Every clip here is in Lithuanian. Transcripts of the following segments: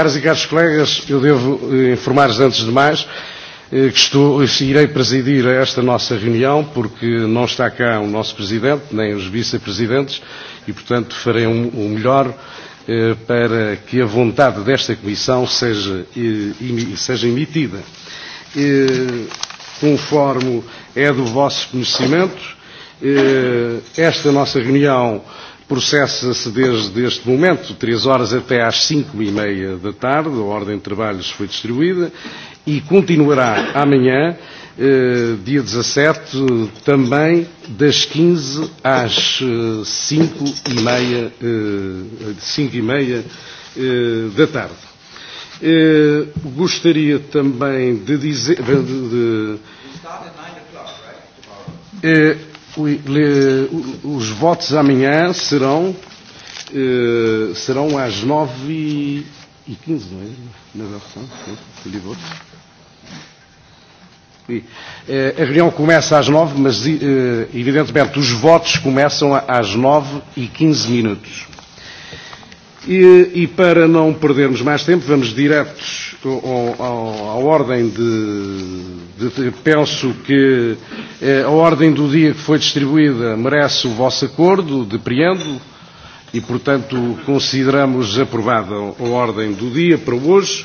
Caras e caros colegas, eu devo eh, informar-vos antes de mais eh, que estou, irei presidir esta nossa reunião porque não está cá o nosso Presidente, nem os Vice-Presidentes e, portanto, farei um, o um, um melhor eh, para que a vontade desta Comissão seja, eh, imi, seja emitida. Eh, conforme é do vosso conhecimento, eh, esta nossa reunião processa-se desde este momento, três horas até às cinco e meia da tarde, a ordem de trabalhos foi distribuída, e continuará amanhã, eh, dia 17, também das 15 às eh, cinco e meia, eh, cinco e meia eh, da tarde. Eh, gostaria também de dizer... De, de, de, os votos amanhã serão, eh, serão às 9 e 15, não é? 9 h Oui. Eh, a reunião começa às 9, mas eh, evidentemente os votos começam às 9 e 15 minutos. E, e para não perdermos mais tempo, vamos diretos ao, ao, à ordem de, de, de. Penso que eh, a ordem do dia que foi distribuída merece o vosso acordo, depreendo, e, portanto, consideramos aprovada a ordem do dia para hoje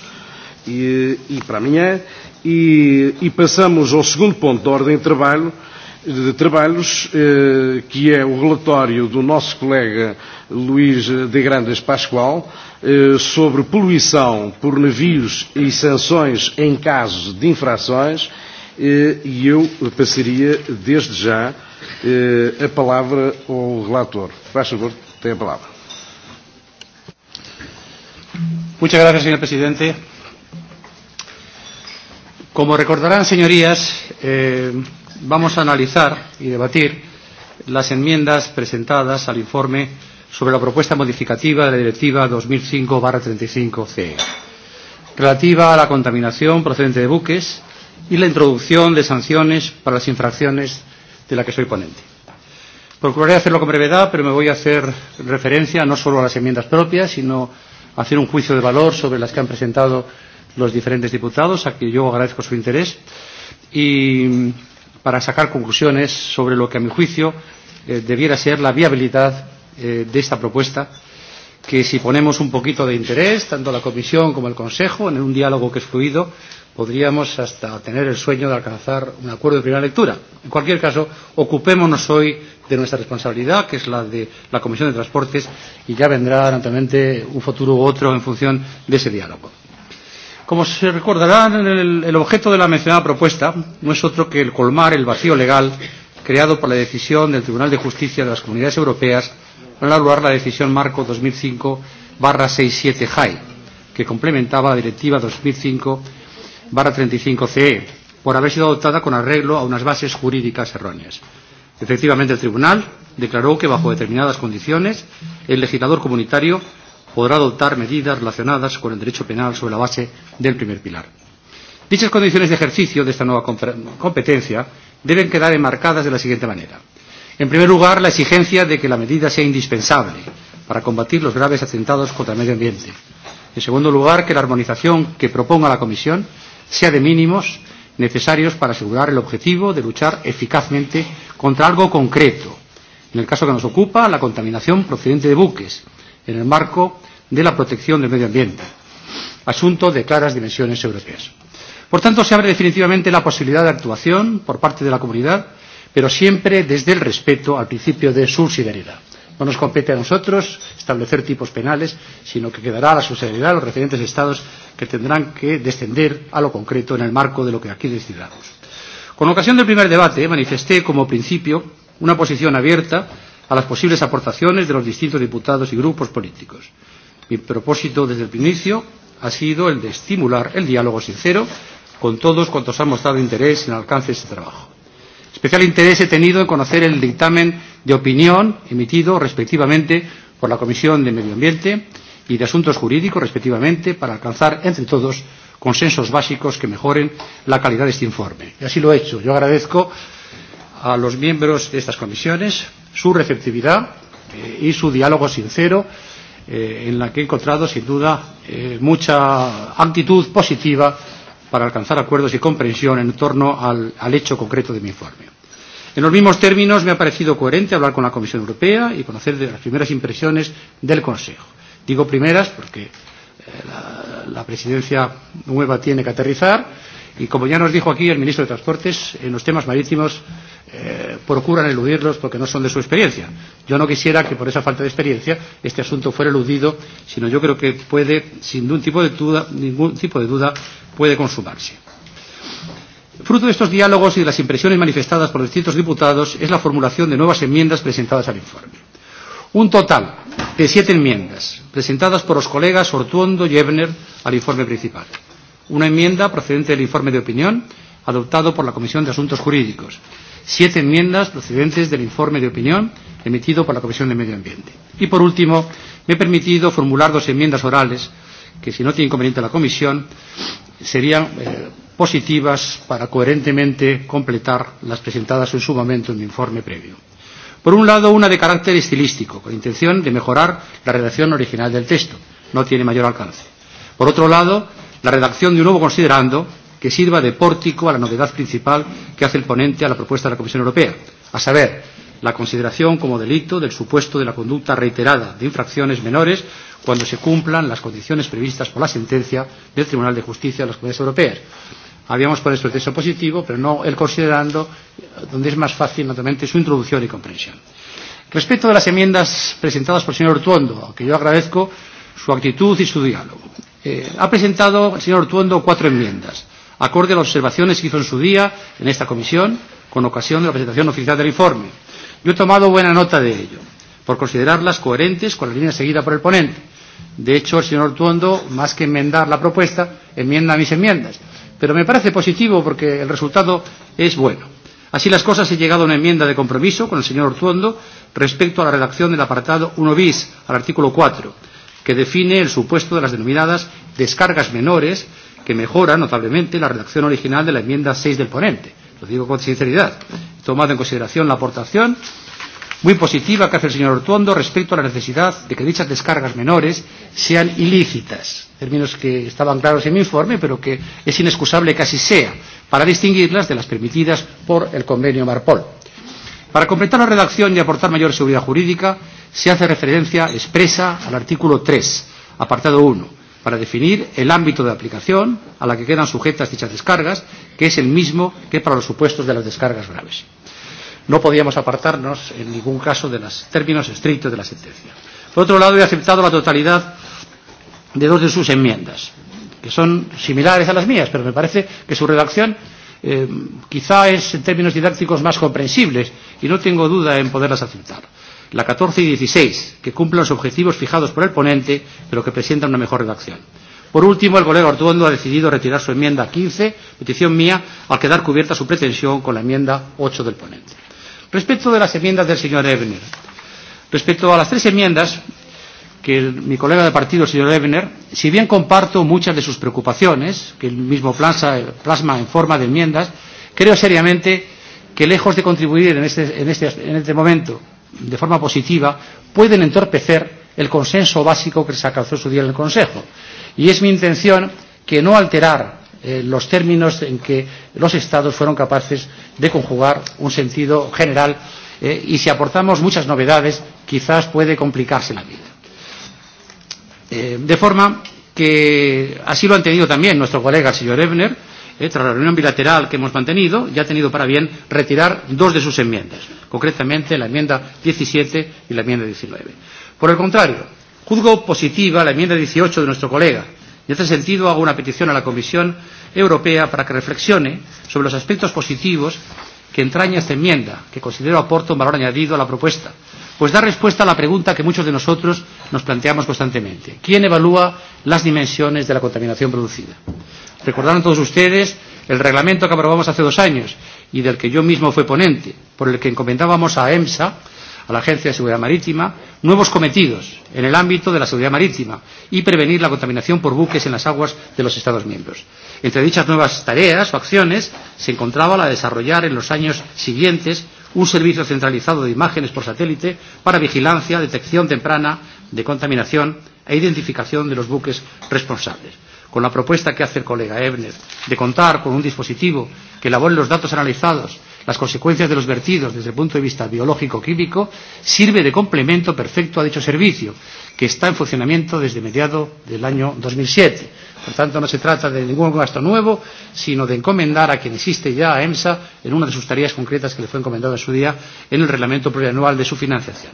e, e para amanhã. E, e passamos ao segundo ponto da ordem de trabalho, eh, de trabalhos, eh, que é o relatório do nosso colega Luís de Grandes Pascoal eh, sobre poluição por navios e sanções em casos de infrações, eh, e eu passaria desde já eh, a palavra ao relator. Faz favor, tem a palavra. Muchas gracias, señor presidente. Como recordarán, señorías, eh, vamos a analizar y debatir las enmiendas presentadas al informe sobre la propuesta modificativa de la Directiva 2005-35-CE relativa a la contaminación procedente de buques y la introducción de sanciones para las infracciones de la que soy ponente. Procuraré hacerlo con brevedad, pero me voy a hacer referencia no solo a las enmiendas propias, sino a hacer un juicio de valor sobre las que han presentado los diferentes diputados, a que yo agradezco su interés. Y para sacar conclusiones sobre lo que, a mi juicio, eh, debiera ser la viabilidad eh, de esta propuesta, que si ponemos un poquito de interés, tanto la Comisión como el Consejo, en un diálogo que es fluido, podríamos hasta tener el sueño de alcanzar un acuerdo de primera lectura. En cualquier caso, ocupémonos hoy de nuestra responsabilidad, que es la de la Comisión de Transportes, y ya vendrá naturalmente un futuro u otro en función de ese diálogo. Como se recordará, el, el objeto de la mencionada propuesta no es otro que el colmar el vacío legal creado por la decisión del Tribunal de Justicia de las Comunidades Europeas al anular la decisión marco 2005-67 JAI, que complementaba la Directiva 2005-35 CE, por haber sido adoptada con arreglo a unas bases jurídicas erróneas. Efectivamente, el Tribunal declaró que bajo determinadas condiciones el legislador comunitario podrá adoptar medidas relacionadas con el derecho penal sobre la base del primer pilar. Dichas condiciones de ejercicio de esta nueva competencia deben quedar enmarcadas de la siguiente manera. En primer lugar, la exigencia de que la medida sea indispensable para combatir los graves atentados contra el medio ambiente. En segundo lugar, que la armonización que proponga la Comisión sea de mínimos necesarios para asegurar el objetivo de luchar eficazmente contra algo concreto. En el caso que nos ocupa, la contaminación procedente de buques, en el marco de la protección del medio ambiente, asunto de claras dimensiones europeas. Por tanto, se abre definitivamente la posibilidad de actuación por parte de la comunidad, pero siempre desde el respeto al principio de subsidiariedad. No nos compete a nosotros establecer tipos penales, sino que quedará a la subsidiariedad de los referentes estados que tendrán que descender a lo concreto en el marco de lo que aquí decidamos. Con ocasión del primer debate manifesté como principio una posición abierta a las posibles aportaciones de los distintos diputados y grupos políticos. Mi propósito desde el inicio ha sido el de estimular el diálogo sincero con todos cuantos han mostrado interés en el alcance de este trabajo. Especial interés he tenido en conocer el dictamen de opinión emitido respectivamente por la Comisión de Medio Ambiente y de Asuntos Jurídicos, respectivamente, para alcanzar entre todos consensos básicos que mejoren la calidad de este informe. Y así lo he hecho. Yo agradezco a los miembros de estas comisiones su receptividad eh, y su diálogo sincero, eh, en la que he encontrado, sin duda, eh, mucha actitud positiva para alcanzar acuerdos y comprensión en torno al, al hecho concreto de mi informe. En los mismos términos, me ha parecido coherente hablar con la Comisión Europea y conocer de las primeras impresiones del Consejo. Digo primeras porque eh, la, la presidencia nueva tiene que aterrizar y como ya nos dijo aquí el ministro de Transportes, en los temas marítimos eh, procuran eludirlos porque no son de su experiencia. Yo no quisiera que por esa falta de experiencia este asunto fuera eludido, sino yo creo que puede, sin ningún tipo de duda, ningún tipo de duda puede consumarse. Fruto de estos diálogos y de las impresiones manifestadas por los distintos diputados es la formulación de nuevas enmiendas presentadas al informe. Un total de siete enmiendas presentadas por los colegas Ortuondo y Ebner al informe principal una enmienda procedente del informe de opinión adoptado por la Comisión de Asuntos Jurídicos, siete enmiendas procedentes del informe de opinión emitido por la Comisión de Medio Ambiente. Y, por último, me he permitido formular dos enmiendas orales que, si no tiene inconveniente la Comisión, serían eh, positivas para coherentemente completar las presentadas en su momento en mi informe previo. Por un lado, una de carácter estilístico, con intención de mejorar la redacción original del texto. No tiene mayor alcance. Por otro lado, la redacción de un nuevo considerando que sirva de pórtico a la novedad principal que hace el ponente a la propuesta de la Comisión Europea, a saber, la consideración como delito del supuesto de la conducta reiterada de infracciones menores cuando se cumplan las condiciones previstas por la sentencia del Tribunal de Justicia de las Comunidades Europeas. Habíamos puesto el texto positivo, pero no el considerando, donde es más fácil, naturalmente, su introducción y comprensión. Respecto de las enmiendas presentadas por el señor Ortuondo, a que yo agradezco su actitud y su diálogo, Eh, ha presentado el señor Ortuondo cuatro enmiendas, acorde a las observaciones que hizo en su día en esta comisión con ocasión de la presentación oficial del informe. Yo he tomado buena nota de ello, por considerarlas coherentes con la línea seguida por el ponente. De hecho, el señor Ortuondo, más que enmendar la propuesta, enmienda mis enmiendas. Pero me parece positivo porque el resultado es bueno. Así las cosas, he llegado a una enmienda de compromiso con el señor Ortuondo respecto a la redacción del apartado 1 bis al artículo 4 que define el supuesto de las denominadas descargas menores, que mejora notablemente la redacción original de la enmienda 6 del ponente. Lo digo con sinceridad, tomando en consideración la aportación muy positiva que hace el señor Ortuondo respecto a la necesidad de que dichas descargas menores sean ilícitas, términos que estaban claros en mi informe, pero que es inexcusable que así sea, para distinguirlas de las permitidas por el convenio Marpol. Para completar la redacción y aportar mayor seguridad jurídica, se hace referencia expresa al artículo 3, apartado 1, para definir el ámbito de aplicación a la que quedan sujetas dichas descargas, que es el mismo que para los supuestos de las descargas graves. No podíamos apartarnos en ningún caso de los términos estrictos de la sentencia. Por otro lado, he aceptado la totalidad de dos de sus enmiendas, que son similares a las mías, pero me parece que su redacción eh, quizá es en términos didácticos más comprensibles y no tengo duda en poderlas aceptar. La 14 y 16, que cumplen los objetivos fijados por el ponente, pero que presentan una mejor redacción. Por último, el colega Ortuondo ha decidido retirar su enmienda 15, petición mía, al quedar cubierta su pretensión con la enmienda 8 del ponente. Respecto de las enmiendas del señor Ebner, respecto a las tres enmiendas, que el, mi colega de partido, señor Ebner, si bien comparto muchas de sus preocupaciones, que él mismo plasma, eh, plasma en forma de enmiendas, creo seriamente que lejos de contribuir en este, en, este, en este momento de forma positiva, pueden entorpecer el consenso básico que se alcanzó su día en el Consejo. Y es mi intención que no alterar eh, los términos en que los Estados fueron capaces de conjugar un sentido general eh, y si aportamos muchas novedades quizás puede complicarse la vida. Eh, de forma que así lo han tenido también nuestro colega, el señor Ebner, eh, tras la reunión bilateral que hemos mantenido, ya ha tenido para bien retirar dos de sus enmiendas, concretamente la enmienda 17 y la enmienda 19. Por el contrario, juzgo positiva la enmienda 18 de nuestro colega. En este sentido, hago una petición a la Comisión Europea para que reflexione sobre los aspectos positivos que entraña esta enmienda, que considero aporta un valor añadido a la propuesta, pues da respuesta a la pregunta que muchos de nosotros nos planteamos constantemente. ¿Quién evalúa las dimensiones de la contaminación producida? Recordaron todos ustedes el reglamento que aprobamos hace dos años y del que yo mismo fui ponente, por el que encomendábamos a EMSA, a la Agencia de Seguridad Marítima, nuevos cometidos en el ámbito de la seguridad marítima y prevenir la contaminación por buques en las aguas de los Estados miembros. Entre dichas nuevas tareas o acciones se encontraba la de desarrollar en los años siguientes un servicio centralizado de imágenes por satélite para vigilancia, detección temprana de contaminación e identificación de los buques responsables. Con la propuesta que hace el colega Ebner de contar con un dispositivo que elabore los datos analizados las consecuencias de los vertidos desde el punto de vista biológico-químico, sirve de complemento perfecto a dicho servicio, que está en funcionamiento desde mediados del año 2007. Por tanto, no se trata de ningún gasto nuevo, sino de encomendar a quien existe ya a EMSA en una de sus tareas concretas que le fue encomendada en su día en el reglamento plurianual de su financiación.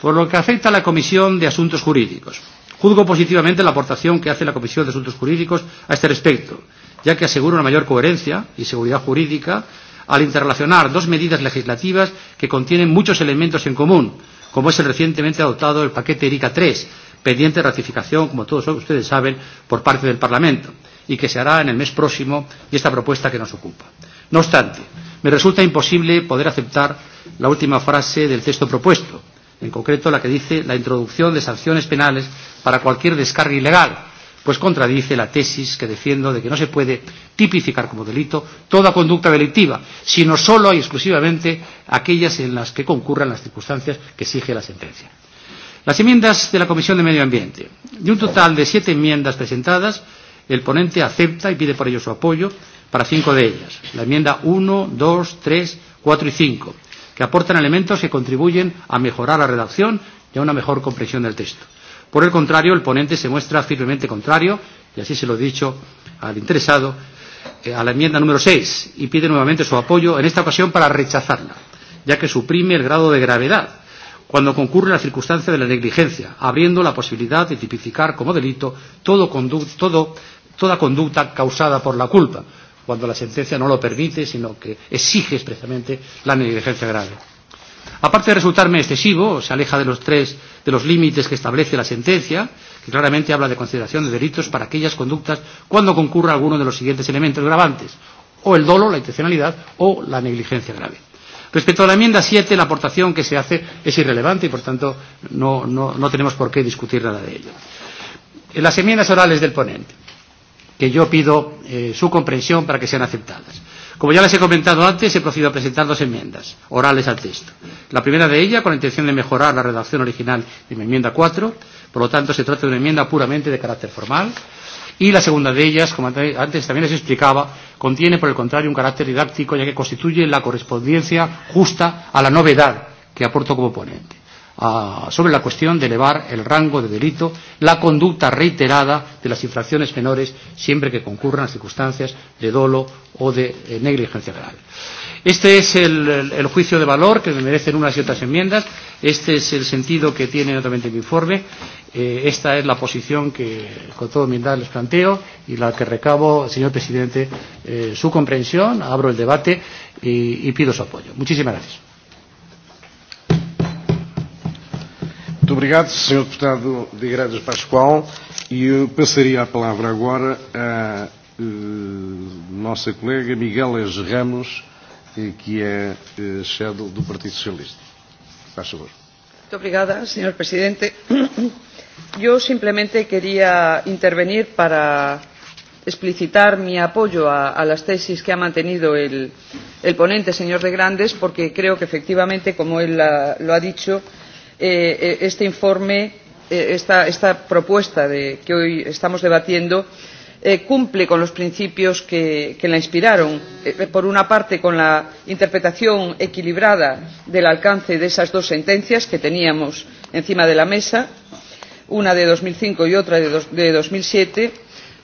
Por lo que afecta a la Comisión de Asuntos Jurídicos, juzgo positivamente la aportación que hace la Comisión de Asuntos Jurídicos a este respecto, ya que asegura una mayor coherencia y seguridad jurídica al interrelacionar dos medidas legislativas que contienen muchos elementos en común, como es el recientemente adoptado el paquete ERICA 3, pendiente de ratificación, como todos ustedes saben, por parte del Parlamento, y que se hará en el mes próximo y esta propuesta que nos ocupa. No obstante, me resulta imposible poder aceptar la última frase del texto propuesto, en concreto la que dice la introducción de sanciones penales para cualquier descarga ilegal, pues contradice la tesis que defiendo de que no se puede tipificar como delito toda conducta delictiva, sino solo y exclusivamente aquellas en las que concurran las circunstancias que exige la sentencia. Las enmiendas de la Comisión de Medio Ambiente. De un total de siete enmiendas presentadas, el ponente acepta y pide por ello su apoyo para cinco de ellas, la enmienda 1, 2, 3, 4 y 5, que aportan elementos que contribuyen a mejorar la redacción y a una mejor comprensión del texto. Por el contrario, el ponente se muestra firmemente contrario, y así se lo he dicho al interesado, eh, a la enmienda número 6 y pide nuevamente su apoyo, en esta ocasión para rechazarla, ya que suprime el grado de gravedad cuando concurre la circunstancia de la negligencia, abriendo la posibilidad de tipificar como delito todo condu todo, toda conducta causada por la culpa, cuando la sentencia no lo permite, sino que exige expresamente la negligencia grave. Aparte de resultarme excesivo, se aleja de los tres de los límites que establece la sentencia, que claramente habla de consideración de delitos para aquellas conductas cuando concurra alguno de los siguientes elementos gravantes, o el dolo, la intencionalidad, o la negligencia grave. Respecto a la enmienda 7, la aportación que se hace es irrelevante y, por tanto, no, no, no tenemos por qué discutir nada de ello. En las enmiendas orales del ponente, que yo pido eh, su comprensión para que sean aceptadas. Como ya les he comentado antes, he procedido a presentar dos enmiendas orales al texto. La primera de ellas, con la intención de mejorar la redacción original de mi enmienda 4, por lo tanto se trata de una enmienda puramente de carácter formal. Y la segunda de ellas, como antes también les explicaba, contiene, por el contrario, un carácter didáctico, ya que constituye la correspondencia justa a la novedad que aporto como ponente a, sobre la cuestión de elevar el rango de delito la conducta reiterada de las infracciones menores siempre que concurran circunstancias de dolo o de eh, negligencia penal. Este es el, el, el juicio de valor que merecen unas y otras enmiendas. Este es el sentido que tiene naturalmente mi informe. Eh, esta es la posición que con toda humildad les planteo y la que recabo, señor presidente, eh, su comprensión. Abro el debate y, y pido su apoyo. Muchísimas gracias. Muito obrigado, Sr. Deputado de Igrejas Pascoal. E eu passaria a palavra agora à uh, eh, nossa colega Miguel Eges Ramos, uh, que é uh, shadow do Partido Socialista. Faz favor. Muito obrigada, Sr. Presidente. Yo simplemente quería intervenir para explicitar mi apoyo a, a las tesis que ha mantenido el, el ponente, señor de Grandes, porque creo que efectivamente, como él la, lo ha dicho, eh, Eh, eh, este informe, eh, esta, esta propuesta de, que hoy estamos debatiendo, eh, cumple con los principios que, que la inspiraron. Eh, eh por una parte, con la interpretación equilibrada del alcance de esas dos sentencias que teníamos encima de la mesa, una de 2005 y otra de, dos, de 2007,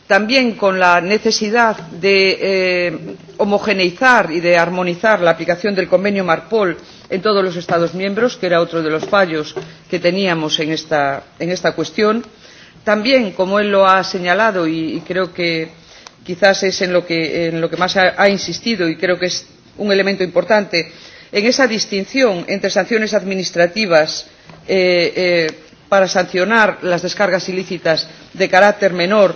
también con la necesidad de eh, homogeneizar y de armonizar la aplicación del convenio Marpol en todos los Estados miembros, que era otro de los fallos que teníamos en esta, en esta cuestión. También, como él lo ha señalado, y, y creo que quizás es en lo que, en lo que más ha, ha insistido y creo que es un elemento importante, en esa distinción entre sanciones administrativas eh, eh, para sancionar las descargas ilícitas de carácter menor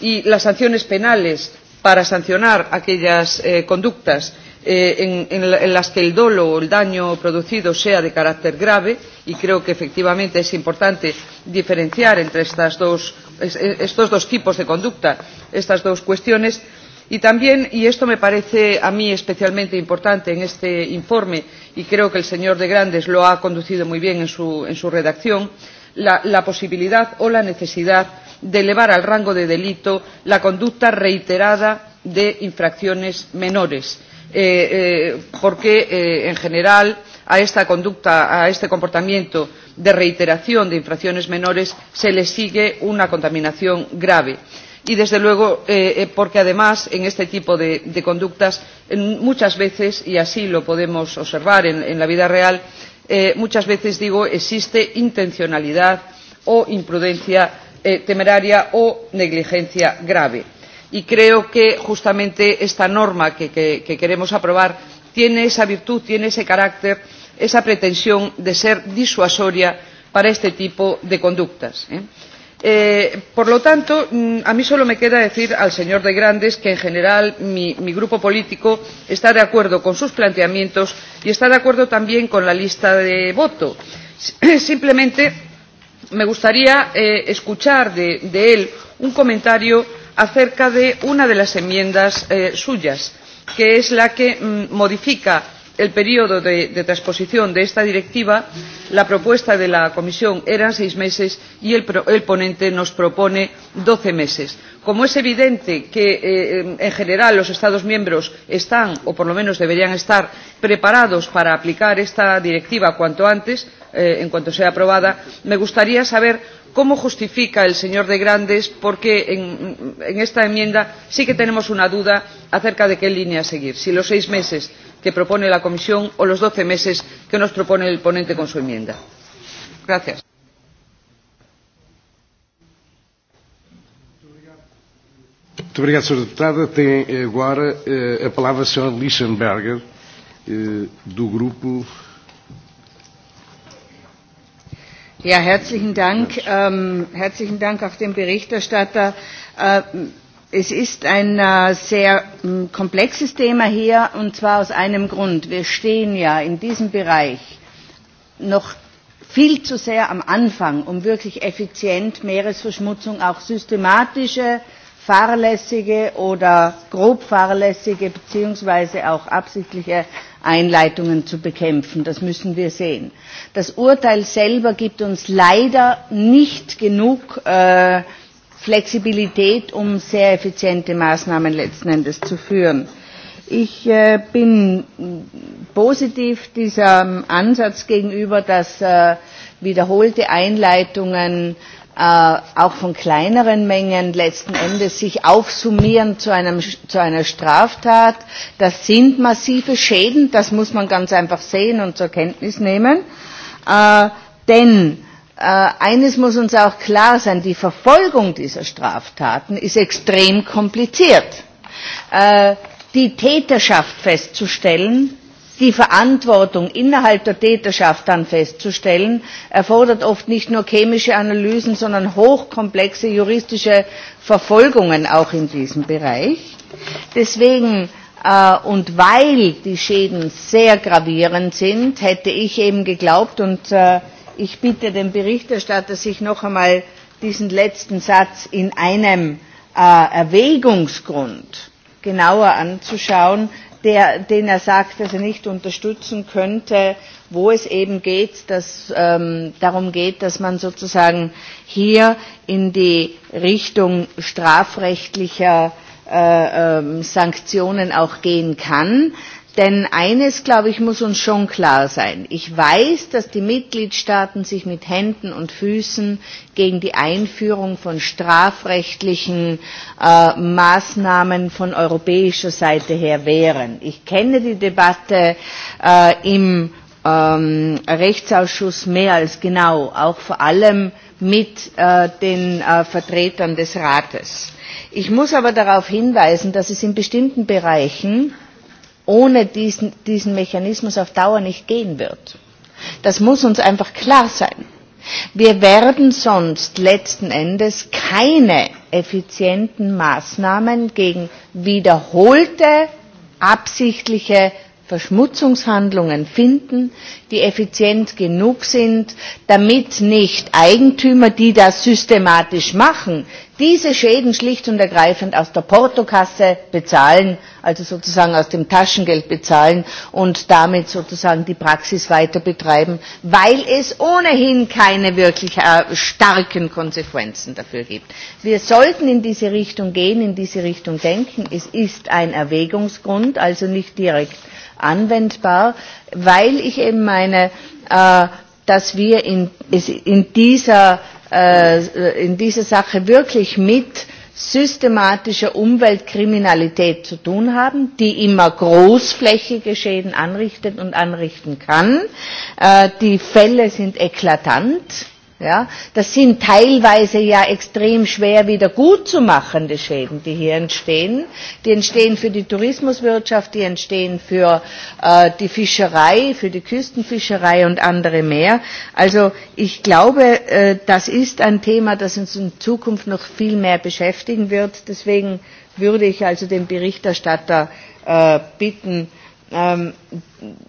y las sanciones penales para sancionar aquellas eh, conductas eh, en, en, la, en las que el dolo o el daño producido sea de carácter grave y creo que efectivamente es importante diferenciar entre estas dos, es, estos dos tipos de conducta, estas dos cuestiones. Y también, y esto me parece a mí especialmente importante en este informe, y creo que el señor de Grandes lo ha conducido muy bien en su, en su redacción, la, la posibilidad o la necesidad de elevar al rango de delito la conducta reiterada de infracciones menores. Eh, eh, eh, porque eh, en general a esta conducta, a este comportamiento de reiteración de infracciones menores se le sigue una contaminación grave y desde luego eh, eh porque además en este tipo de, de conductas muchas veces y así lo podemos observar en, en la vida real eh, muchas veces digo existe intencionalidad o imprudencia eh, temeraria o negligencia grave y creo que justamente esta norma que, que, que queremos aprobar tiene esa virtud, tiene ese carácter, esa pretensión de ser disuasoria para este tipo de conductas. ¿eh? Eh, por lo tanto mm, a mí solo me queda decir al señor de grandes que en general mi, mi grupo político está de acuerdo con sus planteamientos y está de acuerdo también con la lista de voto. simplemente me gustaría eh, escuchar de, de él un comentario acerca de una de las enmiendas eh, suyas, que es la que mm, modifica el periodo de, de transposición de esta directiva. La propuesta de la Comisión eran seis meses y el, el ponente nos propone doce meses. Como es evidente que, eh, en general, los Estados miembros están, o por lo menos deberían estar, preparados para aplicar esta directiva cuanto antes, eh, en cuanto sea aprobada, me gustaría saber cómo justifica el señor de grandes porque en, en esta enmienda sí que tenemos una duda acerca de qué línea seguir si los seis meses que propone la comisión o los doce meses que nos propone el ponente con su enmienda. gracias. Muito obrigado, Sra. Deputada. Tem agora eh, a palavra a Sra. Lichtenberger, eh, do grupo Ja, herzlichen Dank. Ähm, herzlichen Dank auch dem Berichterstatter. Äh, es ist ein äh, sehr mh, hm, komplexes Thema hier, und zwar aus einem Grund. Wir stehen ja in diesem Bereich noch viel zu sehr am Anfang, um wirklich effizient Meeresverschmutzung auch systematische, fahrlässige oder grob fahrlässige beziehungsweise auch absichtliche Einleitungen zu bekämpfen. Das müssen wir sehen. Das Urteil selber gibt uns leider nicht genug äh, Flexibilität, um sehr effiziente Maßnahmen letzten Endes zu führen. Ich äh, bin positiv diesem Ansatz gegenüber, dass äh, wiederholte Einleitungen äh, auch von kleineren Mengen letzten Endes sich aufsummieren zu, einem, zu einer Straftat. Das sind massive Schäden, das muss man ganz einfach sehen und zur Kenntnis nehmen. Äh, denn äh, eines muss uns auch klar sein, die Verfolgung dieser Straftaten ist extrem kompliziert. Äh, die Täterschaft festzustellen, die verantwortung innerhalb der täterschaft dann festzustellen erfordert oft nicht nur chemische analysen sondern hochkomplexe juristische verfolgungen auch in diesem bereich. deswegen äh, und weil die schäden sehr gravierend sind hätte ich eben geglaubt und äh, ich bitte den berichterstatter sich noch einmal diesen letzten satz in einem äh, erwägungsgrund genauer anzuschauen der, den er sagt, dass er nicht unterstützen könnte, wo es eben geht, dass, ähm, darum geht, dass man sozusagen hier in die Richtung strafrechtlicher äh, ähm, Sanktionen auch gehen kann. Denn eines, glaube ich, muss uns schon klar sein. Ich weiß, dass die Mitgliedstaaten sich mit Händen und Füßen gegen die Einführung von strafrechtlichen äh, Maßnahmen von europäischer Seite her wehren. Ich kenne die Debatte äh, im ähm, Rechtsausschuss mehr als genau, auch vor allem mit äh, den äh, Vertretern des Rates. Ich muss aber darauf hinweisen, dass es in bestimmten Bereichen ohne diesen, diesen Mechanismus auf Dauer nicht gehen wird. Das muss uns einfach klar sein. Wir werden sonst letzten Endes keine effizienten Maßnahmen gegen wiederholte absichtliche Verschmutzungshandlungen finden, die effizient genug sind, damit nicht Eigentümer, die das systematisch machen, diese Schäden schlicht und ergreifend aus der Portokasse bezahlen, also sozusagen aus dem Taschengeld bezahlen und damit sozusagen die Praxis weiter betreiben, weil es ohnehin keine wirklich äh, starken Konsequenzen dafür gibt. Wir sollten in diese Richtung gehen, in diese Richtung denken. Es ist ein Erwägungsgrund, also nicht direkt anwendbar, weil ich eben meine, äh, dass wir in, in, dieser, äh, in dieser Sache wirklich mit systematischer Umweltkriminalität zu tun haben, die immer großflächige Schäden anrichtet und anrichten kann. Äh, die Fälle sind eklatant. Ja, das sind teilweise ja extrem schwer wieder gut zu machende Schäden, die hier entstehen. Die entstehen für die Tourismuswirtschaft, die entstehen für äh, die Fischerei, für die Küstenfischerei und andere mehr. Also ich glaube, äh, das ist ein Thema, das uns in Zukunft noch viel mehr beschäftigen wird. Deswegen würde ich also den Berichterstatter äh, bitten, äh, ähm,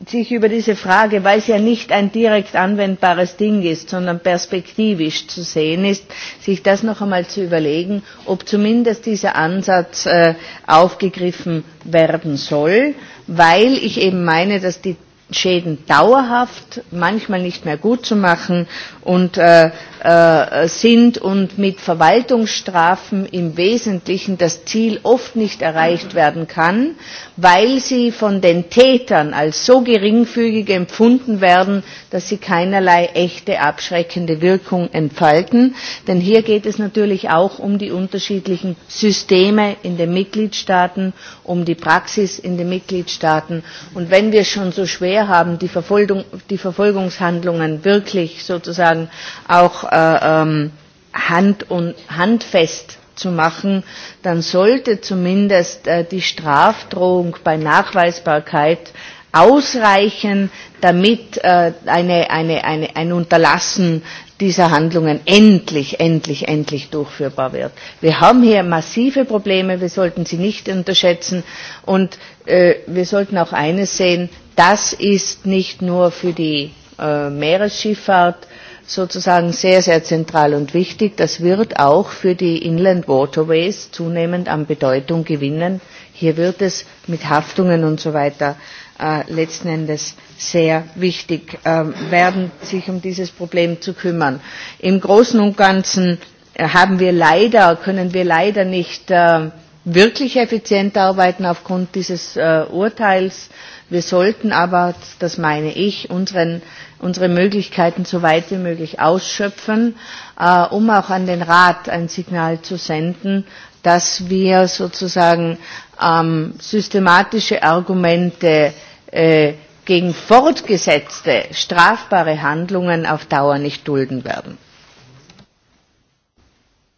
sich über diese Frage, weil es ja nicht ein direkt anwendbares Ding ist, sondern perspektivisch zu sehen ist, sich das noch einmal zu überlegen, ob zumindest dieser Ansatz äh, aufgegriffen werden soll, weil ich eben meine, dass die Schäden dauerhaft manchmal nicht mehr gut zu machen und äh, Äh, sind und mit Verwaltungsstrafen im Wesentlichen das Ziel oft nicht erreicht werden kann, weil sie von den Tätern als so geringfügig empfunden werden, dass sie keinerlei echte abschreckende Wirkung entfalten. Denn hier geht es natürlich auch um die unterschiedlichen Systeme in den Mitgliedstaaten, um die Praxis in den Mitgliedstaaten. Und wenn wir es schon so schwer haben, die, Verfolgung, die Verfolgungshandlungen wirklich sozusagen auch äh, ähm, hand und, handfest zu machen, dann sollte zumindest äh, die Strafdrohung bei Nachweisbarkeit ausreichen, damit äh, eine, eine, eine, ein Unterlassen dieser Handlungen endlich, endlich, endlich durchführbar wird. Wir haben hier massive Probleme, wir sollten sie nicht unterschätzen und äh, wir sollten auch eines sehen, das ist nicht nur für die äh, Meeresschifffahrt sozusagen sehr, sehr zentral und wichtig. Das wird auch für die Inland Waterways zunehmend an Bedeutung gewinnen. Hier wird es mit Haftungen und so weiter äh, letzten Endes sehr wichtig äh, werden, sich um dieses Problem zu kümmern. Im Großen und Ganzen äh, haben wir leider, können wir leider nicht äh, wirklich effizient arbeiten aufgrund dieses äh, Urteils. Wir sollten aber, das meine ich, unseren unsere Möglichkeiten so weit wie möglich ausschöpfen, äh, um auch an den Rat ein Signal zu senden, dass wir sozusagen ähm, systematische Argumente äh, gegen fortgesetzte strafbare Handlungen auf Dauer nicht dulden werden.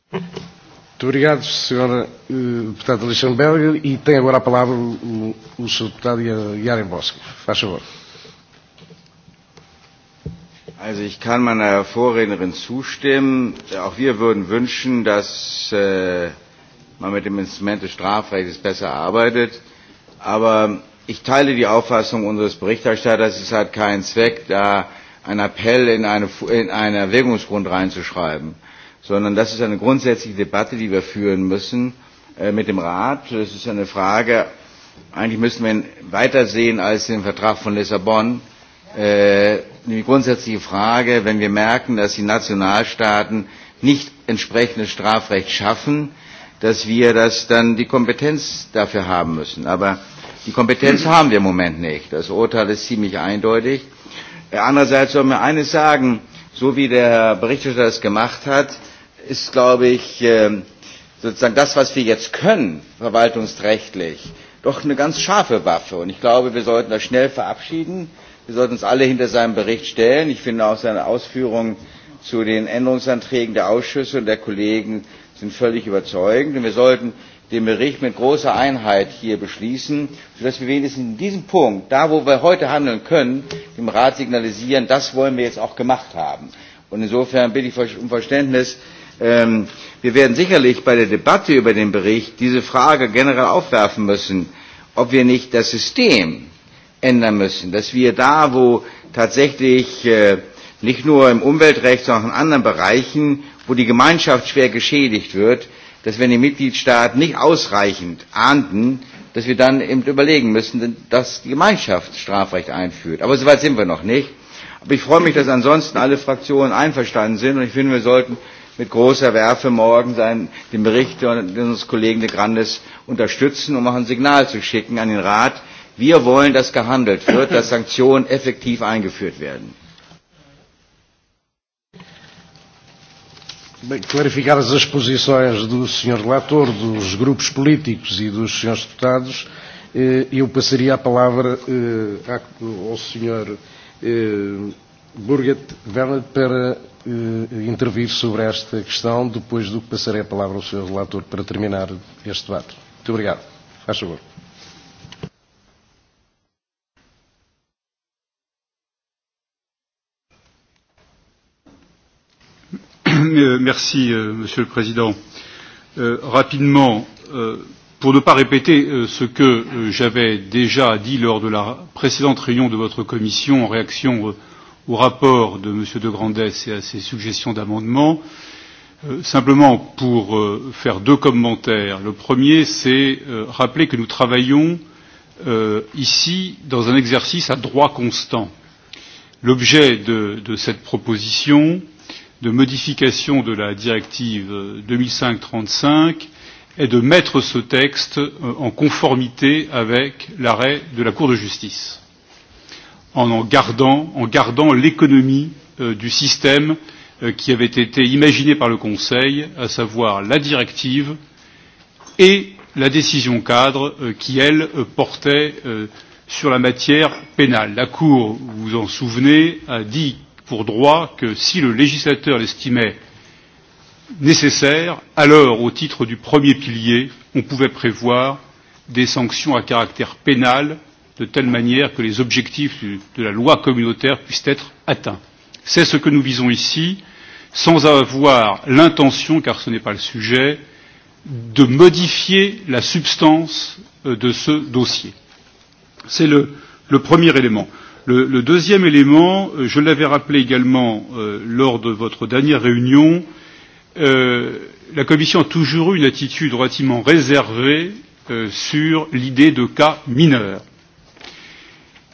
Muito obrigado, Sra. Eh, deputada Lichtenberger. E tem agora a palavra o, o Sr. Deputado Iarem Bosque. Faz favor. Also ich kann meiner Vorrednerin zustimmen. Auch wir würden wünschen, dass äh, man mit dem Instrument des Strafrechts besser arbeitet. Aber ich teile die Auffassung unseres Berichterstatters, es hat keinen Zweck, da einen Appell in eine, in einen Erwägungsgrund reinzuschreiben, sondern das ist eine grundsätzliche Debatte, die wir führen müssen äh, mit dem Rat. Es ist eine Frage, eigentlich müssen wir weitersehen als den Vertrag von Lissabon. Äh, die grundsätzliche Frage, wenn wir merken, dass die Nationalstaaten nicht entsprechendes Strafrecht schaffen, dass wir das dann die Kompetenz dafür haben müssen. Aber die Kompetenz haben wir im Moment nicht. Das Urteil ist ziemlich eindeutig. Äh, andererseits soll mir eines sagen, so wie der Herr Berichterstatter es gemacht hat, ist, glaube ich, ähm, sozusagen das, was wir jetzt können, verwaltungsrechtlich, doch eine ganz scharfe Waffe. Und ich glaube, wir sollten das schnell verabschieden wir sollten uns alle hinter seinen bericht stellen. ich finde auch seine ausführungen zu den änderungsanträgen der ausschüsse und der kollegen sind völlig überzeugend. und wir sollten den bericht mit großer einheit hier beschließen sodass wir wenigstens in diesem punkt da wo wir heute handeln können dem rat signalisieren das wollen wir jetzt auch gemacht haben. und insofern bitte ich um verständnis ähm, wir werden sicherlich bei der debatte über den bericht diese frage generell aufwerfen müssen ob wir nicht das system ändern müssen, dass wir da, wo tatsächlich äh, nicht nur im Umweltrecht, sondern auch in anderen Bereichen, wo die Gemeinschaft schwer geschädigt wird, dass wenn die Mitgliedstaaten nicht ausreichend ahnden, dass wir dann eben überlegen müssen, dass die Gemeinschaft Strafrecht einführt. Aber soweit sind wir noch nicht. Aber ich freue mich, dass ansonsten alle Fraktionen einverstanden sind und ich finde, wir sollten mit großer Werfe morgen seinen, den Bericht unseres Kollegen de Grandes unterstützen, um auch ein Signal zu schicken an den Rat, Wir wollen, dass gehandelt wird, dass Sanktionen effektiv eingeführt werden. Bem, clarificadas as posições do Sr. Relator, dos grupos políticos e dos Srs. Deputados, eh, eu passaria a palavra eh, ao Sr. Eh, Burgat Werner para eh, intervir sobre esta questão, depois do que passarei a palavra ao Sr. Relator para terminar este debate. Muito obrigado. Faz favor. Euh, merci, euh, Monsieur le Président. Euh, rapidement, euh, pour ne pas répéter euh, ce que euh, j'avais déjà dit lors de la précédente réunion de votre commission en réaction euh, au rapport de M. de Grandès et à ses suggestions d'amendement, euh, simplement pour euh, faire deux commentaires. Le premier, c'est euh, rappeler que nous travaillons euh, ici dans un exercice à droit constant. L'objet de, de cette proposition, euh, de modification de la directive 2005-35 euh, est de mettre ce texte euh, en conformité avec l'arrêt de la Cour de justice, en, en gardant, en gardant l'économie euh, du système euh, qui avait été imaginé par le Conseil, à savoir la directive et la décision cadre euh, qui, elle, euh, portait euh, sur la matière pénale. La Cour, vous vous en souvenez, a dit pour droit que si le législateur l'estimait nécessaire, alors, au titre du premier pilier, on pouvait prévoir des sanctions à caractère pénal de telle manière que les objectifs de la loi communautaire puissent être atteints. C'est ce que nous visons ici, sans avoir l'intention, car ce n'est pas le sujet, de modifier la substance euh, de ce dossier. C'est le, le premier élément. Le, le deuxième élément, euh, je l'avais rappelé également euh, lors de votre dernière réunion, euh, la Commission a toujours eu une attitude relativement réservée euh, sur l'idée de cas mineurs.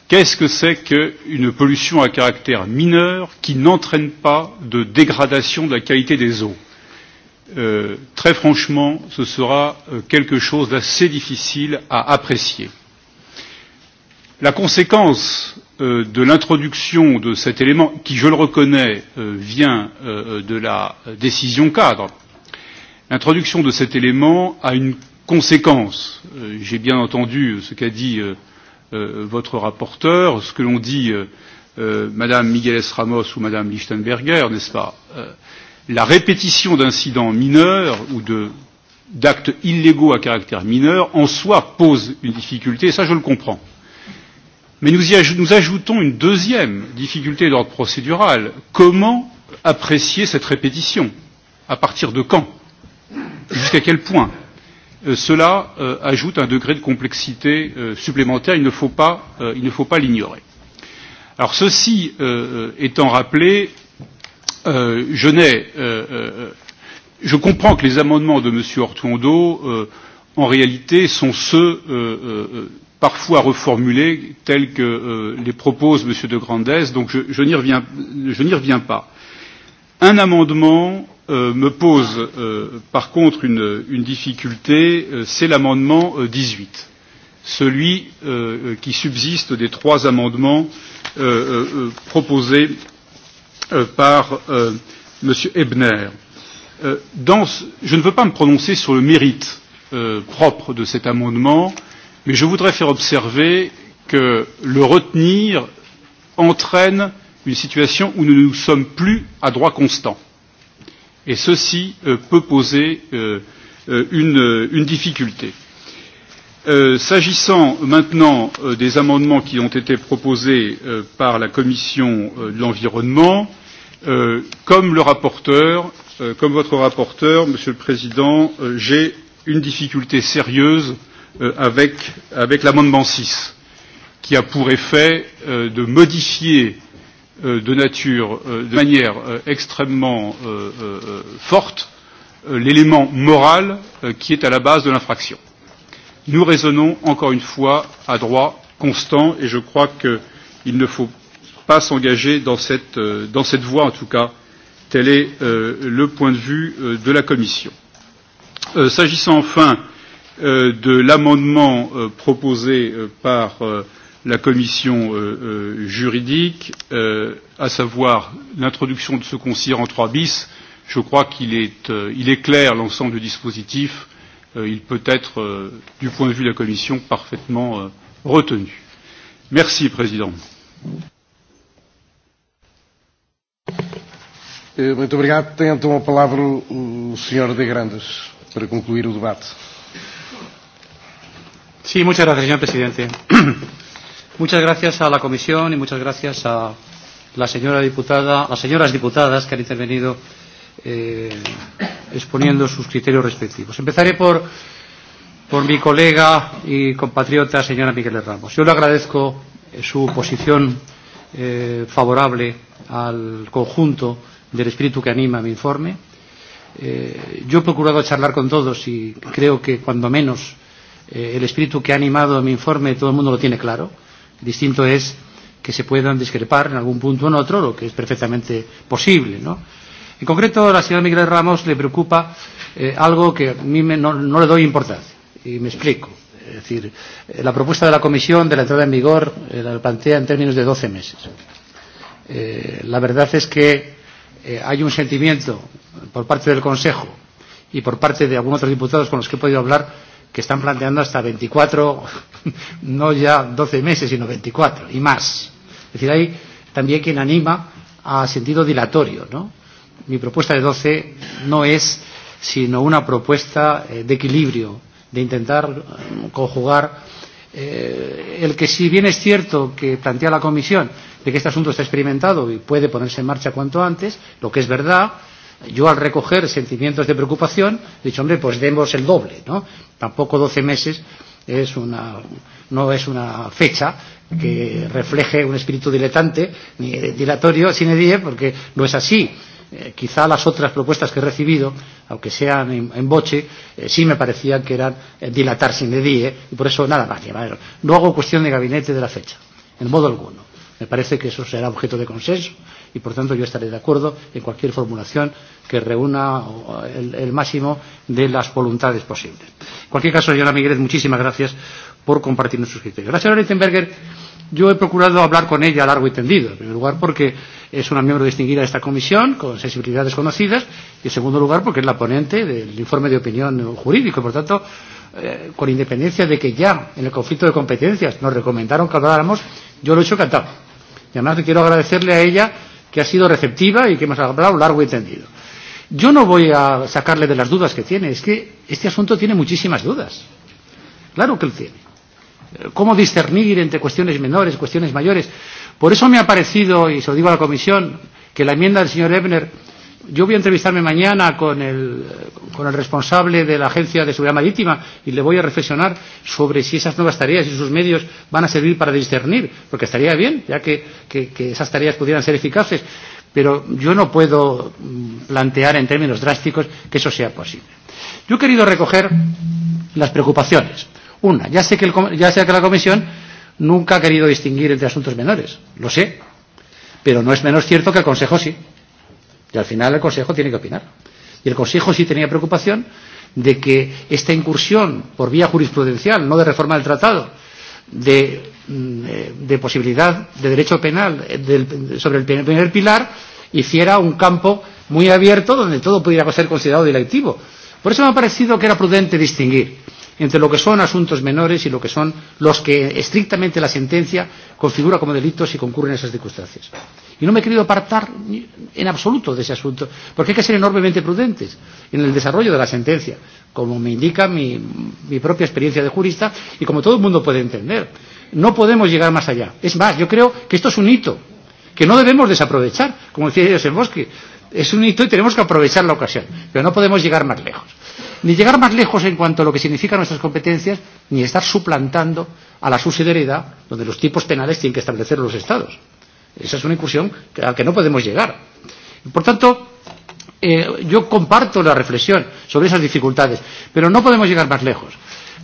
Qu'est-ce que c'est qu'une pollution à caractère mineur qui n'entraîne pas de dégradation de la qualité des eaux euh, Très franchement, ce sera euh, quelque chose d'assez difficile à apprécier. La conséquence euh, de l'introduction de cet élément, qui, je le reconnais, euh, vient euh, de la décision cadre, l'introduction de cet élément a une conséquence. Euh, J'ai bien entendu ce qu'a dit euh, euh, votre rapporteur, ce que l'on dit euh, euh, Madame Migueles Ramos ou Madame Lichtenberger, n'est-ce pas euh, La répétition d'incidents mineurs ou de d'actes illégaux à caractère mineur en soi pose une difficulté, et ça je le comprends. Mais nous, y aj nous ajoutons une deuxième difficulté d'ordre procédural. Comment apprécier cette répétition À partir de quand Jusqu'à quel point euh, Cela euh, ajoute un degré de complexité euh, supplémentaire. Il ne faut pas euh, l'ignorer. Alors ceci euh, euh, étant rappelé, euh, je n'ai euh, euh, je comprends que les amendements de M. Ortuondo, euh, en réalité, sont ceux euh, euh, parfois reformulées telles que euh, les propose M. de Grandes, donc je, je n'y reviens, je reviens pas. Un amendement euh, me pose euh, par contre une, une difficulté, euh, c'est l'amendement euh, 18, celui euh, euh, qui subsiste des trois amendements euh, euh, euh, proposés euh, par euh, M. Ebner. Euh, dans ce, je ne veux pas me prononcer sur le mérite euh, propre de cet amendement, euh, mais je voudrais faire observer que le retenir entraîne une situation où nous ne nous sommes plus à droit constant et ceci euh, peut poser euh, euh une, euh, une difficulté. Euh, S'agissant maintenant euh, des amendements qui ont été proposés euh, par la commission euh, de l'environnement, euh, comme le rapporteur, euh, comme votre rapporteur, Monsieur le Président, euh, j'ai une difficulté sérieuse euh, euh, avec, avec l'amendement 6, qui a pour effet euh, de modifier euh, de nature, euh, de manière euh, extrêmement euh, euh, forte, euh, l'élément moral euh, qui est à la base de l'infraction. Nous raisonnons encore une fois à droit constant et je crois qu'il ne faut pas s'engager dans cette, euh, dans cette voie, en tout cas, tel est euh, le point de vue euh, de la Commission. Euh, S'agissant enfin euh, euh, de l'amendement euh, proposé euh, par euh, la commission euh, euh, juridique, euh, à savoir l'introduction de ce conciliant en 3 bis, je crois qu'il est, euh, il éclaire l'ensemble du dispositif. Euh, il peut être, euh, du point de vue de la Commission, parfaitement euh, retenu. Merci, Président. Eh, muito obrigado. Tem então a palavra o Sr. De Grandes para concluir o debate. Sí, muchas gracias, señor presidente. muchas gracias a la comisión y muchas gracias a la señora diputada, a las señoras diputadas que han intervenido eh, exponiendo sus criterios respectivos. Empezaré por, por mi colega y compatriota, señora Miguel Ramos. Yo le agradezco eh, su posición eh, favorable al conjunto del espíritu que anima mi informe. Eh, yo he procurado charlar con todos y creo que cuando menos eh, el espíritu que ha animado mi informe todo el mundo lo tiene claro. Distinto es que se puedan discrepar en algún punto o en otro, lo que es perfectamente posible. ¿no? En concreto, a la señora Miguel Ramos le preocupa eh, algo que a mí me, no, no le doy importancia. Y me explico. Es decir, eh, la propuesta de la Comisión de la entrada en vigor eh, la plantea en términos de 12 meses. Eh, la verdad es que eh, hay un sentimiento por parte del Consejo y por parte de algunos otros diputados con los que he podido hablar que están planteando hasta 24, no ya 12 meses, sino 24 y más. Es decir, hay también quien anima a sentido dilatorio. ¿no? Mi propuesta de 12 no es sino una propuesta eh, de equilibrio, de intentar eh, conjugar eh, el que si bien es cierto que plantea la Comisión de que este asunto está experimentado y puede ponerse en marcha cuanto antes, lo que es verdad, Yo al recoger sentimientos de preocupación he dicho, hombre, pues demos el doble, ¿no? Tampoco 12 meses es una, no es una fecha que refleje un espíritu diletante ni dilatorio sine die, porque no es así. Eh, quizá las otras propuestas que he recibido, aunque sean en, en boche, eh, sí me parecían que eran eh, dilatar sine die, y por eso nada más. No hago cuestión de gabinete de la fecha, en modo alguno. Me parece que eso será objeto de consenso y, por tanto, yo estaré de acuerdo en cualquier formulación que reúna el, el máximo de las voluntades posibles. En cualquier caso, señora Miguel, muchísimas gracias por compartirnos sus criterios. La señora Rittenberger, yo he procurado hablar con ella largo y tendido, en primer lugar porque es una miembro distinguida de esta comisión, con sensibilidades conocidas, y en segundo lugar porque es la ponente del informe de opinión jurídico, por tanto, eh, con independencia de que ya en el conflicto de competencias nos recomendaron que habláramos, yo lo he hecho encantado. Y además quiero agradecerle a ella que ha sido receptiva y que hemos hablado largo y tendido. Yo no voy a sacarle de las dudas que tiene, es que este asunto tiene muchísimas dudas. Claro que lo tiene. ¿Cómo discernir entre cuestiones menores, cuestiones mayores? Por eso me ha parecido, y se lo digo a la Comisión, que la enmienda del señor Ebner, yo voy a entrevistarme mañana con el, con el responsable de la Agencia de Seguridad Marítima y le voy a reflexionar sobre si esas nuevas tareas y sus medios van a servir para discernir, porque estaría bien, ya que, que, que esas tareas pudieran ser eficaces pero yo no puedo mm, plantear en términos drásticos que eso sea posible. Yo he querido recoger las preocupaciones. Una, ya sé que, el, ya sé que la Comisión nunca ha querido distinguir entre asuntos menores, lo sé, pero no es menos cierto que el Consejo sí. Y al final el Consejo tiene que opinar. Y el Consejo sí tenía preocupación de que esta incursión por vía jurisprudencial, no de reforma del tratado, de Mm, eh, de posibilidad de derecho penal eh, del, sobre el primer pilar hiciera un campo muy abierto donde todo pudiera ser considerado delictivo. Por eso me ha parecido que era prudente distinguir entre lo que son asuntos menores y lo que son los que estrictamente la sentencia configura como delitos y concurren en esas circunstancias. Y no me he querido apartar en absoluto de ese asunto, porque hay que ser enormemente prudentes en el desarrollo de la sentencia, como me indica mi, mi propia experiencia de jurista y como todo el mundo puede entender No podemos llegar más allá. Es más, yo creo que esto es un hito que no debemos desaprovechar, como decía ellos en Bosque. Es un hito y tenemos que aprovechar la ocasión, pero no podemos llegar más lejos. Ni llegar más lejos en cuanto a lo que significan nuestras competencias, ni estar suplantando a la subsidiariedad, donde los tipos penales tienen que establecer los Estados. Esa es una incursión a la que no podemos llegar. Por tanto, eh, yo comparto la reflexión sobre esas dificultades, pero no podemos llegar más lejos.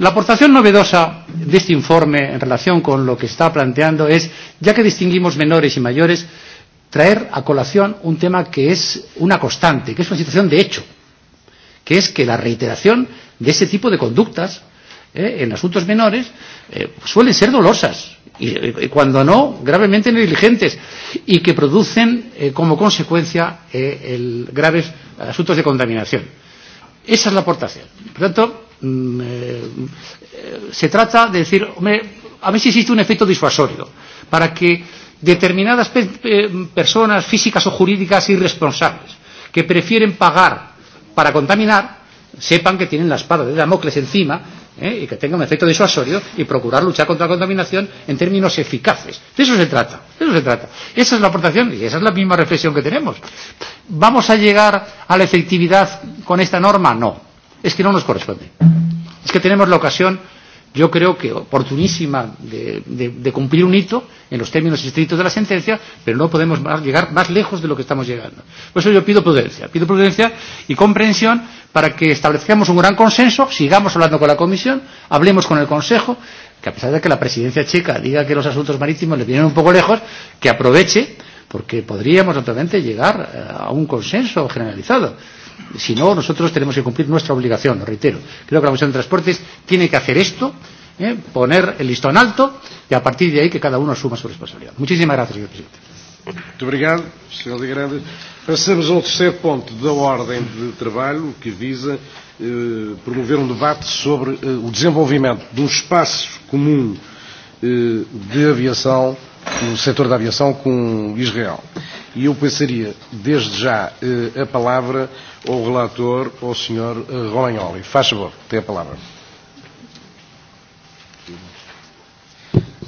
La aportación novedosa de este informe en relación con lo que está planteando es, ya que distinguimos menores y mayores, traer a colación un tema que es una constante, que es una situación de hecho, que es que la reiteración de ese tipo de conductas eh, en asuntos menores eh, suelen ser dolosas y, y cuando no gravemente negligentes y que producen eh, como consecuencia eh, el, graves asuntos de contaminación. Esa es la aportación. Por tanto, Mm, eh, se trata de decir, hombre, a ver si existe un efecto disuasorio para que determinadas pe eh, personas físicas o jurídicas irresponsables que prefieren pagar para contaminar sepan que tienen la espada de Damocles encima ¿eh? y que tenga un efecto disuasorio y procurar luchar contra la contaminación en términos eficaces. De eso se trata, de eso se trata. Esa es la aportación y esa es la misma reflexión que tenemos. ¿Vamos a llegar a la efectividad con esta norma? No es que no nos corresponde. Es que tenemos la ocasión, yo creo que oportunísima, de, de, de cumplir un hito en los términos estrictos de la sentencia, pero no podemos más, llegar más lejos de lo que estamos llegando. Por eso yo pido prudencia, pido prudencia y comprensión para que establezcamos un gran consenso, sigamos hablando con la Comisión, hablemos con el Consejo, que a pesar de que la presidencia checa diga que los asuntos marítimos le vienen un poco lejos, que aproveche, porque podríamos naturalmente llegar eh, a un consenso generalizado. Eh, Si no, nosotros tenemos que cumplir nuestra obligación, lo reitero. Creo que la Comisión de Transportes tiene que hacer esto, ¿eh? poner el listón alto y a partir de ahí que cada uno asuma su responsabilidade. Muchísimas gracias, señor presidente. Muito obrigado, Sr. de Grandes. Passamos ao terceiro ponto da ordem de trabalho, que visa eh, promover um debate sobre eh, o desenvolvimento de um espaço comum eh, de aviação, no setor da aviação, com Israel. Eh, E eu passaria, desde já, eh, a palavra ao relator, ao Sr. Eh, Romagnoli. Faz favor, tem a palavra.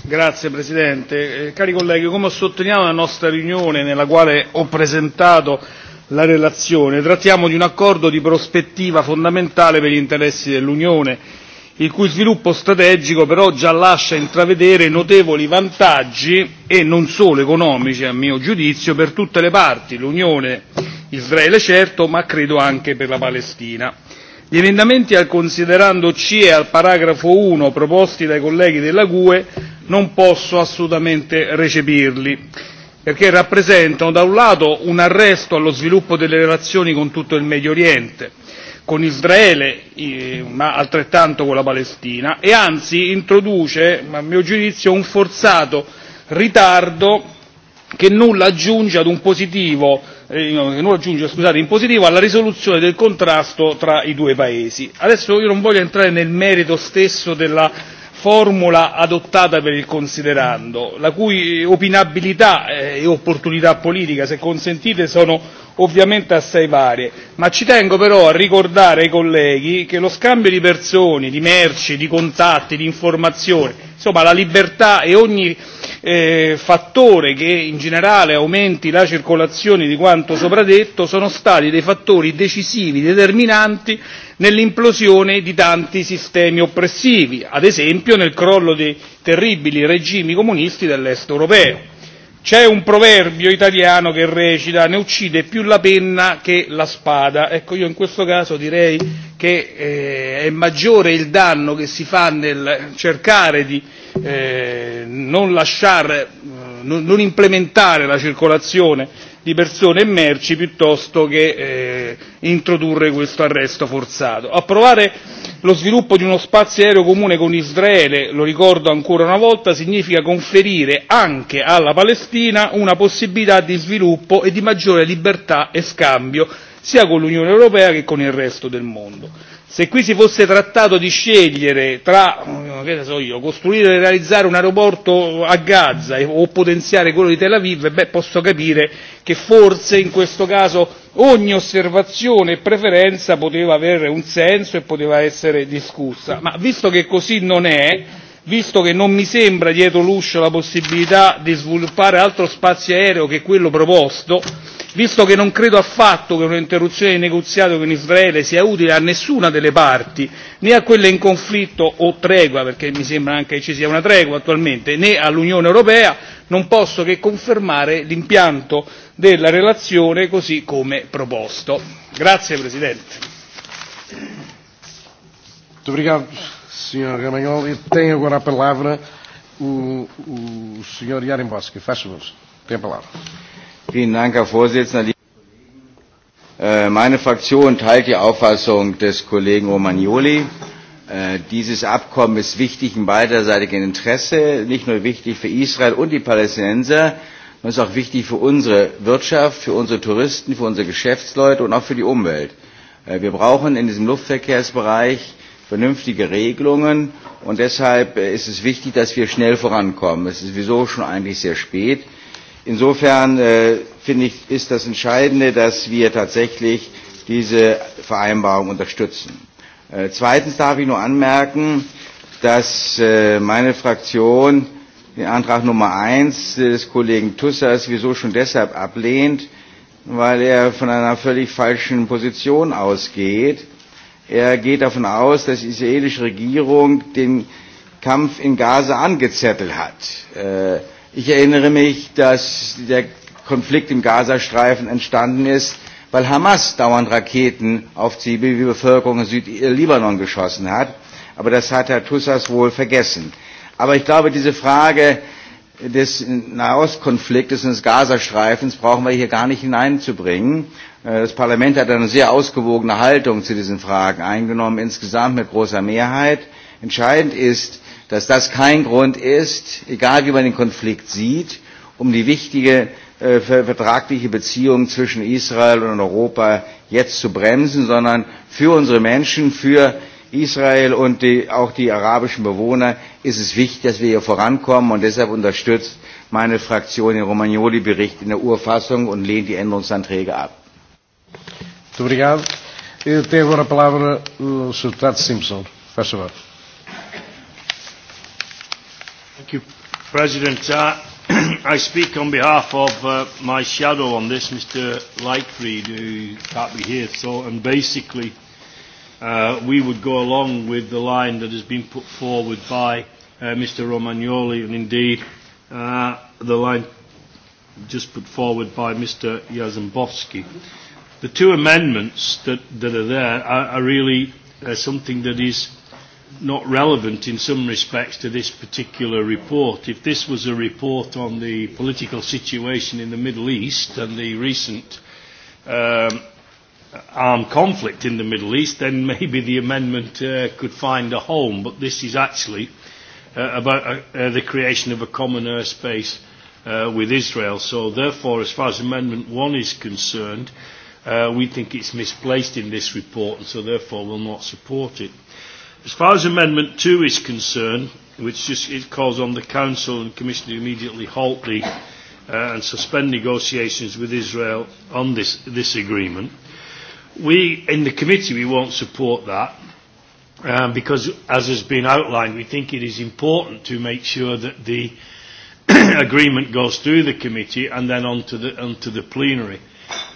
Grazie Presidente. Eh, cari colleghi, come ho sottolineato nella nostra riunione nella quale ho presentato la relazione, trattiamo di un accordo di prospettiva fondamentale per gli interessi dell'Unione il cui sviluppo strategico però già lascia intravedere notevoli vantaggi e non solo economici a mio giudizio per tutte le parti l'Unione, Israele certo, ma credo anche per la Palestina. Gli emendamenti al considerando C e al paragrafo 1 proposti dai colleghi della GUE non posso assolutamente recepirli, perché rappresentano da un lato un arresto allo sviluppo delle relazioni con tutto il Medio Oriente, con Israele, eh, ma altrettanto con la Palestina, e anzi introduce, a mio giudizio, un forzato ritardo che nulla aggiunge ad un positivo eh, no, che nulla aggiunge scusate, in positivo alla risoluzione del contrasto tra i due paesi. Adesso io non voglio entrare nel merito stesso della formula adottata per il considerando, la cui opinabilità eh, e opportunità politica, se consentite, sono ovviamente assai varie, ma ci tengo però a ricordare ai colleghi che lo scambio di persone, di merci, di contatti, di informazioni, insomma la libertà e ogni eh, fattore che in generale aumenti la circolazione di quanto sopra detto sono stati dei fattori decisivi, determinanti nell'implosione di tanti sistemi oppressivi, ad esempio nel crollo dei terribili regimi comunisti dell'est europeo C'è un proverbio italiano che recita ne uccide più la penna che la spada. Ecco, io in questo caso direi che eh, è maggiore il danno che si fa nel cercare di eh, non lasciare, eh, non implementare la circolazione di persone e merci piuttosto che eh, introdurre questo arresto forzato. Approvare lo sviluppo di uno spazio aereo comune con Israele, lo ricordo ancora una volta, significa conferire anche alla Palestina una possibilità di sviluppo e di maggiore libertà e scambio sia con l'Unione Europea che con il resto del mondo Se qui si fosse trattato di scegliere tra, eh, che ne so io, costruire e realizzare un aeroporto a Gaza e, o potenziare quello di Tel Aviv, beh, posso capire che forse in questo caso ogni osservazione e preferenza poteva avere un senso e poteva essere discussa. Ma visto che così non è, visto che non mi sembra dietro l'uscio la possibilità di sviluppare altro spazio aereo che quello proposto, visto che non credo affatto che un'interruzione del negoziato con Israele sia utile a nessuna delle parti, né a quelle in conflitto o tregua, perché mi sembra anche che ci sia una tregua attualmente, né all'Unione Europea, non posso che confermare l'impianto della relazione così come proposto. Grazie Presidente. Muito obrigado. Sr. Gamanhol. E tem agora a palavra o, o Sr. Jarim Bosque. Faz favor. Tem a palavra. Vielen Dank, Herr Vorsitzender. Äh, meine Fraktion teilt die Auffassung des Kollegen Romagnoli. Äh, dieses Abkommen ist wichtig im beiderseitigen Interesse, nicht nur wichtig für Israel und die Palästinenser, sondern ist auch wichtig für unsere Wirtschaft, für unsere Touristen, für unsere Geschäftsleute und auch für die Umwelt. Äh, wir brauchen in diesem Luftverkehrsbereich vernünftige Regelungen. Und deshalb äh, ist es wichtig, dass wir schnell vorankommen. Es ist sowieso schon eigentlich sehr spät. Insofern äh, finde ich, ist das Entscheidende, dass wir tatsächlich diese Vereinbarung unterstützen. Äh, zweitens darf ich nur anmerken, dass äh, meine Fraktion den Antrag Nummer 1 des Kollegen Tussers wieso schon deshalb ablehnt, weil er von einer völlig falschen Position ausgeht Er geht davon aus, dass die israelische Regierung den Kampf in Gaza angezettelt hat. Äh, ich erinnere mich, dass der Konflikt im Gazastreifen entstanden ist, weil Hamas dauernd Raketen auf die Zivilbevölkerung in Südlibanon geschossen hat. Aber das hat Herr Tussas wohl vergessen. Aber ich glaube, diese Frage des Nahostkonfliktes und des Gazastreifens brauchen wir hier gar nicht hineinzubringen, Äh, das Parlament hat eine sehr ausgewogene Haltung zu diesen Fragen eingenommen, insgesamt mit großer Mehrheit. Entscheidend ist, dass das kein Grund ist, egal wie man den Konflikt sieht, um die wichtige äh, vertragliche Beziehung zwischen Israel und Europa jetzt zu bremsen, sondern für unsere Menschen, für Israel und die, auch die arabischen Bewohner ist es wichtig, dass wir hier vorankommen und deshalb unterstützt meine Fraktion den Romagnoli-Bericht in der Urfassung und lehnt die Änderungsanträge ab. Muito obrigado. E tem agora a palavra o Sr. Deputado Simpson. Faz favor. Thank you, President. Uh, I speak on behalf of uh, my shadow on this, Mr. Lightfried, who can't be here. So, and basically, uh, we would go along with the line that has been put forward by uh, Mr. Romagnoli, and indeed uh, the line just put forward by Mr. Yazembowski. Uh, the two amendments that, that are there are, are really uh, something that is not relevant in some respects to this particular report. If this was a report on the political situation in the Middle East and the recent um, armed conflict in the Middle East, then maybe the amendment uh, could find a home. But this is actually uh, about uh, uh, the creation of a common airspace uh, with Israel. So therefore, as far as Amendment 1 is concerned, uh, Uh, we think it's misplaced in this report and so therefore will not support it. As far as Amendment 2 is concerned, which just, it calls on the Council and Commission to immediately halt the uh, and suspend negotiations with Israel on this, this agreement, we in the committee we won't support that um, because, as has been outlined, we think it is important to make sure that the agreement goes through the committee and then onto the, onto the plenary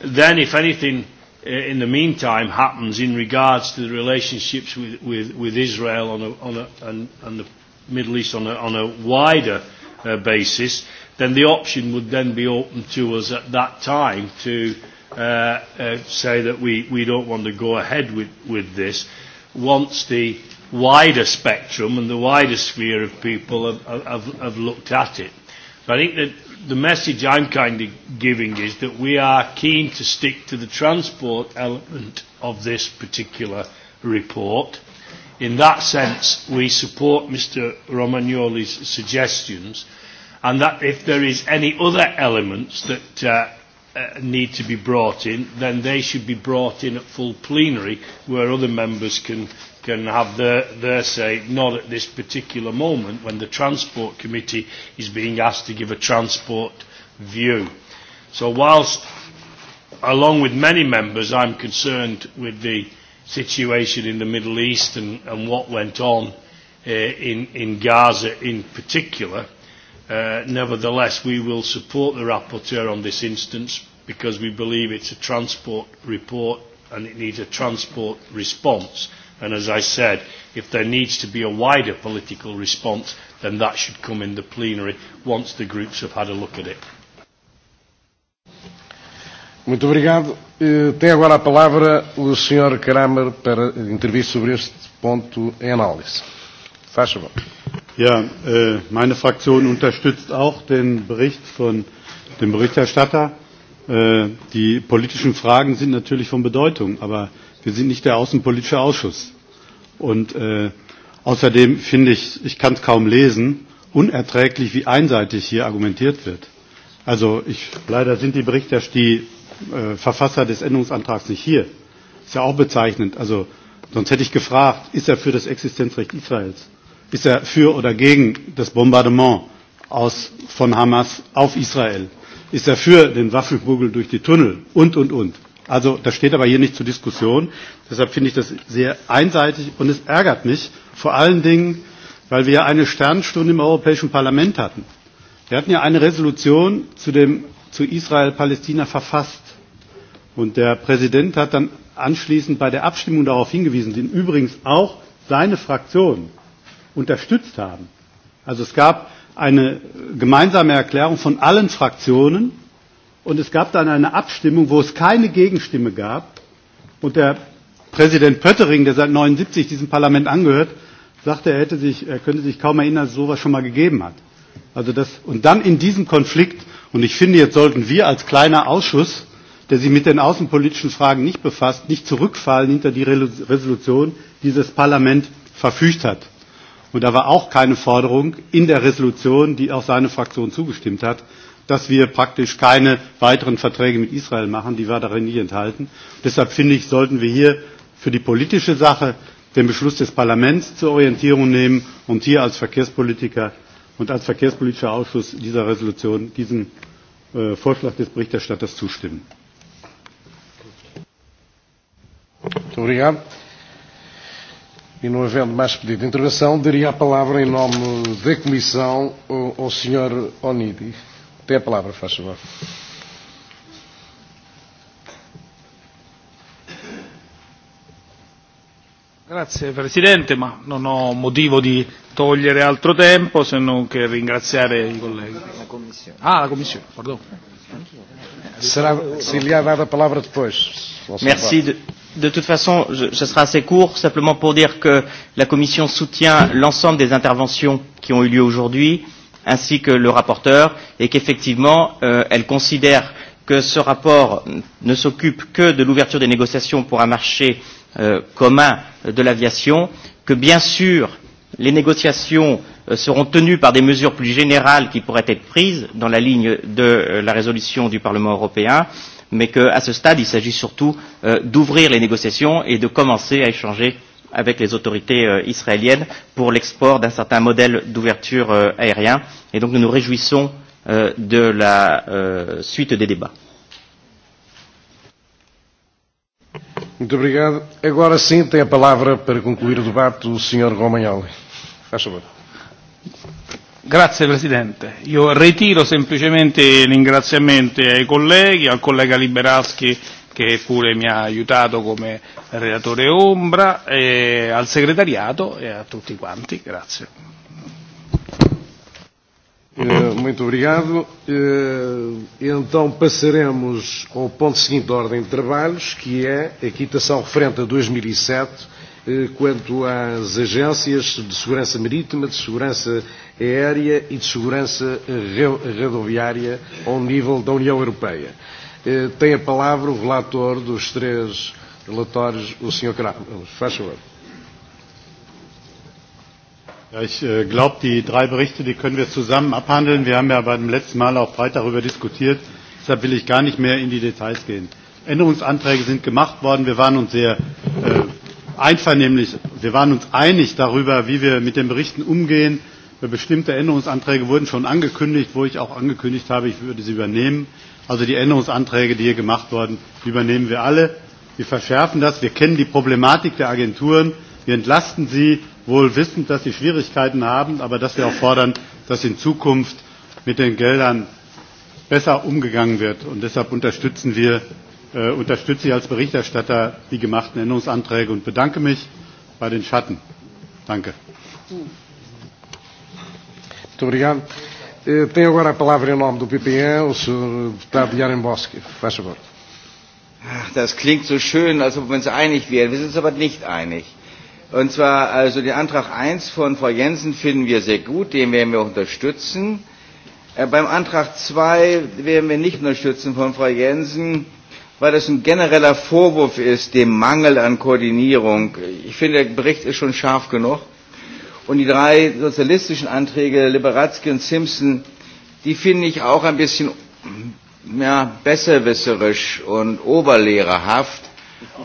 then if anything uh, in the meantime happens in regards to the relationships with, with, with Israel on a, on a, and, and the Middle East on a, on a wider uh, basis, then the option would then be open to us at that time to uh, uh, say that we, we don't want to go ahead with, with this once the wider spectrum and the wider sphere of people have, have, have looked at it. So I think that the message I'm kind of giving is that we are keen to stick to the transport element of this particular report. In that sense, we support Mr Romagnoli's suggestions, and that if there is any other elements that uh, uh, need to be brought in, then they should be brought in at full plenary, where other members can can have their, their say, not at this particular moment when the Transport Committee is being asked to give a transport view. So whilst, along with many members, I'm concerned with the situation in the Middle East and, and what went on uh, in, in Gaza in particular, uh, nevertheless, we will support the rapporteur on this instance because we believe it's a transport report and it needs a transport response. Uh, And as I said, if there needs to be a wider political response, then that should come in the plenary once the groups have had a look at it. Muito obrigado. E tem agora a palavra o Sr. Kramer para intervir sobre este ponto em análise. Faz favor. Ja, eh, meine Fraktion unterstützt auch den Bericht von dem Berichterstatter. Eh, die politischen Fragen sind natürlich von Bedeutung, aber wir sind nicht der außenpolitische Ausschuss. Und äh, außerdem finde ich, ich kann es kaum lesen, unerträglich, wie einseitig hier argumentiert wird. Also ich, leider sind die Berichter, die äh, Verfasser des Änderungsantrags nicht hier. Ist ja auch bezeichnend. Also sonst hätte ich gefragt, ist er für das Existenzrecht Israels? Ist er für oder gegen das Bombardement aus, von Hamas auf Israel? Ist er für den Waffenprügel durch die Tunnel? Und, und, und. Also das steht aber hier nicht zur Diskussion. Deshalb finde ich das sehr einseitig und es ärgert mich vor allen Dingen, weil wir ja eine Sternstunde im Europäischen Parlament hatten. Wir hatten ja eine Resolution zu, dem, zu Israel-Palästina verfasst. Und der Präsident hat dann anschließend bei der Abstimmung darauf hingewiesen, den übrigens auch seine Fraktion unterstützt haben. Also es gab eine gemeinsame Erklärung von allen Fraktionen, Und es gab dann eine Abstimmung, wo es keine Gegenstimme gab. Und der Präsident Pöttering, der seit 1979 diesem Parlament angehört, sagte, er, hätte sich, er könnte sich kaum erinnern, dass es sowas schon mal gegeben hat. Also das, und dann in diesem Konflikt, und ich finde, jetzt sollten wir als kleiner Ausschuss, der sich mit den außenpolitischen Fragen nicht befasst, nicht zurückfallen hinter die Resolution, die das Parlament verfügt hat. Und da war auch keine Forderung in der Resolution, die auch seine Fraktion zugestimmt hat, dass wir praktisch keine weiteren Verträge mit Israel machen. Die war darin nicht enthalten. Deshalb finde ich, sollten wir hier für die politische Sache den Beschluss des Parlaments zur Orientierung nehmen und hier als Verkehrspolitiker und als Verkehrspolitischer Ausschuss dieser Resolution, diesem äh, Vorschlag des Berichterstatters zustimmen. Muito obrigado. E não havendo mais pedido de intervenção, daria a palavra em nome da Comissão ao Sr. Onidi. Tem a palavra, faz favor. Grazie Presidente, ma non ho motivo di togliere altro tempo se non che ringraziare i colleghi. La Commissione. Ah, la Commissione, pardon. Sarà, Silvia avrà la parola depois. Merci. De, de toute façon, je, je serai assez court, simplement pour dire que la Commission soutient l'ensemble des interventions qui ont eu lieu aujourd'hui. Euh, ainsi que le rapporteur, et qu'effectivement, euh, elle considère que ce rapport ne s'occupe que de l'ouverture des négociations pour un marché euh, commun de l'aviation, que bien sûr les négociations euh, seront tenues par des mesures plus générales qui pourraient être prises dans la ligne de euh, la résolution du Parlement européen, mais qu'à ce stade, il s'agit surtout euh, d'ouvrir les négociations et de commencer à échanger avec les autorités euh, israéliennes pour l'export d'un certain modèle d'ouverture euh, aérien. Et donc nous nous réjouissons euh, de la euh, suite des débats. Muito obrigado. Agora sim tem a palavra para concluir o debate o Sr. Romagnoli. Faz favor. Grazie Presidente. Io ritiro semplicemente ringraziamenti ai colleghi, al collega Liberaschi che pure mi ha aiutato come relatore ombra, eh, al segretariato e a tutti quanti. Grazie. Uh, eh, muito obrigado. Uh, então passaremos ao ponto seguinte da ordem de trabalhos, que é a quitação referente a 2007 uh, e eh, quanto às agências de segurança marítima, de segurança aérea e de segurança rodoviária ao nível da União Europeia. Uh, Eh, tem a palavra o relator dos três relatórios, o Sr. Kramer. Faz favor. Ja, ich äh, glaube, die drei Berichte, die können wir zusammen abhandeln. Wir haben ja beim letzten Mal auch breit darüber diskutiert. Deshalb will ich gar nicht mehr in die Details gehen. Änderungsanträge sind gemacht worden. Wir waren uns sehr äh, einvernehmlich, wir waren uns einig darüber, wie wir mit den Berichten umgehen. Bestimmte Änderungsanträge wurden schon angekündigt, wo ich auch angekündigt habe, ich würde sie übernehmen. Also die Änderungsanträge, die hier gemacht wurden, übernehmen wir alle. Wir verschärfen das. Wir kennen die Problematik der Agenturen. Wir entlasten sie, wohl wissend, dass sie Schwierigkeiten haben, aber dass wir auch fordern, dass in Zukunft mit den Geldern besser umgegangen wird. Und deshalb unterstützen wir, äh, unterstütze ich als Berichterstatter die gemachten Änderungsanträge und bedanke mich bei den Schatten. Danke. Muito obrigado. Eh, tem agora a palavra em nome do PPE o Sr. Deputado Jaren Boski. Faz favor. Ach, das klingt so schön, als ob wir uns einig wären. Wir sind uns aber nicht einig. Und zwar, also den Antrag 1 von Frau Jensen finden wir sehr gut, den werden wir auch unterstützen. Äh, beim Antrag 2 werden wir nicht unterstützen von Frau Jensen, weil das ein genereller Vorwurf ist, dem Mangel an Koordinierung. Ich finde, der Bericht ist schon scharf genug. Und die drei sozialistischen Anträge, Liberatzki und Simpson, die finde ich auch ein bisschen ja, besserwisserisch und oberlehrerhaft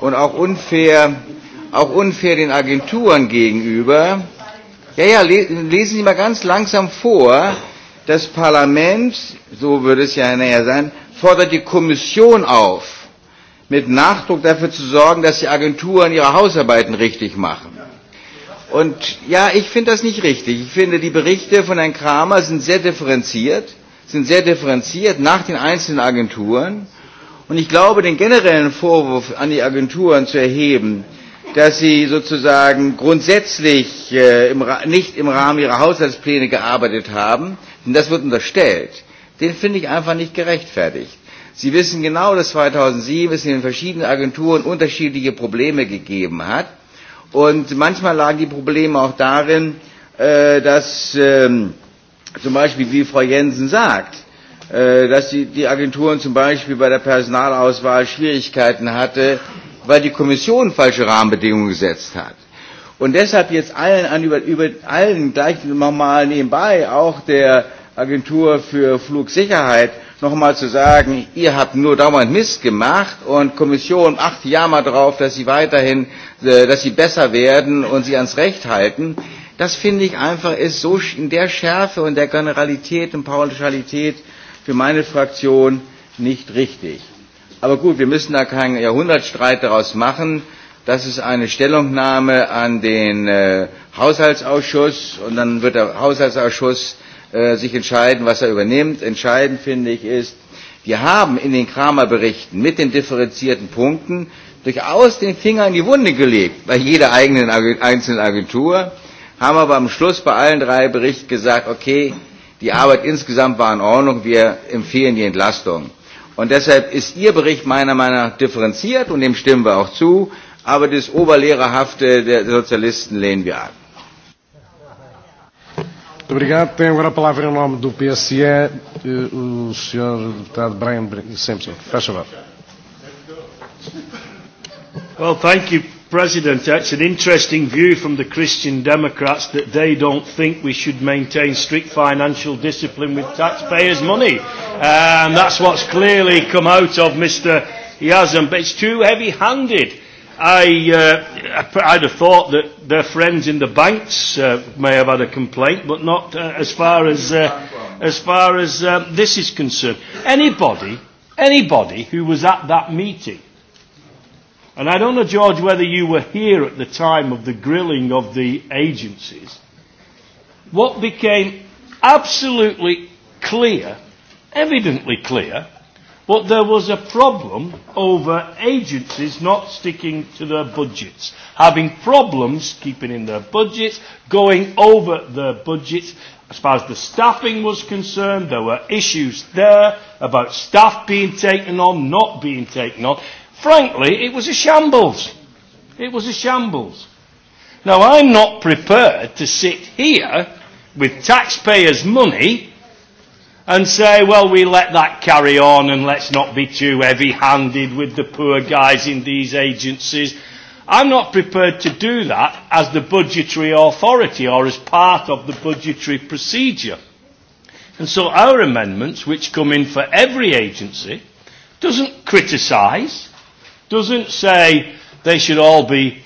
und auch unfair, auch unfair den Agenturen gegenüber. Ja, ja, lesen Sie mal ganz langsam vor. Das Parlament, so würde es ja näher sein, fordert die Kommission auf, mit Nachdruck dafür zu sorgen, dass die Agenturen ihre Hausarbeiten richtig machen. Und ja, ich finde das nicht richtig. Ich finde, die Berichte von Herrn Kramer sind sehr differenziert, sind sehr differenziert nach den einzelnen Agenturen. Und ich glaube, den generellen Vorwurf an die Agenturen zu erheben, dass sie sozusagen grundsätzlich äh, im, nicht im Rahmen ihrer Haushaltspläne gearbeitet haben, denn das wird unterstellt, den finde ich einfach nicht gerechtfertigt. Sie wissen genau, dass 2007 es in den verschiedenen Agenturen unterschiedliche Probleme gegeben hat Und manchmal lagen die Probleme auch darin, äh, dass ähm, zum Beispiel, wie Frau Jensen sagt, äh, dass die, die Agenturen zum Beispiel bei der Personalauswahl Schwierigkeiten hatte, weil die Kommission falsche Rahmenbedingungen gesetzt hat. Und deshalb jetzt allen an, über, über allen gleich nochmal nebenbei, auch der Agentur für Flugsicherheit nochmal zu sagen, ihr habt nur dauernd Mist gemacht und Kommission acht Jahre mal drauf, dass sie weiterhin, äh, dass sie besser werden und sie ans Recht halten. Das finde ich einfach ist so in der Schärfe und der Generalität und Pauschalität für meine Fraktion nicht richtig. Aber gut, wir müssen da keinen Jahrhundertstreit daraus machen. Das ist eine Stellungnahme an den äh, Haushaltsausschuss und dann wird der Haushaltsausschuss äh, sich entscheiden, was er übernimmt. Entscheidend finde ich ist, wir haben in den Kramer-Berichten mit den differenzierten Punkten durchaus den Finger in die Wunde gelegt, bei jeder eigenen einzelnen Agentur, haben aber am Schluss bei allen drei Berichten gesagt, okay, die Arbeit insgesamt war in Ordnung, wir empfehlen die Entlastung. Und deshalb ist Ihr Bericht meiner Meinung nach differenziert und dem stimmen wir auch zu, aber das Oberlehrerhafte der Sozialisten lehnen wir ab. Muito obrigado. Tem agora a palavra em nome do PSE, eh, o Sr. Deputado Brian Simpson. Faz favor. Well, thank you, President. That's an interesting view from the Christian Democrats that they don't think we should maintain strict financial discipline with taxpayers' money. And um, that's what's clearly come out of Mr. Yazan. But it's too heavy-handed I, uh, I'd have thought that their friends in the banks uh, may have had a complaint, but not uh, as far as, uh, as, far as um, this is concerned. Anybody, anybody who was at that meeting, and I don't know, George, whether you were here at the time of the grilling of the agencies, what became absolutely clear, evidently clear, But there was a problem over agencies not sticking to their budgets, having problems keeping in their budgets, going over their budgets. As far as the staffing was concerned, there were issues there about staff being taken on, not being taken on. Frankly, it was a shambles. It was a shambles. Now, I'm not prepared to sit here with taxpayers' money and say, well, we let that carry on and let's not be too heavy handed with the poor guys in these agencies. I'm not prepared to do that as the budgetary authority or as part of the budgetary procedure. And so our amendments, which come in for every agency, doesn't criticise, doesn't say they should all be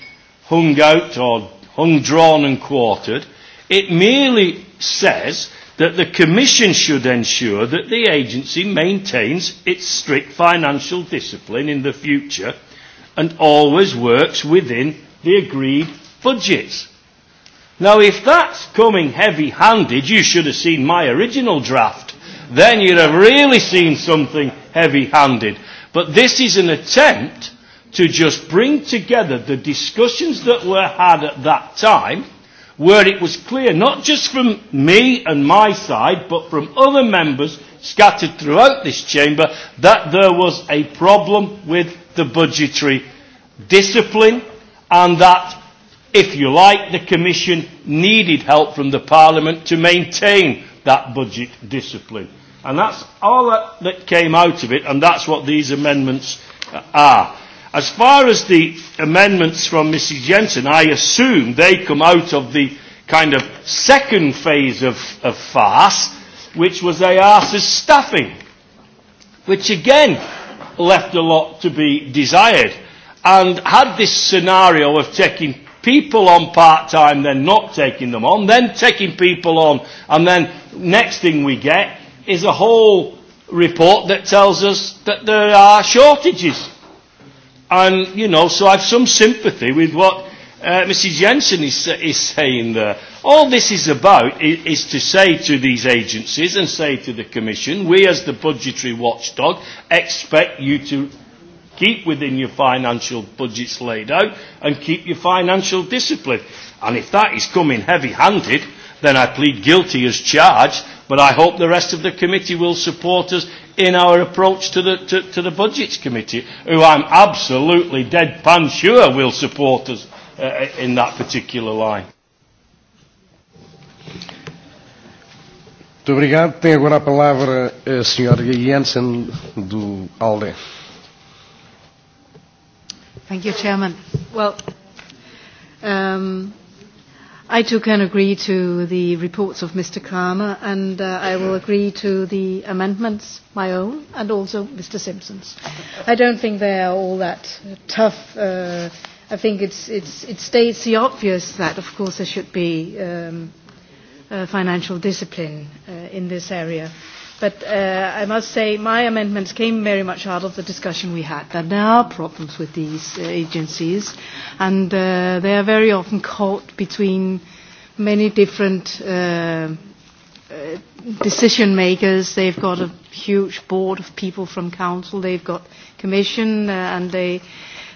hung out or hung, drawn and quartered. It merely says that the Commission should ensure that the agency maintains its strict financial discipline in the future and always works within the agreed budgets. Now, if that's coming heavy handed, you should have seen my original draft. Then you'd have really seen something heavy handed. But this is an attempt to just bring together the discussions that were had at that time where it was clear, not just from me and my side, but from other members scattered throughout this chamber, that there was a problem with the budgetary discipline and that, if you like, the Commission needed help from the Parliament to maintain that budget discipline. And that's all that, that came out of it, and that's what these amendments uh, are. As far as the amendments from Mrs. Jensen, I assume they come out of the kind of second phase of, of farce, which was EASA's staffing, which again left a lot to be desired. And had this scenario of taking people on part time, then not taking them on, then taking people on, and then next thing we get is a whole report that tells us that there are shortages And, you know, so I have some sympathy with what uh, Mrs. Jensen is, is saying there. All this is about is, is to say to these agencies and say to the Commission, we as the budgetary watchdog expect you to keep within your financial budgets laid out and keep your financial discipline. And if that is coming heavy handed, then I plead guilty as charged But I hope the rest of the committee will support us in our approach to the, to, to the Budgets Committee, who I'm absolutely deadpan sure will support us uh, in that particular line. Muito obrigado. Tem agora a palavra a senhora Jensen do ALDE. Thank you, Chairman. Well, um, I too can agree to the reports of Mr. Kramer, and uh, I will agree to the amendments, my own, and also Mr. Simpson's. I don't think they are all that tough. Uh, I think it's, it's, it states the obvious that, of course, there should be um, uh, financial discipline uh, in this area. Uh, But uh, I must say my amendments came very much out of the discussion we had, that there are problems with these uh, agencies, and uh, they are very often caught between many different uh, uh, decision makers. They've got a huge board of people from council, they've got commission, uh, and they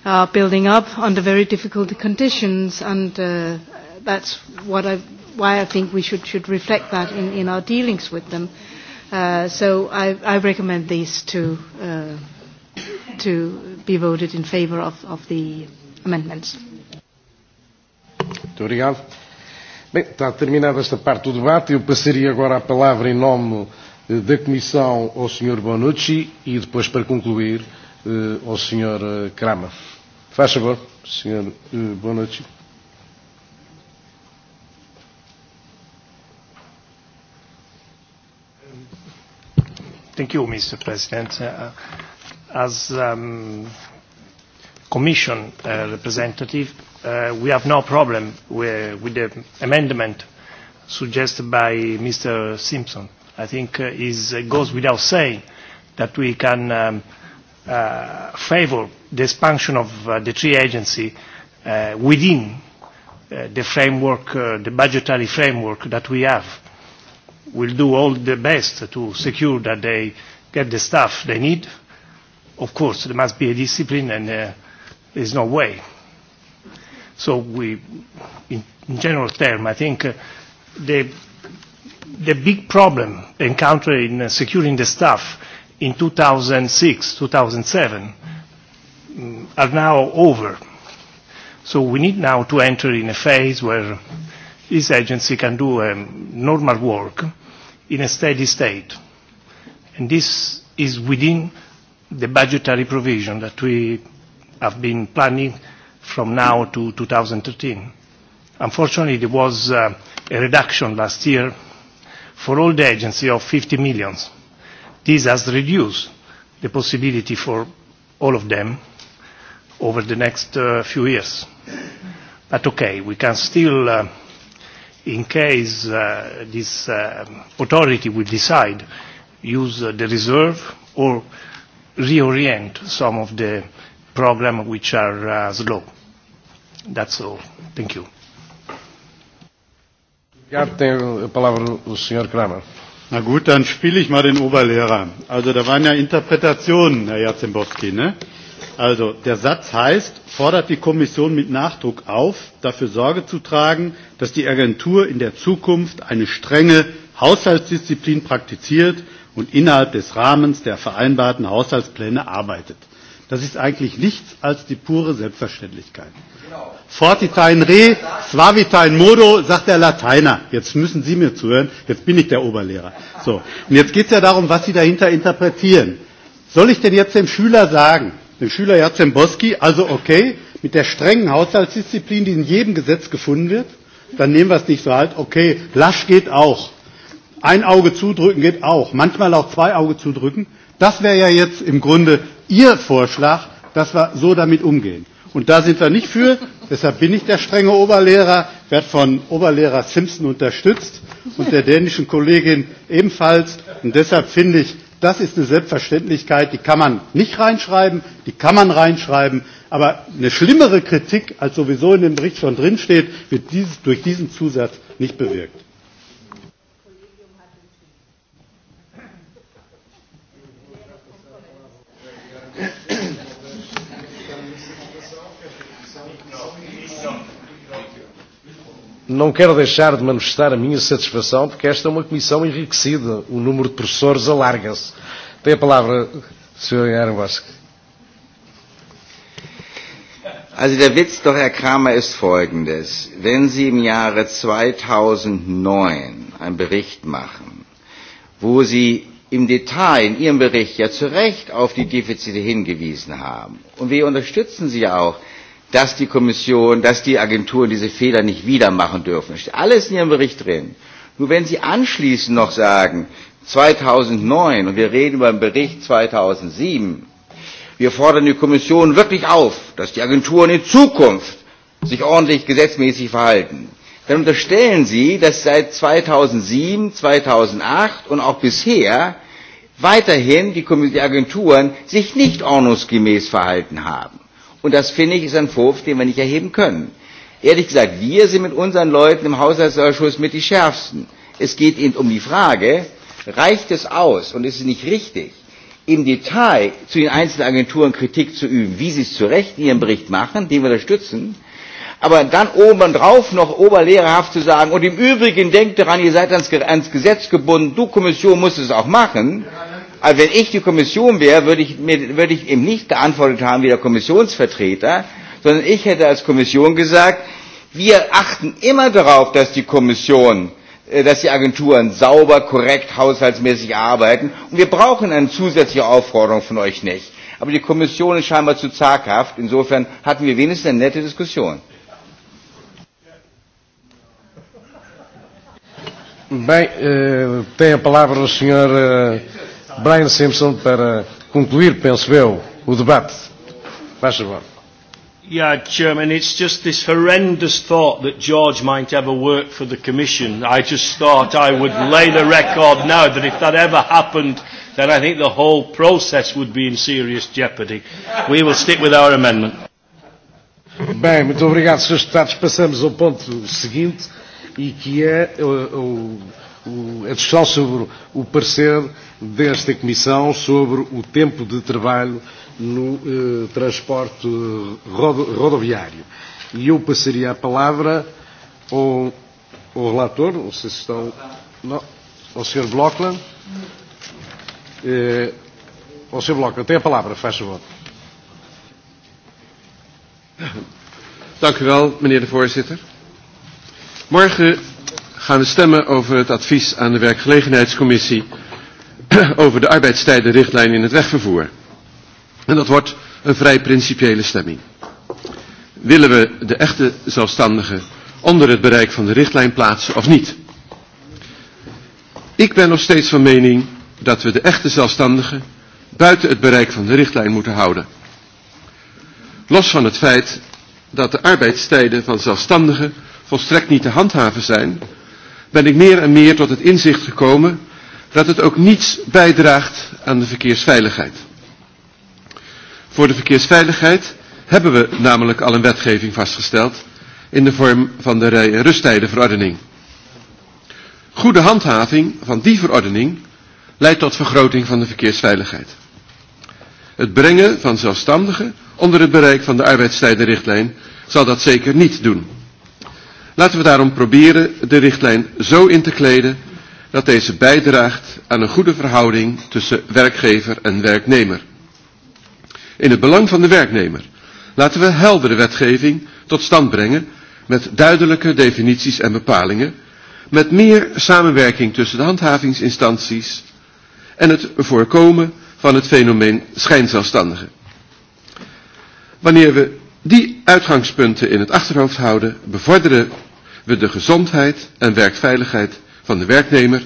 are building up under very difficult conditions, and uh, that's what I, why I think we should, should reflect that in, in our dealings with them. Uh, Uh, so I, I recommend these to, uh, to be voted in favour of, of the amendments. Muito obrigado. Bem, está terminada esta parte do debate. Eu passaria agora a palavra em nome eh, da Comissão ao Sr. Bonucci e depois, para concluir, eh, ao Sr. Kramer. Faz favor, Sr. Bonucci. Thank you, Mr. President. Uh, as um, Commission uh, representative, uh, we have no problem with, with the amendment suggested by Mr. Simpson. I think uh, is, it uh, goes without saying that we can um, uh, favour the expansion of uh, the three agency uh, within uh, the framework, uh, the budgetary framework that we have. Uh, will do all the best to secure that they get the staff they need. Of course, there must be a discipline and uh, there's no way. So we, in, in general term, I think uh, the, the big problem encountered in uh, securing the staff in 2006, 2007 um, are now over. So we need now to enter in a phase where this agency can do um, normal work in a steady state. And this is within the budgetary provision that we have been planning from now to 2013. Unfortunately, there was uh, a reduction last year for all the agency of 50 million. This has reduced the possibility for all of them over the next uh, few years. But okay, we can still uh, in case uh, this uh, authority will decide use uh, the reserve or reorient some of the program which are uh, slow. That's all. Thank you. Tem a äh, palavra o Sr. Kramer. Na gut, dann spiele ich mal den Oberlehrer. Also da waren ja Interpretationen, Herr Jazimbowski, ne? Äh, Also der Satz heißt, fordert die Kommission mit Nachdruck auf, dafür Sorge zu tragen, dass die Agentur in der Zukunft eine strenge Haushaltsdisziplin praktiziert und innerhalb des Rahmens der vereinbarten Haushaltspläne arbeitet. Das ist eigentlich nichts als die pure Selbstverständlichkeit. Genau. Fortitain re, suavitain modo, sagt der Lateiner. Jetzt müssen Sie mir zuhören, jetzt bin ich der Oberlehrer. So. Und jetzt geht es ja darum, was Sie dahinter interpretieren. Soll ich denn jetzt dem Schüler sagen, dem Schüler Jarzembowski, also okay, mit der strengen Haushaltsdisziplin, die in jedem Gesetz gefunden wird, dann nehmen wir es nicht so halt, okay, lasch geht auch. Ein Auge zudrücken geht auch, manchmal auch zwei Auge zudrücken. Das wäre ja jetzt im Grunde Ihr Vorschlag, dass wir so damit umgehen. Und da sind wir nicht für. Deshalb bin ich der strenge Oberlehrer, werde von Oberlehrer Simpson unterstützt und der dänischen Kollegin ebenfalls. Und deshalb finde ich, Das ist eine Selbstverständlichkeit, die kann man nicht reinschreiben, die kann man reinschreiben, aber eine schlimmere Kritik, als sowieso in dem Bericht schon drinsteht, wird dieses, durch diesen Zusatz nicht bewirkt. não quero deixar de manifestar a minha satisfação, porque esta é uma comissão enriquecida. O número de professores alarga-se. Tem a palavra, Sr. Aaron Vasco. Also der Witz doch, Herr Kramer, ist folgendes. Wenn Sie im Jahre 2009 einen Bericht machen, wo Sie im Detail in Ihrem Bericht ja zu Recht auf die Defizite hingewiesen haben, und wir unterstützen Sie ja auch, dass die Kommission, dass die Agenturen diese Fehler nicht wieder machen dürfen. Das steht alles in Ihrem Bericht drin. Nur wenn Sie anschließend noch sagen, 2009, und wir reden über den Bericht 2007, wir fordern die Kommission wirklich auf, dass die Agenturen in Zukunft sich ordentlich gesetzmäßig verhalten, dann unterstellen Sie, dass seit 2007, 2008 und auch bisher weiterhin die Agenturen sich nicht ordnungsgemäß verhalten haben. Und das, finde ich, ist ein Vorwurf, den wir nicht erheben können. Ehrlich gesagt, wir sind mit unseren Leuten im Haushaltsausschuss mit die Schärfsten. Es geht eben um die Frage, reicht es aus und ist es nicht richtig, im Detail zu den einzelnen Agenturen Kritik zu üben, wie sie es zu Recht in ihrem Bericht machen, den wir unterstützen, aber dann obendrauf noch oberlehrerhaft zu sagen, und im Übrigen denkt daran, ihr seid ans, ans Gesetz gebunden, du Kommission musst es auch machen. Ja Aber wenn ich die Kommission wäre, würde ich, mir, würde ich eben nicht geantwortet haben wie der Kommissionsvertreter, sondern ich hätte als Kommission gesagt, wir achten immer darauf, dass die Kommission äh, dass die Agenturen sauber, korrekt, haushaltsmäßig arbeiten. Und wir brauchen eine zusätzliche Aufforderung von euch nicht. Aber die Kommission ist scheinbar zu zaghaft. Insofern hatten wir wenigstens eine nette Diskussion. Bem, uh, tem a palavra o Sr. Uh, eh, Brian Simpson para concluir, penso eu, o debate. Faz favor. Yeah, Chairman, it's just this horrendous thought that George might ever work for the Commission. I just thought I would lay the record now that if that ever happened, then I think the whole process would be in serious jeopardy. We will stick with our amendment. Bem, muito obrigado, Sr. Deputados. Passamos ao ponto seguinte, e que é o, o o, a discussão sobre o parecer desta Comissão sobre o tempo de trabalho no eh, transporte rodo, rodoviário. E eu passaria a palavra ao, ao relator, não sei se estão. Não, ao Sr. Blockland. Eh, ao Sr. Blockland, tem a palavra, faz favor. Dank u wel, meneer de voorzitter. Morgen gaan we stemmen over het advies aan de werkgelegenheidscommissie over de arbeidstijdenrichtlijn in het wegvervoer. En dat wordt een vrij principiële stemming. Willen we de echte zelfstandigen onder het bereik van de richtlijn plaatsen of niet? Ik ben nog steeds van mening dat we de echte zelfstandigen buiten het bereik van de richtlijn moeten houden. Los van het feit dat de arbeidstijden van zelfstandigen volstrekt niet te handhaven zijn, ben ik meer en meer tot het inzicht gekomen dat het ook niets bijdraagt aan de verkeersveiligheid. Voor de verkeersveiligheid hebben we namelijk al een wetgeving vastgesteld in de vorm van de rij- en rusttijdenverordening. Goede handhaving van die verordening leidt tot vergroting van de verkeersveiligheid. Het brengen van zelfstandigen onder het bereik van de arbeidstijdenrichtlijn zal dat zeker niet doen. Laten we daarom proberen de richtlijn zo in te kleden dat deze bijdraagt aan een goede verhouding tussen werkgever en werknemer. In het belang van de werknemer laten we heldere wetgeving tot stand brengen met duidelijke definities en bepalingen, met meer samenwerking tussen de handhavingsinstanties en het voorkomen van het fenomeen schijnzelfstandigen. Wanneer we Die uitgangspunten in het achterhoofd houden, bevorderen we de gezondheid en werkveiligheid van de werknemer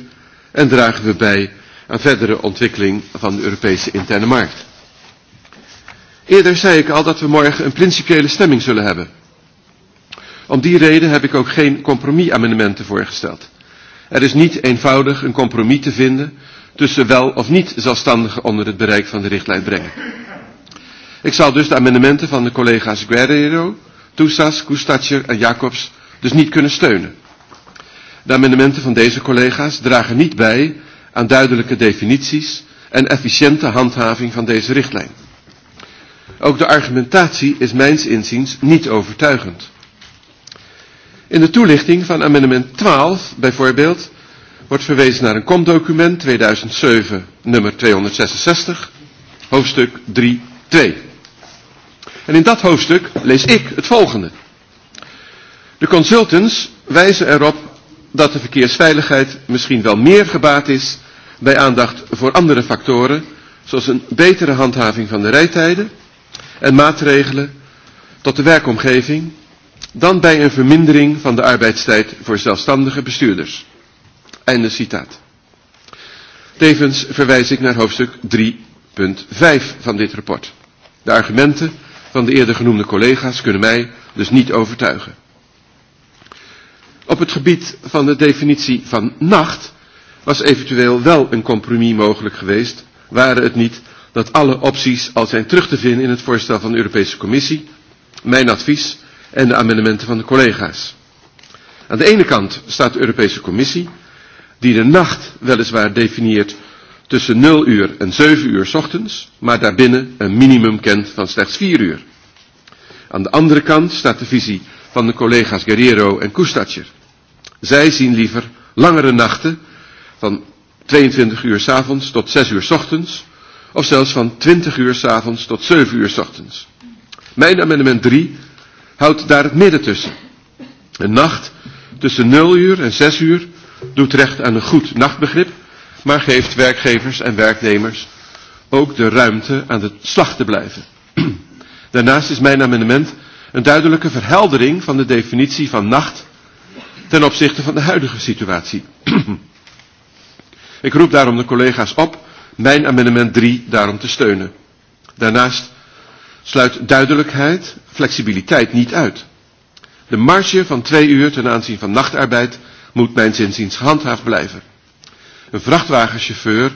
en dragen we bij aan verdere ontwikkeling van de Europese interne markt. Eerder zei ik al dat we morgen een principiële stemming zullen hebben. Om die reden heb ik ook geen compromisamendementen voorgesteld. Er is niet eenvoudig een compromis te vinden tussen wel of niet zelfstandigen onder het bereik van de richtlijn brengen. Ik zal dus de amendementen van de collega's Guerrero, Toussas, Koestatjer en Jacobs dus niet kunnen steunen. De amendementen van deze collega's dragen niet bij aan duidelijke definities en efficiënte handhaving van deze richtlijn. Ook de argumentatie is mijns inziens niet overtuigend. In de toelichting van amendement 12 bijvoorbeeld wordt verwezen naar een COM-document 2007 nummer 266, hoofdstuk 3.2. En in dat hoofdstuk lees ik het volgende. De consultants wijzen erop dat de verkeersveiligheid misschien wel meer gebaat is bij aandacht voor andere factoren, zoals een betere handhaving van de rijtijden en maatregelen tot de werkomgeving, dan bij een vermindering van de arbeidstijd voor zelfstandige bestuurders. Einde citaat. Tevens verwijs ik naar hoofdstuk 3.5 van dit rapport. De argumenten van de eerder genoemde collega's kunnen mij dus niet overtuigen. Op het gebied van de definitie van nacht was eventueel wel een compromis mogelijk geweest, waren het niet dat alle opties al zijn terug te vinden in het voorstel van de Europese Commissie, mijn advies en de amendementen van de collega's. Aan de ene kant staat de Europese Commissie, die de nacht weliswaar definieert tussen 0 uur en 7 uur ochtends, maar daarbinnen een minimum kent van slechts 4 uur. Aan de andere kant staat de visie van de collega's Guerrero en Koestacher. Zij zien liever langere nachten van 22 uur s avonds tot 6 uur s ochtends, of zelfs van 20 uur s avonds tot 7 uur s ochtends. Mijn amendement 3 houdt daar het midden tussen. Een nacht tussen 0 uur en 6 uur doet recht aan een goed nachtbegrip maar geeft werkgevers en werknemers ook de ruimte aan de slag te blijven. Daarnaast is mijn amendement een duidelijke verheldering van de definitie van nacht ten opzichte van de huidige situatie. Ik roep daarom de collega's op mijn amendement 3 daarom te steunen. Daarnaast sluit duidelijkheid, flexibiliteit niet uit. De marge van twee uur ten aanzien van nachtarbeid moet mijn zinziens gehandhaafd blijven een vrachtwagenchauffeur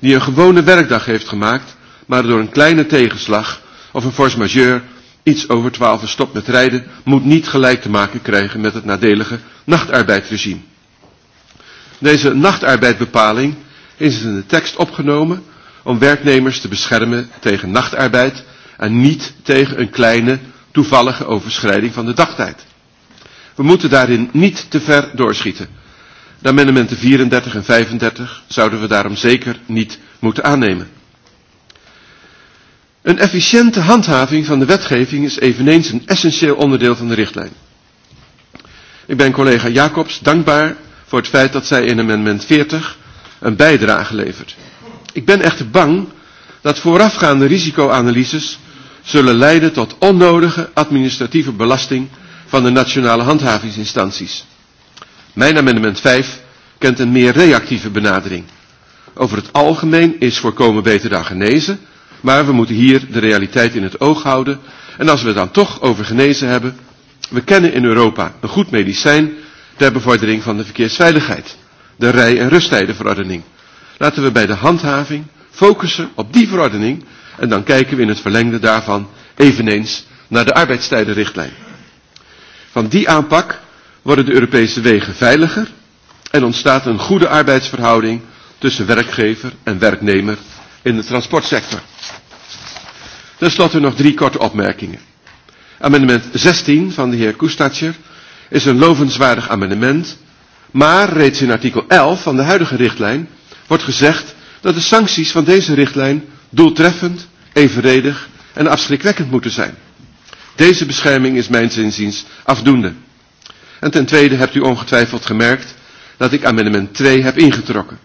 die een gewone werkdag heeft gemaakt, maar door een kleine tegenslag of een force majeure iets over twaalf stopt met rijden, moet niet gelijk te maken krijgen met het nadelige nachtarbeidregime. Deze nachtarbeidbepaling is in de tekst opgenomen om werknemers te beschermen tegen nachtarbeid en niet tegen een kleine toevallige overschrijding van de dagtijd. We moeten daarin niet te ver doorschieten. De amendementen 34 en 35 zouden we daarom zeker niet moeten aannemen. Een efficiënte handhaving van de wetgeving is eveneens een essentieel onderdeel van de richtlijn. Ik ben collega Jacobs dankbaar voor het feit dat zij in amendement 40 een bijdrage levert. Ik ben echter bang dat voorafgaande risicoanalyses zullen leiden tot onnodige administratieve belasting van de nationale handhavingsinstanties. Mijn amendement 5 kent een meer reactieve benadering. Over het algemeen is voorkomen beter dan genezen, maar we moeten hier de realiteit in het oog houden. En als we het dan toch over genezen hebben, we kennen in Europa een goed medicijn ter bevordering van de verkeersveiligheid, de rij- en rusttijdenverordening. Laten we bij de handhaving focussen op die verordening en dan kijken we in het verlengde daarvan eveneens naar de arbeidstijdenrichtlijn. Van die aanpak worden de Europese wegen veiliger en ontstaat een goede arbeidsverhouding tussen werkgever en werknemer in de transportsector. Ten slotte nog drie korte opmerkingen. Amendement 16 van de heer Koestatscher is een lovenswaardig amendement, maar reeds in artikel 11 van de huidige richtlijn wordt gezegd dat de sancties van deze richtlijn doeltreffend, evenredig en afschrikwekkend moeten zijn. Deze bescherming is mijns inziens afdoende. En ten tweede hebt u ongetwijfeld gemerkt dat ik amendement 2 heb ingetrokken.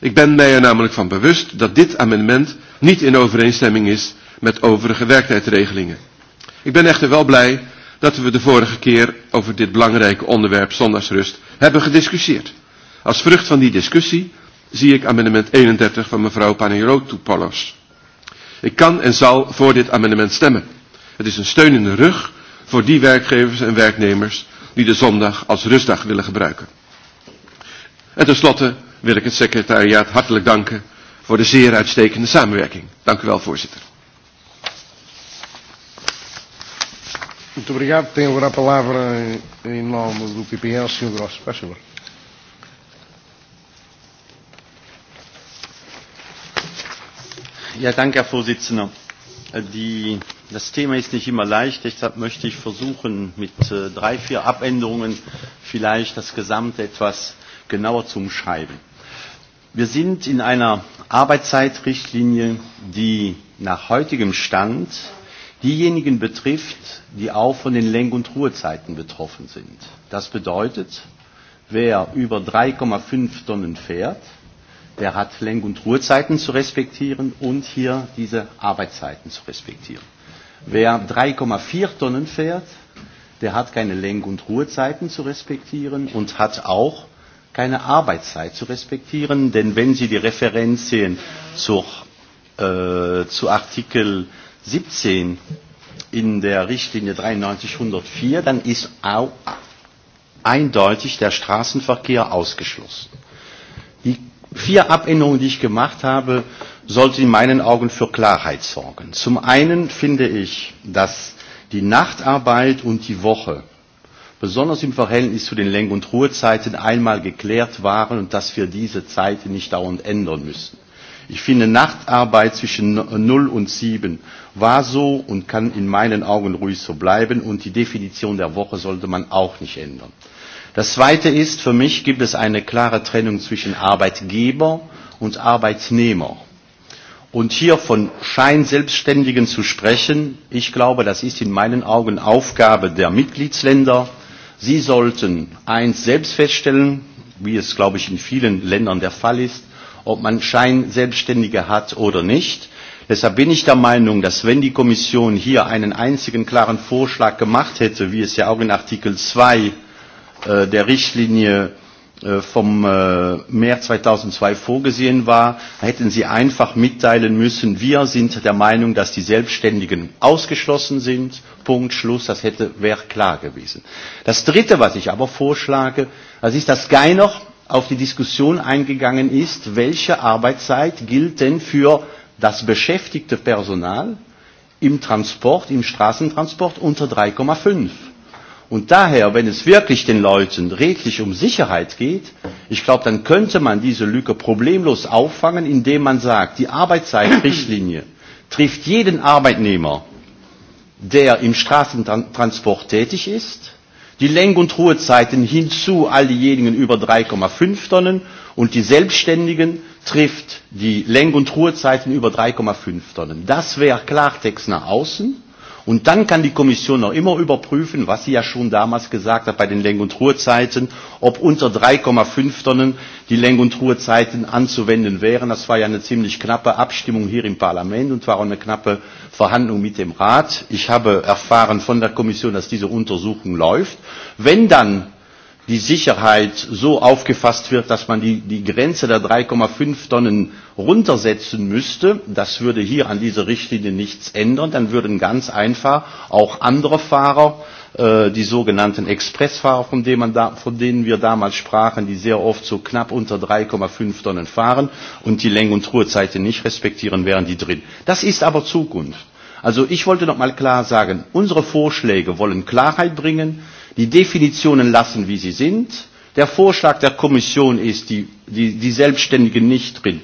Ik ben mij er namelijk van bewust dat dit amendement niet in overeenstemming is met overige werktijdregelingen. Ik ben echter wel blij dat we de vorige keer over dit belangrijke onderwerp zondagsrust hebben gediscussieerd. Als vrucht van die discussie zie ik amendement 31 van mevrouw Panerotoupoulos. Ik kan en zal voor dit amendement stemmen. Het is een steun in de rug voor die werkgevers en werknemers die de zondag als rustdag willen gebruiken. En tenslotte wil ik het secretariaat hartelijk danken voor de zeer uitstekende samenwerking. Dank u wel, voorzitter. Muito obrigado. Tem agora a palavra em nome do PPL, Sr. Grosso. Faz favor. Ja, danke, Herr Vorsitzender. Die, das Thema ist nicht immer leicht, deshalb möchte ich versuchen, mit äh, drei, vier Abänderungen vielleicht das Gesamte etwas genauer zu umschreiben. Wir sind in einer Arbeitszeitrichtlinie, die nach heutigem Stand diejenigen betrifft, die auch von den Lenk- und Ruhezeiten betroffen sind. Das bedeutet, wer über 3,5 Tonnen fährt, der hat Lenk- und Ruhezeiten zu respektieren und hier diese Arbeitszeiten zu respektieren. Wer 3,4 Tonnen fährt, der hat keine Lenk- und Ruhezeiten zu respektieren und hat auch keine Arbeitszeit zu respektieren, denn wenn Sie die Referenz sehen zur, äh, zu Artikel 17 in der Richtlinie 9304, dann ist auch eindeutig der Straßenverkehr ausgeschlossen vier Abänderungen, die ich gemacht habe, sollten in meinen Augen für Klarheit sorgen. Zum einen finde ich, dass die Nachtarbeit und die Woche besonders im Verhältnis zu den Lenk- und Ruhezeiten einmal geklärt waren und dass wir diese Zeiten nicht dauernd ändern müssen. Ich finde, Nachtarbeit zwischen 0 und 7 war so und kann in meinen Augen ruhig so bleiben und die Definition der Woche sollte man auch nicht ändern. Das Zweite ist, für mich gibt es eine klare Trennung zwischen Arbeitgeber und Arbeitnehmer. Und hier von Scheinselbstständigen zu sprechen, ich glaube, das ist in meinen Augen Aufgabe der Mitgliedsländer. Sie sollten eins selbst feststellen, wie es, glaube ich, in vielen Ländern der Fall ist, ob man Scheinselbstständige hat oder nicht. Deshalb bin ich der Meinung, dass wenn die Kommission hier einen einzigen klaren Vorschlag gemacht hätte, wie es ja auch in Artikel 2 äh, der Richtlinie äh, vom äh, März 2002 vorgesehen war, hätten Sie einfach mitteilen müssen, wir sind der Meinung, dass die Selbstständigen ausgeschlossen sind. Punkt, Schluss, das hätte, wäre klar gewesen. Das Dritte, was ich aber vorschlage, das ist, dass Geiner auf die Diskussion eingegangen ist, welche Arbeitszeit gilt denn für das beschäftigte Personal im Transport, im Straßentransport unter 3,5. Und daher, wenn es wirklich den Leuten redlich um Sicherheit geht, ich glaube, dann könnte man diese Lücke problemlos auffangen, indem man sagt, die Arbeitszeitrichtlinie trifft jeden Arbeitnehmer, der im Straßentransport tätig ist, die Lenk- und Ruhezeiten hinzu all diejenigen über 3,5 Tonnen und die Selbstständigen trifft die Lenk- und Ruhezeiten über 3,5 Tonnen. Das wäre Klartext nach außen. Und dann kann die Kommission noch immer überprüfen, was sie ja schon damals gesagt hat bei den Lenk- und Ruhezeiten, ob unter 3,5 Tonnen die Lenk- und Ruhezeiten anzuwenden wären. Das war ja eine ziemlich knappe Abstimmung hier im Parlament und war auch eine knappe Verhandlung mit dem Rat. Ich habe erfahren von der Kommission, dass diese Untersuchung läuft. Wenn dann die Sicherheit so aufgefasst wird, dass man die, die Grenze der 3,5 Tonnen runtersetzen müsste. Das würde hier an dieser Richtlinie nichts ändern. Dann würden ganz einfach auch andere Fahrer, äh, die sogenannten Expressfahrer, von denen, man da, von denen wir damals sprachen, die sehr oft so knapp unter 3,5 Tonnen fahren und die Länge- und Ruhezeiten nicht respektieren, wären die drin. Das ist aber Zukunft. Also ich wollte noch mal klar sagen, unsere Vorschläge wollen Klarheit bringen, Die Definitionen lassen, wie sie sind. Der Vorschlag der Kommission ist, die, die, die Selbstständigen nicht drin.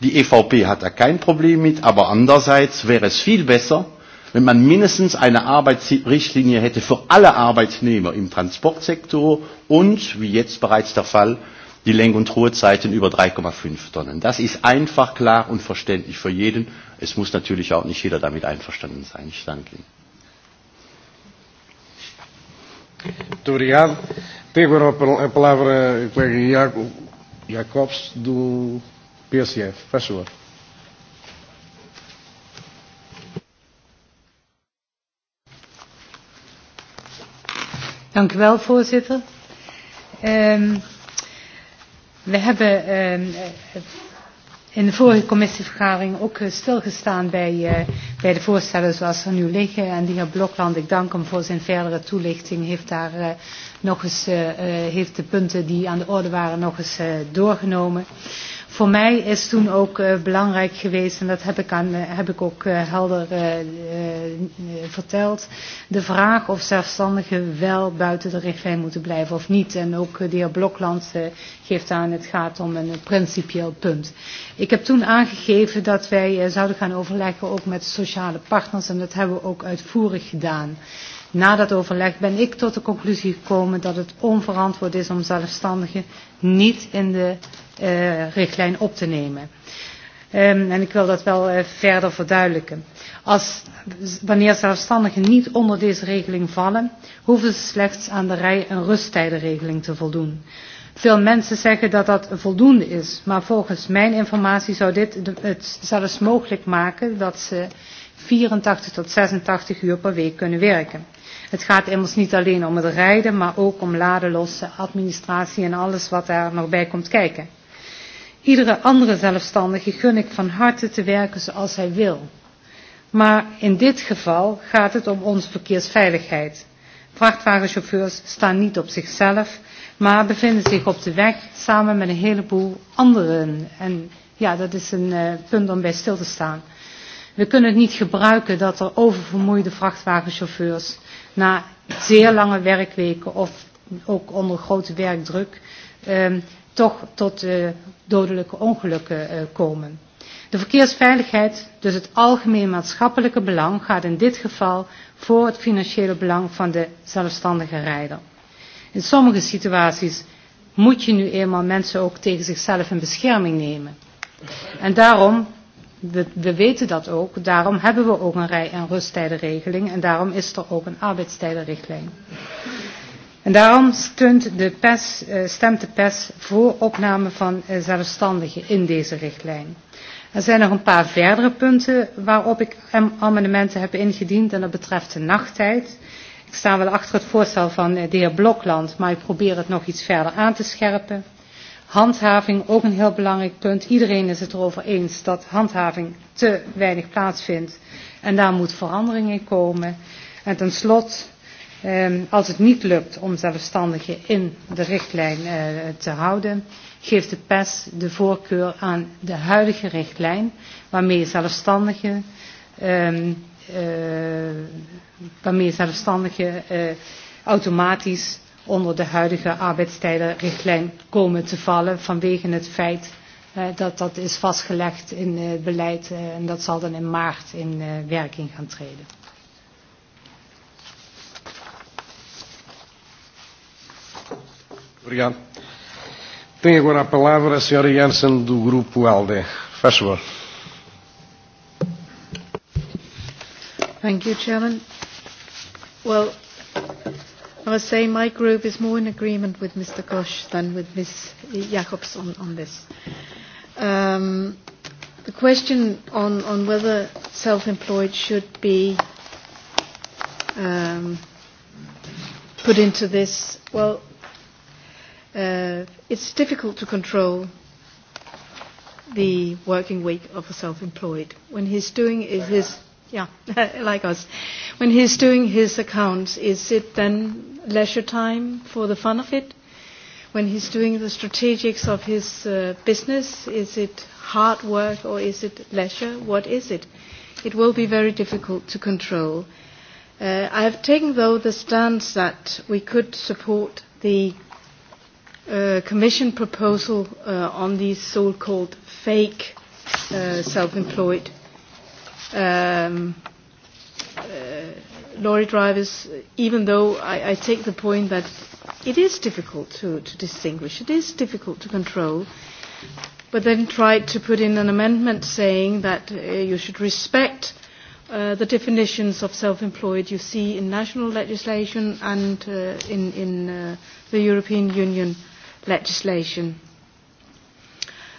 Die EVP hat da kein Problem mit, aber andererseits wäre es viel besser, wenn man mindestens eine Arbeitsrichtlinie hätte für alle Arbeitnehmer im Transportsektor und, wie jetzt bereits der Fall, die Lenk- und Ruhezeiten über 3,5 Tonnen. Das ist einfach, klar und verständlich für jeden. Es muss natürlich auch nicht jeder damit einverstanden sein. Ich danke Ihnen. Muito obrigado. Tem agora a palavra o colega Jacobs, do PSF. Faz favor. Dank u wel, voorzitter. Um, we hebben um, in de vorige commissievergadering ook eh, stilgestaan bij, uh, bij de voorstellen zoals er nu liggen. En de heer Blokland, ik dank hem voor zijn verdere toelichting, heeft daar uh, nog eens, uh, uh, heeft de punten die aan de orde waren nog eens uh, doorgenomen. Uh, voor mij is toen ook uh, belangrijk geweest, en dat heb ik, aan, uh, heb ik ook uh, helder uh, uh, verteld, de vraag of zelfstandigen wel buiten de richtlijn moeten blijven of niet. En ook uh, de heer Blokland uh, geeft aan, het gaat om een principieel punt. Ik heb toen aangegeven dat wij uh, zouden gaan overleggen ook met sociale partners en dat hebben we ook uitvoerig gedaan. Na dat overleg ben ik tot de conclusie gekomen dat het onverantwoord is om zelfstandigen niet in de uh, richtlijn op te nemen. Um, en ik wil dat wel uh, verder verduidelijken. Als, wanneer zelfstandigen niet onder deze regeling vallen, hoeven ze slechts aan de rij- en rusttijdenregeling te voldoen. Veel mensen zeggen dat dat voldoende is, maar volgens mijn informatie zou dit het zelfs mogelijk maken dat ze 84 tot 86 uur per week kunnen werken. Het gaat immers niet alleen om het rijden, maar ook om laden, lossen, administratie en alles wat daar nog bij komt kijken. Iedere andere zelfstandige gun ik van harte te werken zoals hij wil. Maar in dit geval gaat het om onze verkeersveiligheid. Vrachtwagenchauffeurs staan niet op zichzelf, maar bevinden zich op de weg samen met een heleboel anderen. En ja, dat is een uh, punt om bij stil te staan. We kunnen het niet gebruiken dat er oververmoeide vrachtwagenchauffeurs na zeer lange werkweken of ook onder grote werkdruk um, toch tot uh, dodelijke ongelukken eh, komen. De verkeersveiligheid, dus het algemeen maatschappelijke belang, gaat in dit geval voor het financiële belang van de zelfstandige rijder. In sommige situaties moet je nu eenmaal mensen ook tegen zichzelf in bescherming nemen. En daarom, we, we weten dat ook, daarom hebben we ook een rij- en rusttijdenregeling en daarom is er ook een arbeidstijdenrichtlijn. En daarom steunt de PES, eh, stemt de PES voor opname van eh, zelfstandigen in deze richtlijn. Er zijn nog een paar verdere punten waarop ik amendementen heb ingediend en dat betreft de nachttijd. Ik sta wel achter het voorstel van eh, de heer Blokland, maar ik probeer het nog iets verder aan te scherpen. Handhaving, ook een heel belangrijk punt. Iedereen is het erover eens dat handhaving te weinig plaatsvindt en daar moet verandering in komen. En tenslotte Ehm, als het niet lukt om zelfstandigen in de richtlijn eh, te houden, geeft de PES de voorkeur aan de huidige richtlijn, waarmee zelfstandigen, ehm, eh, waarmee zelfstandigen eh, automatisch onder de huidige arbeidstijdenrichtlijn komen te vallen vanwege het feit dat dat is vastgelegd in het beleid en dat zal dan in maart in werking gaan treden. Obrigado. Tem agora a palavra a senhora Janssen do grupo ALDE. Faz favor. Thank you, Chairman. Well, I must say my group is more in agreement with Mr. Koch than with Ms. Jacobs on, on this. Um, the question on, on whether self-employed should be um, put into this, well, uh, it's difficult to control the working week of a self-employed. When he's doing like his, us. yeah, like us, when he's doing his accounts, is it then leisure time for the fun of it? When he's doing the strategics of his uh, business, is it hard work or is it leisure? What is it? It will be very difficult to control. Uh, I have taken, though, the stance that we could support the uh, Commission proposal uh, on these so-called fake uh, self-employed um, uh, lorry drivers, even though I, I take the point that it is difficult to, to distinguish, it is difficult to control, but then tried to put in an amendment saying that uh, you should respect uh, the definitions of self-employed you see in national legislation and uh, in, in uh, the European Union legislation.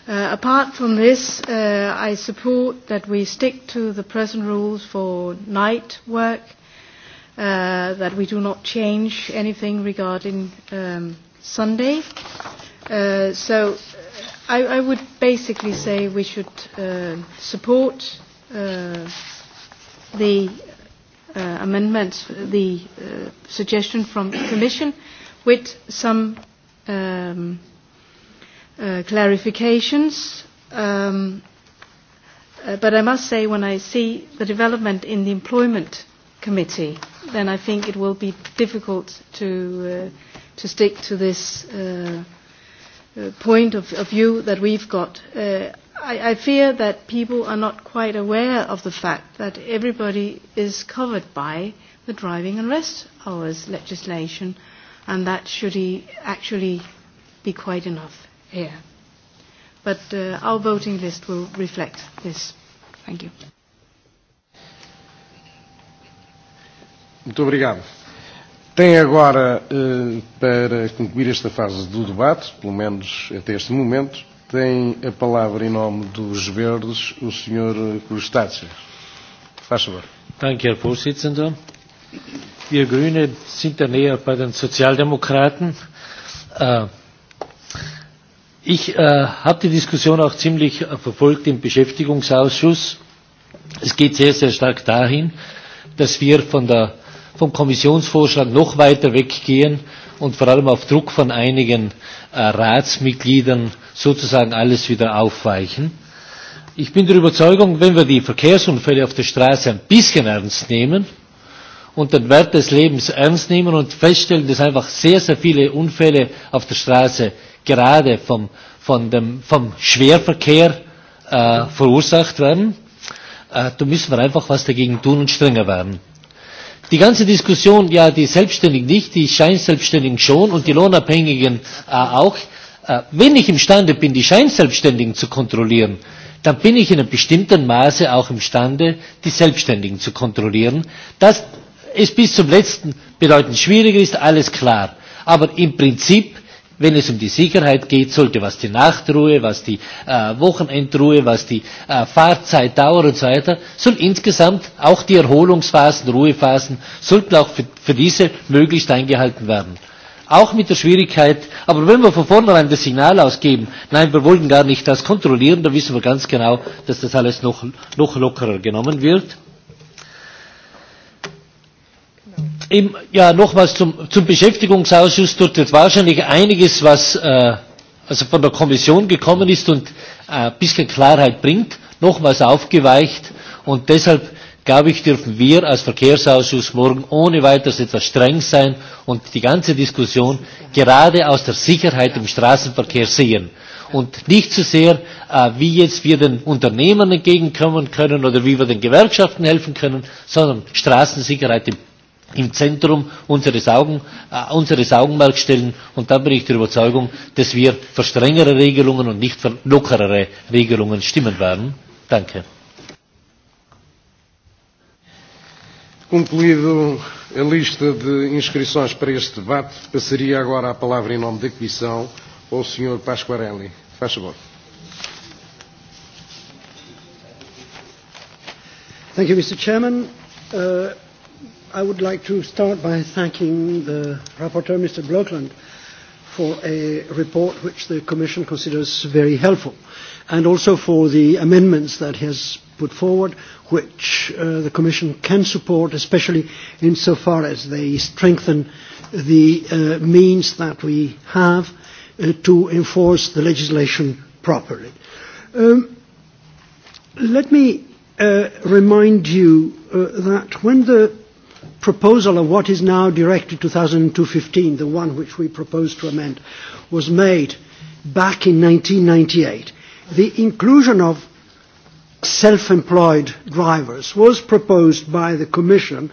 Uh, apart from this, uh, I support that we stick to the present rules for night work, uh, that we do not change anything regarding um, Sunday. Uh, so uh, I, I would basically say we should uh, support uh, the uh, amendments, the uh, suggestion from the Commission with some um, uh, clarifications. Um, uh, but I must say, when I see the development in the employment committee, then I think it will be difficult to uh, to stick to this uh, uh, point of, of view that we've got. Uh, I, I fear that people are not quite aware of the fact that everybody is covered by the driving and rest hours legislation. Uh, and that should e, actually be quite enough here. But uh, our voting list will reflect this. Thank you. Muito obrigado. Tem agora, eh, para concluir esta fase do debate, pelo menos até este momento, tem a palavra em nome dos Verdes o Sr. Crustáceas. Faz favor. Danke, Herr Vorsitzender. Wir Grüne sind ja näher bei den Sozialdemokraten. Äh, ich äh, habe die Diskussion auch ziemlich äh, verfolgt im Beschäftigungsausschuss. Es geht sehr, sehr stark dahin, dass wir von der, vom Kommissionsvorschlag noch weiter weggehen und vor allem auf Druck von einigen äh, Ratsmitgliedern sozusagen alles wieder aufweichen. Ich bin der Überzeugung, wenn wir die Verkehrsunfälle auf der Straße ein bisschen ernst nehmen, äh, und den Wert des Lebens ernst nehmen und feststellen, dass einfach sehr, sehr viele Unfälle auf der Straße gerade vom, von dem, vom Schwerverkehr äh, verursacht werden. Äh, da müssen wir einfach was dagegen tun und strenger werden. Die ganze Diskussion, ja, die Selbstständigen nicht, die Scheinselbstständigen schon und die Lohnabhängigen äh, auch. Äh, wenn ich imstande bin, die Scheinselbstständigen zu kontrollieren, dann bin ich in einem bestimmten Maße auch imstande, die Selbstständigen zu kontrollieren. Das es bis zum letzten bedeutend schwieriger ist, alles klar. Aber im Prinzip wenn es um die Sicherheit geht, sollte, was die Nachtruhe, was die äh, Wochenendruhe, was die äh, Fahrzeitdauer und so weiter, soll insgesamt auch die Erholungsphasen, Ruhephasen, sollten auch für, für diese möglichst eingehalten werden. Auch mit der Schwierigkeit, aber wenn wir von vornherein das Signal ausgeben, nein, wir wollen gar nicht das kontrollieren, dann wissen wir ganz genau, dass das alles noch, noch lockerer genommen wird. Im, ja, noch was zum, zum Beschäftigungsausschuss. Dort wird wahrscheinlich einiges, was äh, also von der Kommission gekommen ist und äh, ein bisschen Klarheit bringt, nochmals aufgeweicht. Und deshalb, glaube ich, dürfen wir als Verkehrsausschuss morgen ohne weiteres etwas streng sein und die ganze Diskussion gerade aus der Sicherheit im Straßenverkehr sehen und nicht so sehr, äh, wie jetzt wir den Unternehmern entgegenkommen können oder wie wir den Gewerkschaften helfen können, sondern Straßensicherheit im im Zentrum unseres, Augen, äh, unseres Augenmerks stellen. Und dann bin ich der Überzeugung, dass wir für strengere Regelungen und nicht für lockerere Regelungen stimmen werden. Danke. Concluído a lista de inscrições para este debate, passaria agora a palavra em nome da Comissão ao Sr. Pasquarelli. Faz favor. Thank you, Mr. Chairman. Uh, I would like to start by thanking the rapporteur, Mr. Blokland, for a report which the Commission considers very helpful, and also for the amendments that he has put forward, which uh, the Commission can support, especially insofar as they strengthen the uh, means that we have uh, to enforce the legislation properly. Um, let me uh, remind you uh, that when the proposal of what is now Directive 2002-15, the one which we proposed to amend, was made back in 1998, the inclusion of self-employed drivers was proposed by the Commission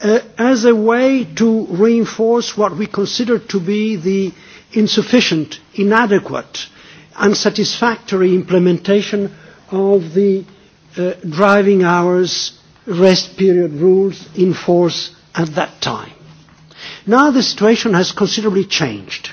uh, as a way to reinforce what we consider to be the insufficient, inadequate, unsatisfactory implementation of the uh, driving hours rest period rules in force at that time. Now the situation has considerably changed.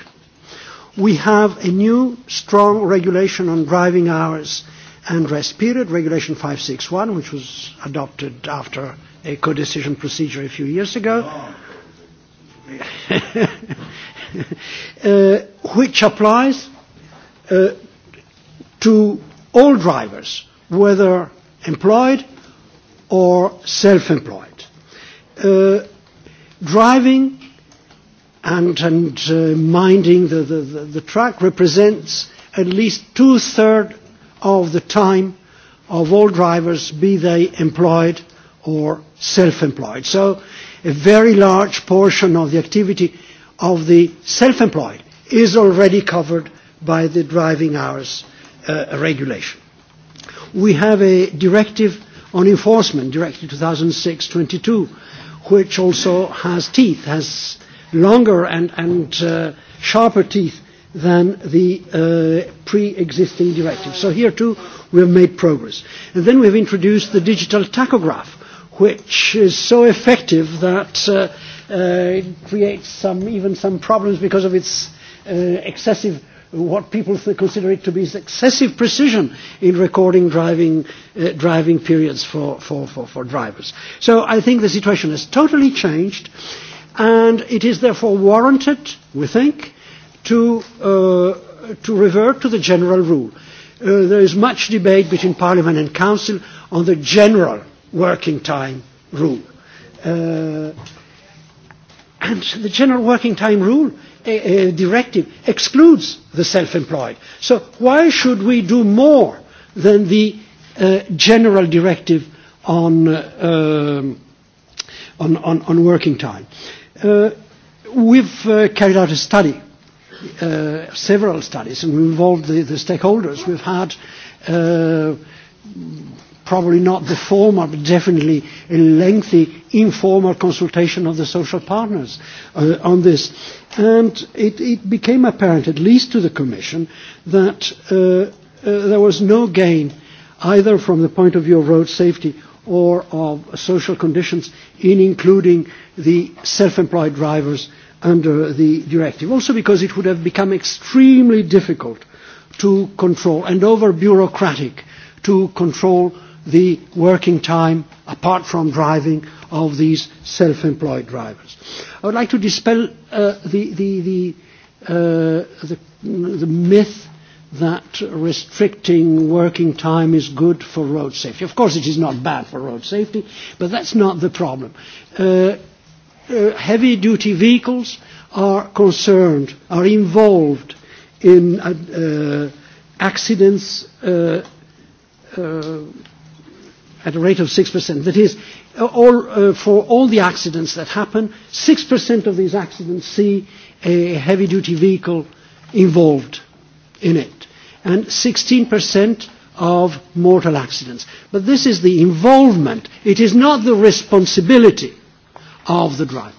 We have a new strong regulation on driving hours and rest period, Regulation 561, which was adopted after a co-decision procedure a few years ago, uh, which applies uh, to all drivers, whether employed or self-employed. Uh, driving and, and uh, minding the, the, the, the truck represents at least two-thirds of the time of all drivers, be they employed or self-employed. So a very large portion of the activity of the self-employed is already covered by the driving hours uh, regulation. We have a directive on enforcement, Directive 2006-22, which also has teeth, has longer and, and uh, sharper teeth than the uh, pre-existing directive. So here too we have made progress. And then we have introduced the digital tachograph, which is so effective that uh, uh, it creates some, even some problems because of its uh, excessive what people consider it to be excessive precision in recording driving, uh, driving periods for, for, for, for drivers. So I think the situation has totally changed, and it is therefore warranted, we think, to, uh, to revert to the general rule. Uh, there is much debate between Parliament and Council on the general working time rule. Uh, and the general working time rule uh, directive excludes the self-employed. So why should we do more than the uh, general directive on, uh, um, on, on, on working time? Uh, we've uh, carried out a study, uh, several studies, and we involved the, the stakeholders. We've had uh, probably not the formal, but definitely a lengthy informal consultation of the social partners uh, on this. And it, it became apparent, at least to the Commission, that uh, uh, there was no gain either from the point of view of road safety or of social conditions in including the self-employed drivers under the directive. Also because it would have become extremely difficult to control and over bureaucratic to control uh, the working time, apart from driving, of these self-employed drivers. I would like to dispel uh, the, the, the, uh, the, the myth that restricting working time is good for road safety. Of course, it is not bad for road safety, but that's not the problem. Uh, uh, heavy-duty vehicles are concerned, are involved in uh, uh, accidents uh, uh, at a rate of 6%. That is, uh, all, uh, for all the accidents that happen, 6% of these accidents see a heavy-duty vehicle involved in it, and 16% of mortal accidents. But this is the involvement. It is not the responsibility of the drivers.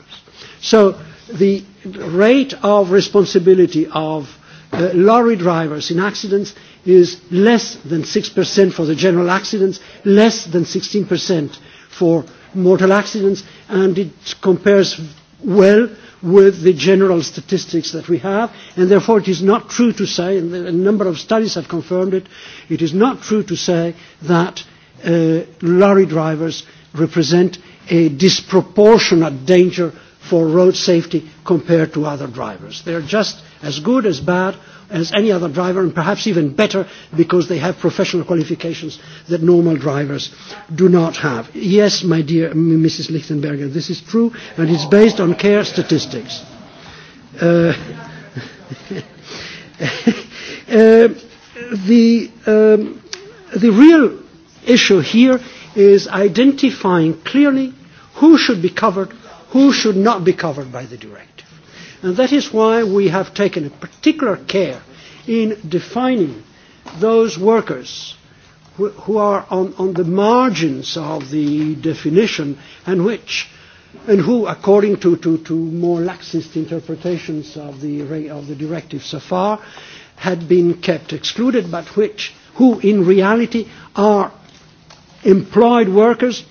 So the rate of responsibility of uh, lorry drivers in accidents is less than 6% for the general accidents, less than 16% for mortal accidents, and it compares well with the general statistics that we have, and therefore it is not true to say, and a number of studies have confirmed it, it is not true to say that uh, lorry drivers represent a disproportionate danger for road safety compared to other drivers. They are just as good, as bad, as any other driver and perhaps even better because they have professional qualifications that normal drivers do not have. Yes, my dear Mrs. Lichtenberger, this is true and it's based on care statistics. Uh, uh, the, um, the real issue here is identifying clearly who should be covered, who should not be covered by the directive And that is why we have taken particular care in defining those workers wh who are on, on the margins of the definition and which and who, according to, to, to more laxist interpretations of the, of the directive so far, had been kept excluded, but which, who in reality are employed workers,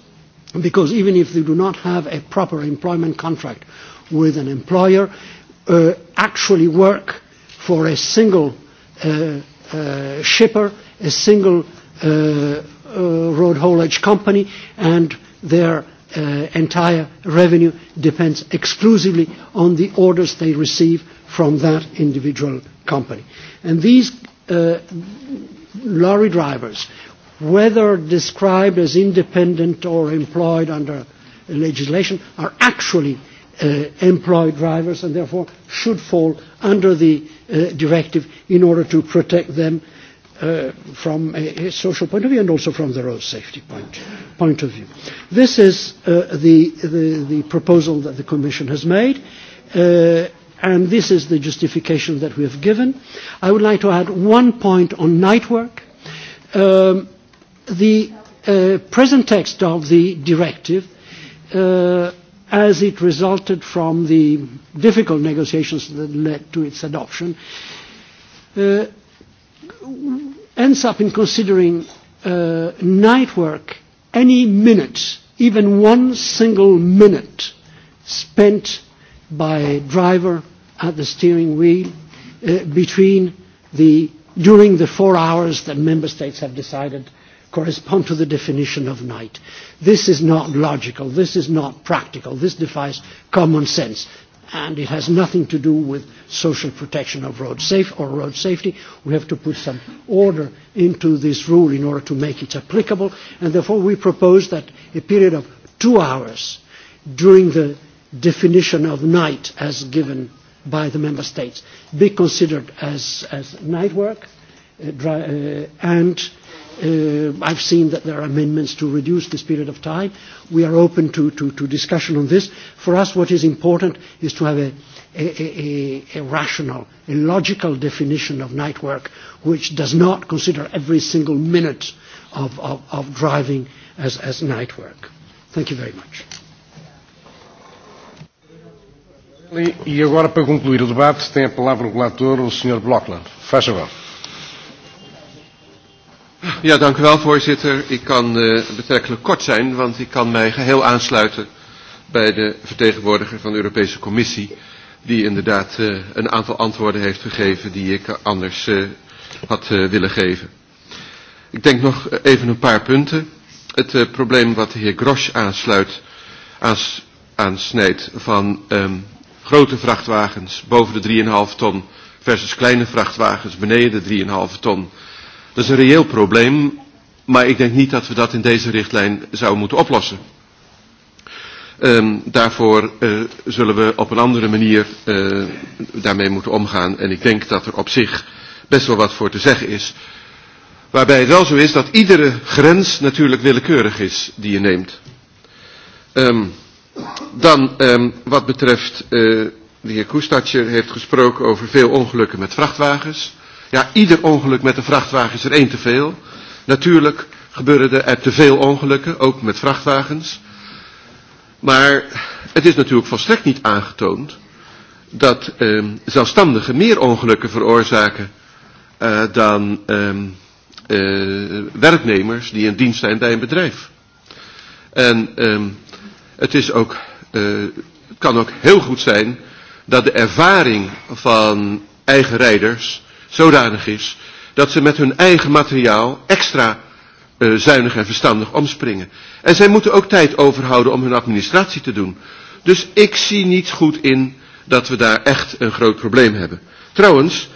because even if they do not have a proper employment contract with an employer, uh, actually work for a single uh, uh, shipper, a single uh, uh, road haulage company, and their uh, entire revenue depends exclusively on the orders they receive from that individual company. And these uh, lorry drivers, whether described as independent or employed under legislation, are actually uh, employed drivers and therefore should fall under the uh, directive in order to protect them uh, from a, a social point of view and also from the road safety point, point of view. This is uh, the, the, the proposal that the Commission has made. Uh, and this is the justification that we have given. I would like to add one point on night work. Um, the uh, present text of the directive uh, as it resulted from the difficult negotiations that led to its adoption, uh, ends up in considering uh, night work any minute, even one single minute spent by a driver at the steering wheel uh, between the during the four hours that member states have decided correspond to the definition of night. This is not logical. This is not practical. This defies common sense. And it has nothing to do with social protection of road safe or road safety. We have to put some order into this rule in order to make it applicable. And therefore we propose that a period of two hours during the definition of night as given by the member states be considered as, as night work uh, dry, uh, and uh, Uh, I've seen that there are amendments to reduce this period of time. We are open to, to, to discussion on this. For us, what is important is to have a, a, a, a rational, a logical definition of night work, which does not consider every single minute of, of, of driving as, as night work. Thank you very much. E agora, para concluir o debate, tem a palavra o relator, o Sr. Blockland. Faz favor. Ja, dank u wel, voorzitter. Ik kan uh, betrekkelijk kort zijn, want ik kan mij geheel aansluiten bij de vertegenwoordiger van de Europese Commissie, die inderdaad uh, een aantal antwoorden heeft gegeven die ik anders uh, had uh, willen geven. Ik denk nog even een paar punten. Het uh, probleem wat de heer Grosch aansluit, aans, aansnijdt van um, grote vrachtwagens boven de 3,5 ton versus kleine vrachtwagens beneden de 3,5 ton Dat is een reëel probleem, maar ik denk niet dat we dat in deze richtlijn zouden moeten oplossen. Um, daarvoor uh, zullen we op een andere manier uh, daarmee moeten omgaan. En ik denk dat er op zich best wel wat voor te zeggen is. Waarbij het wel zo is dat iedere grens natuurlijk willekeurig is die je neemt. Um, dan um, wat betreft, uh, de heer Koestatje heeft gesproken over veel ongelukken met vrachtwagens. Ja, ieder ongeluk met een vrachtwagen is er één te veel. Natuurlijk gebeuren er, er te veel ongelukken, ook met vrachtwagens. Maar het is natuurlijk volstrekt niet aangetoond dat eh, zelfstandigen meer ongelukken veroorzaken eh, dan eh, eh, werknemers die in dienst zijn bij een bedrijf. En eh, het, is ook, eh, het kan ook heel goed zijn dat de ervaring van eigen rijders zodanig is dat ze met hun eigen materiaal extra uh, zuinig en verstandig omspringen. En zij moeten ook tijd overhouden om hun administratie te doen. Dus ik zie niet goed in dat we daar echt een groot probleem hebben. Trouwens,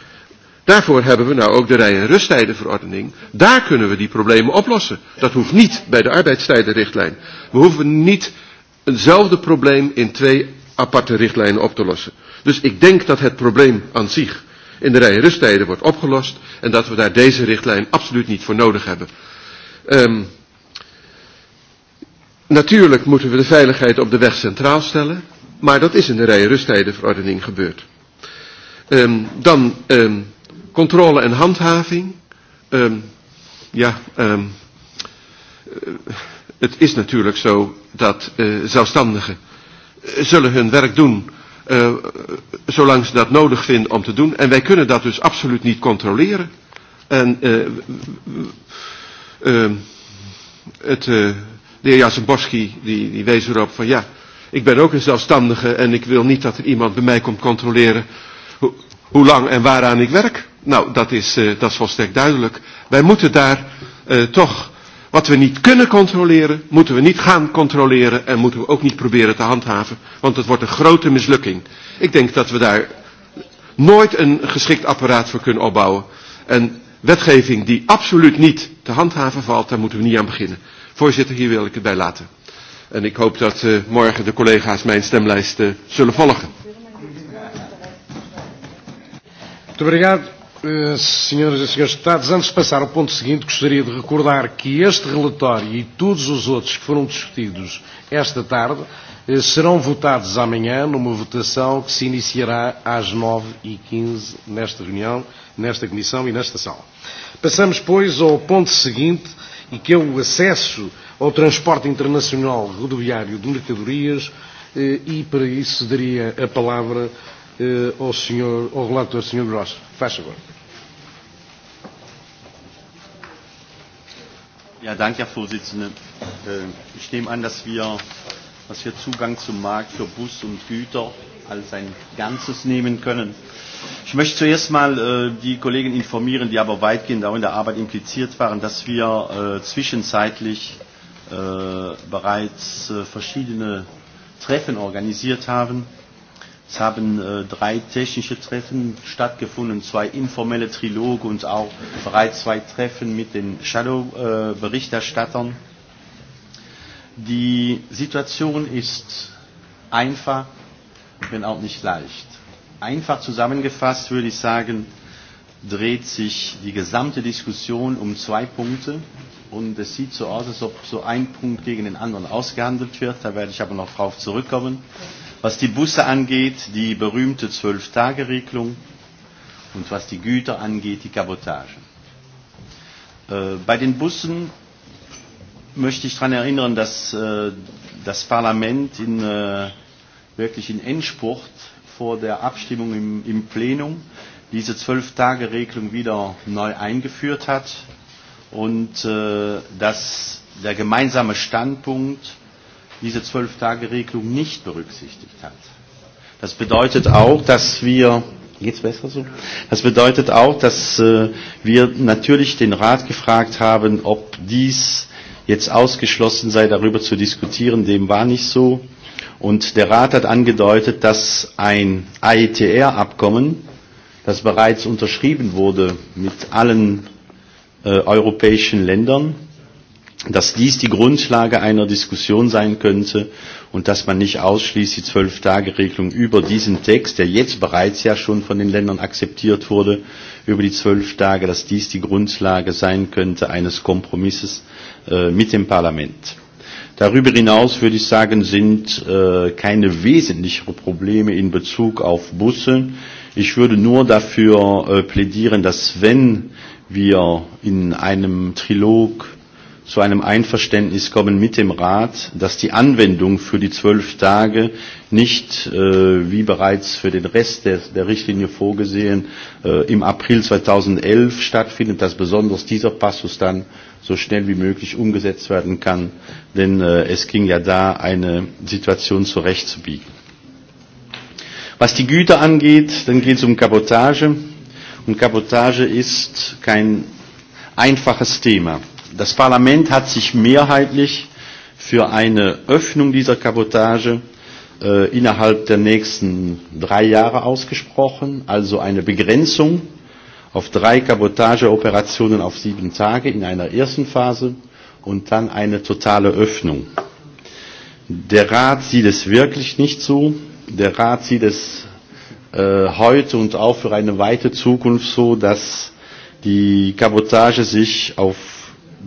daarvoor hebben we nou ook de rij- en rusttijdenverordening. Daar kunnen we die problemen oplossen. Dat hoeft niet bij de arbeidstijdenrichtlijn. We hoeven niet hetzelfde probleem in twee aparte richtlijnen op te lossen. Dus ik denk dat het probleem aan zich in de rij- en rusttijden wordt opgelost en dat we daar deze richtlijn absoluut niet voor nodig hebben. Um, natuurlijk moeten we de veiligheid op de weg centraal stellen, maar dat is in de rij- en rusttijdenverordening gebeurd. Um, dan um, controle en handhaving. Um, ja, um, uh, het is natuurlijk zo dat uh, zelfstandigen eh, zullen hun werk doen uh, zolang ze dat nodig vinden om te doen. En wij kunnen dat dus absoluut niet controleren. En uh, uh, het, uh, de heer Jasenboski die, die wees erop van ja, ik ben ook een zelfstandige en ik wil niet dat er iemand bij mij komt controleren hoe, hoe lang en waaraan ik werk. Nou, dat is, uh, dat is volstrekt duidelijk. Wij moeten daar uh, toch Wat we niet kunnen controleren, moeten we niet gaan controleren en moeten we ook niet proberen te handhaven, want het wordt een grote mislukking. Ik denk dat we daar nooit een geschikt apparaat voor kunnen opbouwen. En wetgeving die absoluut niet te handhaven valt, daar moeten we niet aan beginnen. Voorzitter, hier wil ik het bij laten. En ik hoop dat uh, morgen de collega's mijn stemlijst uh, zullen volgen. Muito obrigado. Eh, senhoras e senhores deputados, antes de passar ao ponto seguinte, gostaria de recordar que este relatório e todos os outros que foram discutidos esta tarde eh, serão votados amanhã numa votação que se iniciará às 9h15 e nesta reunião, nesta comissão e nesta sala. Passamos, pois, ao ponto seguinte, e que é o acesso ao transporte internacional rodoviário de mercadorias, eh, e para isso daria a palavra ao, senhor, ao relator, Sr. Grosso. Faz favor. Ja, danke, Herr Vorsitzender. Äh, ich nehme an, dass wir, dass wir Zugang zum Markt für Bus und Güter als ein Ganzes nehmen können. Ich möchte zuerst mal äh, die Kollegen informieren, die aber weitgehend auch in der Arbeit impliziert waren, dass wir äh, zwischenzeitlich äh, bereits äh, verschiedene Treffen organisiert haben, äh, Es haben äh, drei technische Treffen stattgefunden, zwei informelle Triloge und auch bereits zwei Treffen mit den Shadow-Berichterstattern. Äh, Die Situation ist einfach, wenn auch nicht leicht. Einfach zusammengefasst würde ich sagen, dreht sich die gesamte Diskussion um zwei Punkte. Und es sieht so aus, als ob so ein Punkt gegen den anderen ausgehandelt wird. Da werde ich aber noch darauf zurückkommen. Okay was die Busse angeht, die berühmte Zwölf-Tage-Regelung und was die Güter angeht, die Kabotage. Äh, bei den Bussen möchte ich daran erinnern, dass äh, das Parlament in, äh, wirklich in Endspurt vor der Abstimmung im, im Plenum diese Zwölf-Tage-Regelung wieder neu eingeführt hat und äh, dass der gemeinsame Standpunkt diese Zwölf-Tage-Regelung nicht berücksichtigt hat. Das bedeutet auch, dass wir Geht's besser so? Das bedeutet auch, dass äh, wir natürlich den Rat gefragt haben, ob dies jetzt ausgeschlossen sei, darüber zu diskutieren. Dem war nicht so. Und der Rat hat angedeutet, dass ein AETR-Abkommen, das bereits unterschrieben wurde mit allen äh, europäischen Ländern, dass dies die Grundlage einer Diskussion sein könnte und dass man nicht ausschließt, die Zwölf-Tage-Regelung über diesen Text, der jetzt bereits ja schon von den Ländern akzeptiert wurde, über die zwölf Tage, dass dies die Grundlage sein könnte eines Kompromisses äh, mit dem Parlament. Darüber hinaus würde ich sagen, sind äh, keine wesentlichen Probleme in Bezug auf Busse. Ich würde nur dafür äh, plädieren, dass wenn wir in einem Trilog äh, zu einem Einverständnis kommen mit dem Rat, dass die Anwendung für die zwölf Tage nicht, äh, wie bereits für den Rest der, der Richtlinie vorgesehen, äh, im April 2011 stattfindet, dass besonders dieser Passus dann so schnell wie möglich umgesetzt werden kann, denn äh, es ging ja da, eine Situation zurechtzubiegen. Was die Güter angeht, dann geht es um Kabotage. Und Kabotage ist kein einfaches Thema. Das Parlament hat sich mehrheitlich für eine Öffnung dieser Kabotage äh, innerhalb der nächsten drei Jahre ausgesprochen, also eine Begrenzung auf drei Kabotageoperationen auf sieben Tage in einer ersten Phase und dann eine totale Öffnung. Der Rat sieht es wirklich nicht so. Der Rat sieht es äh, heute und auch für eine weite Zukunft so, dass die Kabotage sich auf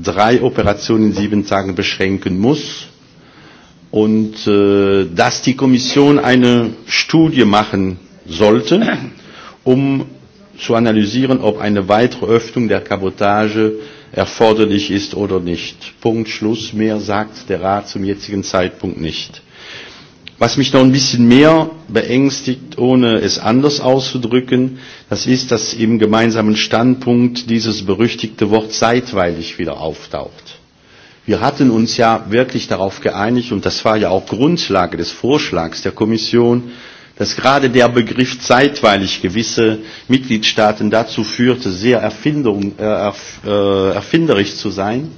drei Operationen in sieben Tagen beschränken muss und äh, dass die Kommission eine Studie machen sollte, um zu analysieren, ob eine weitere Öffnung der Kabotage erforderlich ist oder nicht. Punkt Schluss. Mehr sagt der Rat zum jetzigen Zeitpunkt nicht. Was mich noch ein bisschen mehr beängstigt, ohne es anders auszudrücken, das ist, dass im gemeinsamen Standpunkt dieses berüchtigte Wort zeitweilig wieder auftaucht. Wir hatten uns ja wirklich darauf geeinigt, und das war ja auch Grundlage des Vorschlags der Kommission, dass gerade der Begriff zeitweilig gewisse Mitgliedstaaten dazu führte, sehr erfindung, äh, erf, äh, erfinderisch zu sein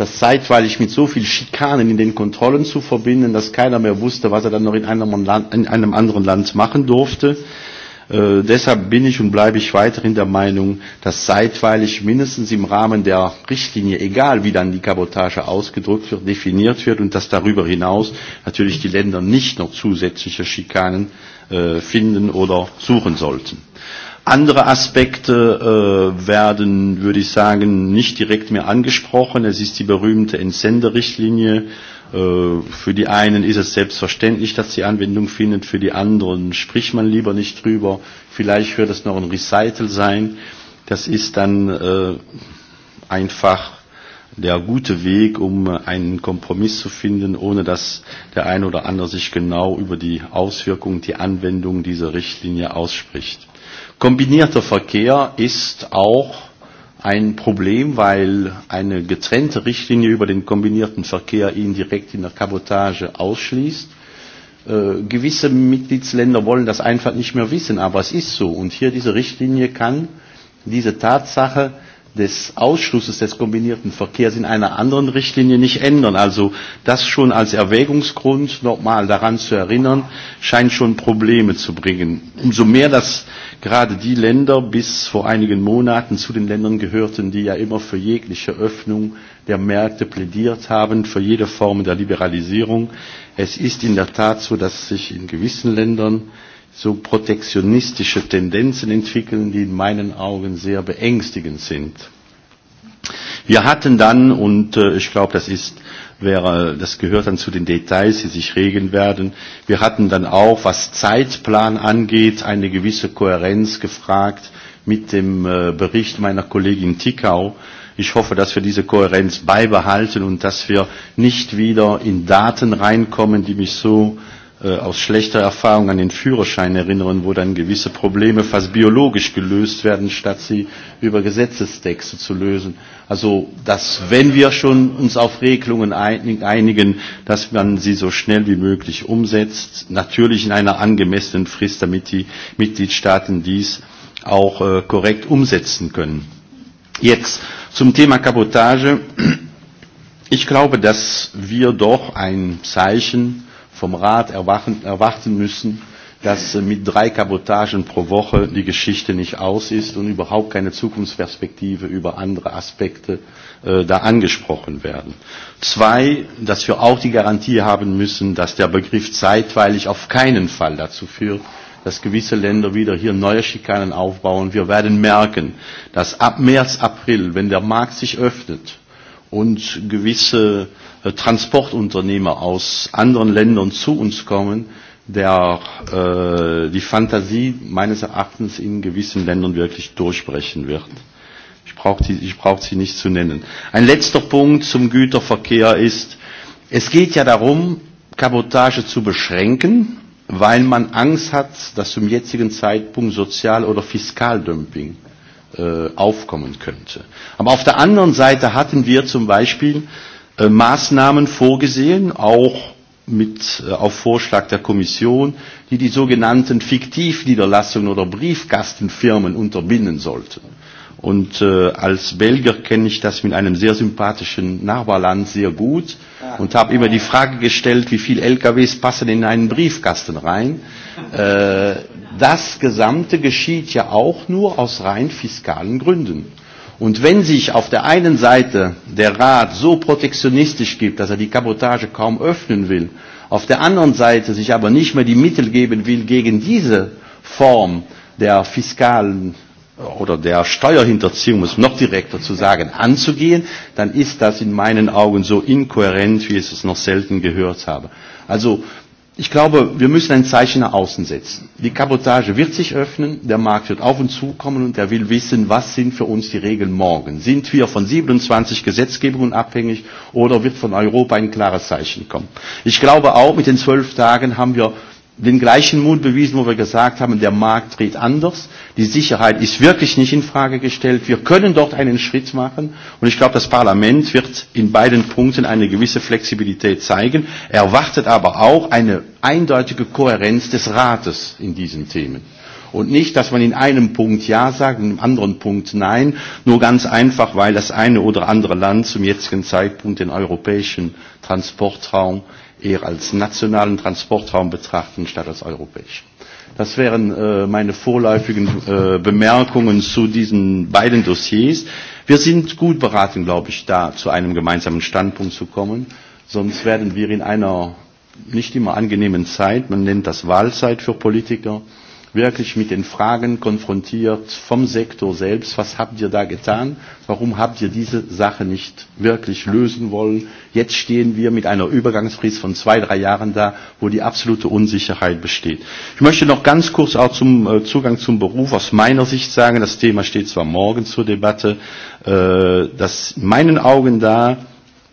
das zeitweilig mit so viel Schikanen in den Kontrollen zu verbinden, dass keiner mehr wusste, was er dann noch in einem, Land, in einem anderen Land machen durfte. Äh, deshalb bin ich und bleibe ich weiterhin der Meinung, dass zeitweilig mindestens im Rahmen der Richtlinie, egal wie dann die Kabotage ausgedrückt wird, definiert wird und dass darüber hinaus natürlich die Länder nicht noch zusätzliche Schikanen äh, finden oder suchen sollten. Andere Aspekte äh, werden, würde ich sagen, nicht direkt mehr angesprochen. Es ist die berühmte Entsenderichtlinie. Äh, für die einen ist es selbstverständlich, dass die Anwendung findet, für die anderen spricht man lieber nicht drüber. Vielleicht wird es noch ein Recital sein. Das ist dann äh, einfach der gute Weg, um einen Kompromiss zu finden, ohne dass der eine oder andere sich genau über die Auswirkungen, die Anwendung dieser Richtlinie ausspricht. Kombinierter Verkehr ist auch ein Problem, weil eine getrennte Richtlinie über den kombinierten Verkehr ihn direkt in der Kabotage ausschließt. Äh, gewisse Mitgliedsländer wollen das einfach nicht mehr wissen, aber es ist so. Und hier diese Richtlinie kann diese Tatsache des Ausschlusses des kombinierten Verkehrs in einer anderen Richtlinie nicht ändern. Also das schon als Erwägungsgrund nochmal daran zu erinnern, scheint schon Probleme zu bringen. Umso mehr, dass gerade die Länder bis vor einigen Monaten zu den Ländern gehörten, die ja immer für jegliche Öffnung der Märkte plädiert haben, für jede Form der Liberalisierung. Es ist in der Tat so, dass sich in gewissen Ländern so protektionistische Tendenzen entwickeln, die in meinen Augen sehr beängstigend sind. Wir hatten dann, und äh, ich glaube, das ist, wäre, äh, das gehört dann zu den Details, die sich regen werden. Wir hatten dann auch, was Zeitplan angeht, eine gewisse Kohärenz gefragt mit dem äh, Bericht meiner Kollegin Tickau. Ich hoffe, dass wir diese Kohärenz beibehalten und dass wir nicht wieder in Daten reinkommen, die mich so äh, Äh, aus schlechter Erfahrung an den Führerschein erinnern, wo dann gewisse Probleme fast biologisch gelöst werden, statt sie über Gesetzestexte zu lösen. Also, dass wenn wir schon uns auf Regelungen einigen, dass man sie so schnell wie möglich umsetzt, natürlich in einer angemessenen Frist, damit die Mitgliedstaaten dies auch äh, korrekt umsetzen können. Jetzt zum Thema Kabotage. Ich glaube, dass wir doch ein Zeichen vom Rat erwarten, erwarten müssen, dass äh, mit drei Kabotagen pro Woche die Geschichte nicht aus ist und überhaupt keine Zukunftsperspektive über andere Aspekte äh, da angesprochen werden. Zwei, dass wir auch die Garantie haben müssen, dass der Begriff zeitweilig auf keinen Fall dazu führt, dass gewisse Länder wieder hier neue Schikanen aufbauen. Wir werden merken, dass ab März, April, wenn der Markt sich öffnet und gewisse äh, Äh, Transportunternehmer aus anderen Ländern zu uns kommen, der äh, die Fantasie meines Erachtens in gewissen Ländern wirklich durchbrechen wird. Ich brauche brauch sie nicht zu nennen. Ein letzter Punkt zum Güterverkehr ist, es geht ja darum, Kabotage zu beschränken, weil man Angst hat, dass zum jetzigen Zeitpunkt Sozial- oder Fiskaldumping äh, aufkommen könnte. Aber auf der anderen Seite hatten wir zum Beispiel äh, Maßnahmen vorgesehen, auch mit, äh, auf Vorschlag der Kommission, die die sogenannten Fiktivniederlassungen oder Briefkastenfirmen unterbinden sollten. Und äh, als Belgier kenne ich das mit einem sehr sympathischen Nachbarland sehr gut ah. und habe immer die Frage gestellt, wie viele LKWs passen in einen Briefkasten rein. Äh, das Gesamte geschieht ja auch nur aus rein fiskalen Gründen. Und wenn sich auf der einen Seite der Rat so protektionistisch gibt, dass er die Kabotage kaum öffnen will, auf der anderen Seite sich aber nicht mehr die Mittel geben will gegen diese Form der fiskalen äh, oder der Steuerhinterziehung, um es noch direkter zu sagen, anzugehen, dann ist das in meinen Augen so inkohärent, wie ich es noch selten gehört habe. Also Ich glaube, wir müssen ein Zeichen nach außen setzen. Die Kabotage wird sich öffnen, der Markt wird auf uns zukommen und er will wissen, was sind für uns die Regeln morgen. Sind wir von 27 Gesetzgebungen abhängig oder wird von Europa ein klares Zeichen kommen? Ich glaube auch, mit den zwölf Tagen haben wir den gleichen Mut bewiesen, wo wir gesagt haben, der Markt dreht anders. Die Sicherheit ist wirklich nicht in Frage gestellt. Wir können dort einen Schritt machen. Und ich glaube, das Parlament wird in beiden Punkten eine gewisse Flexibilität zeigen, erwartet aber auch eine eindeutige Kohärenz des Rates in diesen Themen. Und nicht, dass man in einem Punkt Ja sagt, in einem anderen Punkt Nein, nur ganz einfach, weil das eine oder andere Land zum jetzigen Zeitpunkt den europäischen Transportraum äh, eher als nationalen Transportraum betrachten statt als europäisch. Das wären äh, meine vorläufigen äh, Bemerkungen zu diesen beiden Dossiers. Wir sind gut beraten, glaube ich, da zu einem gemeinsamen Standpunkt zu kommen. Sonst werden wir in einer nicht immer angenehmen Zeit, man nennt das Wahlzeit für Politiker, wirklich mit den Fragen konfrontiert vom Sektor selbst, was habt ihr da getan, warum habt ihr diese Sache nicht wirklich lösen wollen. Jetzt stehen wir mit einer Übergangsfrist von zwei, drei Jahren da, wo die absolute Unsicherheit besteht. Ich möchte noch ganz kurz auch zum äh, Zugang zum Beruf aus meiner Sicht sagen, das Thema steht zwar morgen zur Debatte, äh, dass meinen Augen da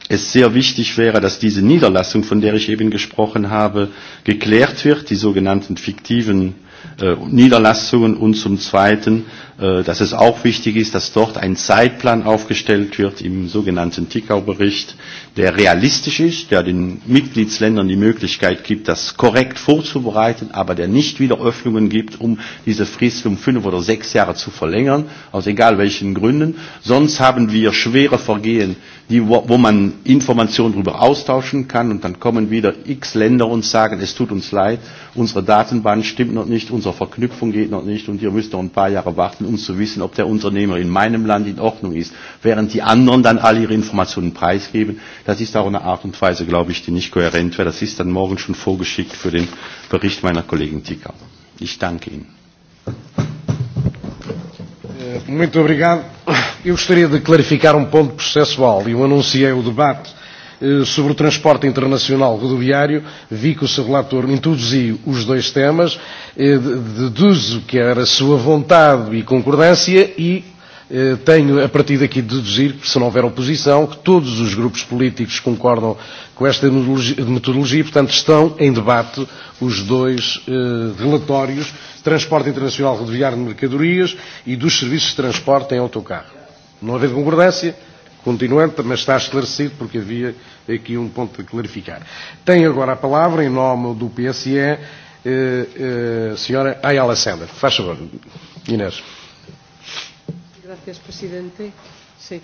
es sehr wichtig wäre, dass diese Niederlassung, von der ich eben gesprochen habe, geklärt wird, die sogenannten fiktiven äh, Niederlassungen und zum Zweiten Äh, dass es auch wichtig ist, dass dort ein Zeitplan aufgestellt wird im sogenannten Tickau-Bericht, der realistisch ist, der den Mitgliedsländern die Möglichkeit gibt, das korrekt vorzubereiten, aber der nicht wieder Öffnungen gibt, um diese Frist um fünf oder sechs Jahre zu verlängern, aus egal welchen Gründen. Sonst haben wir schwere Vergehen, die, wo, wo man Informationen darüber austauschen kann und dann kommen wieder x Länder und sagen, es tut uns leid, unsere Datenbank stimmt noch nicht, unsere Verknüpfung geht noch nicht und ihr müsst noch ein paar Jahre warten um zu wissen, ob der Unternehmer in meinem Land in Ordnung ist, während die anderen dann all ihre Informationen preisgeben. Das ist auch eine Art und Weise, glaube ich, die nicht kohärent wäre. Das ist dann morgen schon vorgeschickt für den Bericht meiner Kollegin Ticker. Ich danke Ihnen. Eh, muito obrigado. Eu gostaria de clarificar um ponto processual. Eu anunciei o debate Eh, sobre o transporte internacional rodoviário. Vi que o seu relator introduziu os dois temas, eh, deduzo que era a sua vontade e concordância e eh, tenho a partir daqui de deduzir que se não houver oposição, que todos os grupos políticos concordam com esta metodologia, portanto estão em debate os dois eh, relatórios, transporte internacional rodoviário de mercadorias e dos serviços de transporte em autocarro. Não havendo concordância, continuante, mas está esclarecido porque havia aqui um ponto a clarificar. Tem agora a palavra, em nome do PSE, eh, eh, senhora Ayala Sender. Faz favor, Inês. Gracias, presidente. Sí.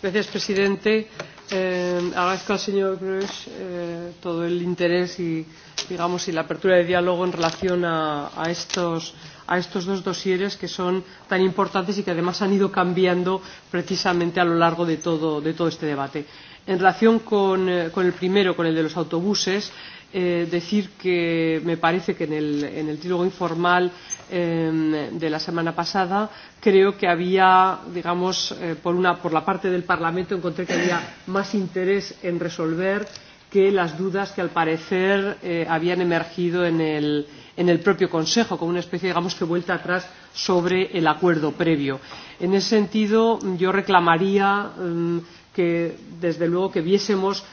Gracias, presidente. Eh, agradezco al señor Grosch eh, todo el interés y, digamos, y la apertura de diálogo en relación a, a estos a estos dos dosieres que son tan importantes y que además han ido cambiando precisamente a lo largo de todo, de todo este debate. En relación con, eh, con el primero, con el de los autobuses, eh, decir que me parece que en el, en el trílogo informal eh, de la semana pasada creo que había, digamos, eh, por, una, por la parte del Parlamento encontré que había más interés en resolver que las dudas que al parecer eh, habían emergido en el, en el propio Consejo, como una especie, digamos, que vuelta atrás sobre el acuerdo previo. En ese sentido, yo reclamaría mmm, que, desde luego, que viésemos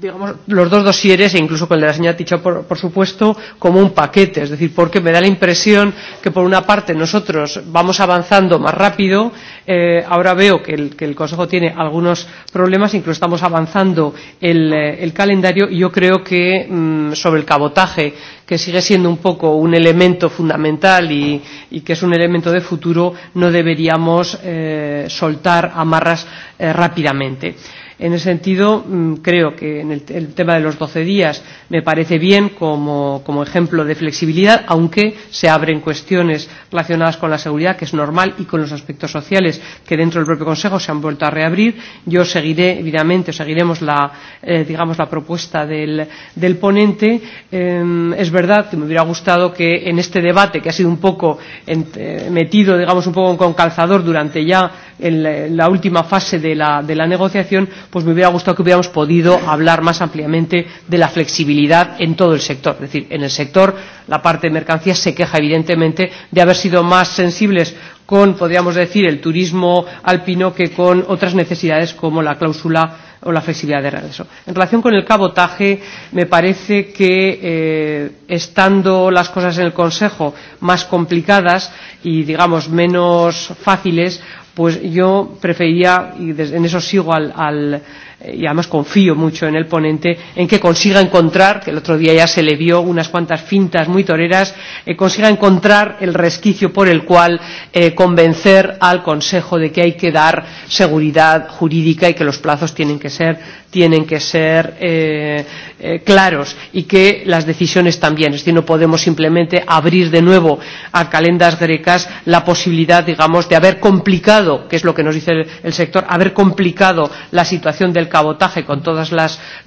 digamos, los dos dosieres, e incluso con el de la señora Tichau, por, por supuesto, como un paquete. Es decir, porque me da la impresión que, por una parte, nosotros vamos avanzando más rápido. Eh, ahora veo que el, que el Consejo tiene algunos problemas, incluso estamos avanzando el, eh, el calendario. Y yo creo que mmm, sobre el cabotaje, que sigue siendo un poco un elemento fundamental y, y que es un elemento de futuro, no deberíamos eh, soltar amarras eh, rápidamente. Eh, En ese sentido, mm, creo que en el, el tema de los 12 días me parece bien como, como ejemplo de flexibilidad, aunque se abren cuestiones relacionadas con la seguridad, que es normal, y con los aspectos sociales que dentro del propio Consejo se han vuelto a reabrir. Yo seguiré, evidentemente, seguiremos la, eh, digamos, la propuesta del, del ponente. Eh, es verdad que me hubiera gustado que en este debate, que ha sido un poco en, eh, metido, digamos, un poco con calzador durante ya en la, en la última fase de la, de la negociación, pues me hubiera gustado que hubiéramos podido hablar más ampliamente de la flexibilidad en todo el sector. Es decir, en el sector la parte de mercancías se queja evidentemente de haber sido más sensibles con, podríamos decir, el turismo alpino que con otras necesidades como la cláusula o la flexibilidad de regreso. En relación con el cabotaje, me parece que, eh, estando las cosas en el Consejo más complicadas y, digamos, menos fáciles, pues yo prefería y en eso sigo al, al, Eh, y además confío mucho en el ponente, en que consiga encontrar, que el otro día ya se le vio unas cuantas fintas muy toreras, eh, consiga encontrar el resquicio por el cual eh, convencer al Consejo de que hay que dar seguridad jurídica y que los plazos tienen que ser, tienen que ser eh, eh, claros y que las decisiones también. Es decir, no podemos simplemente abrir de nuevo a calendas grecas la posibilidad, digamos, de haber complicado, que es lo que nos dice el, el sector, haber complicado la situación del cabotaje con todos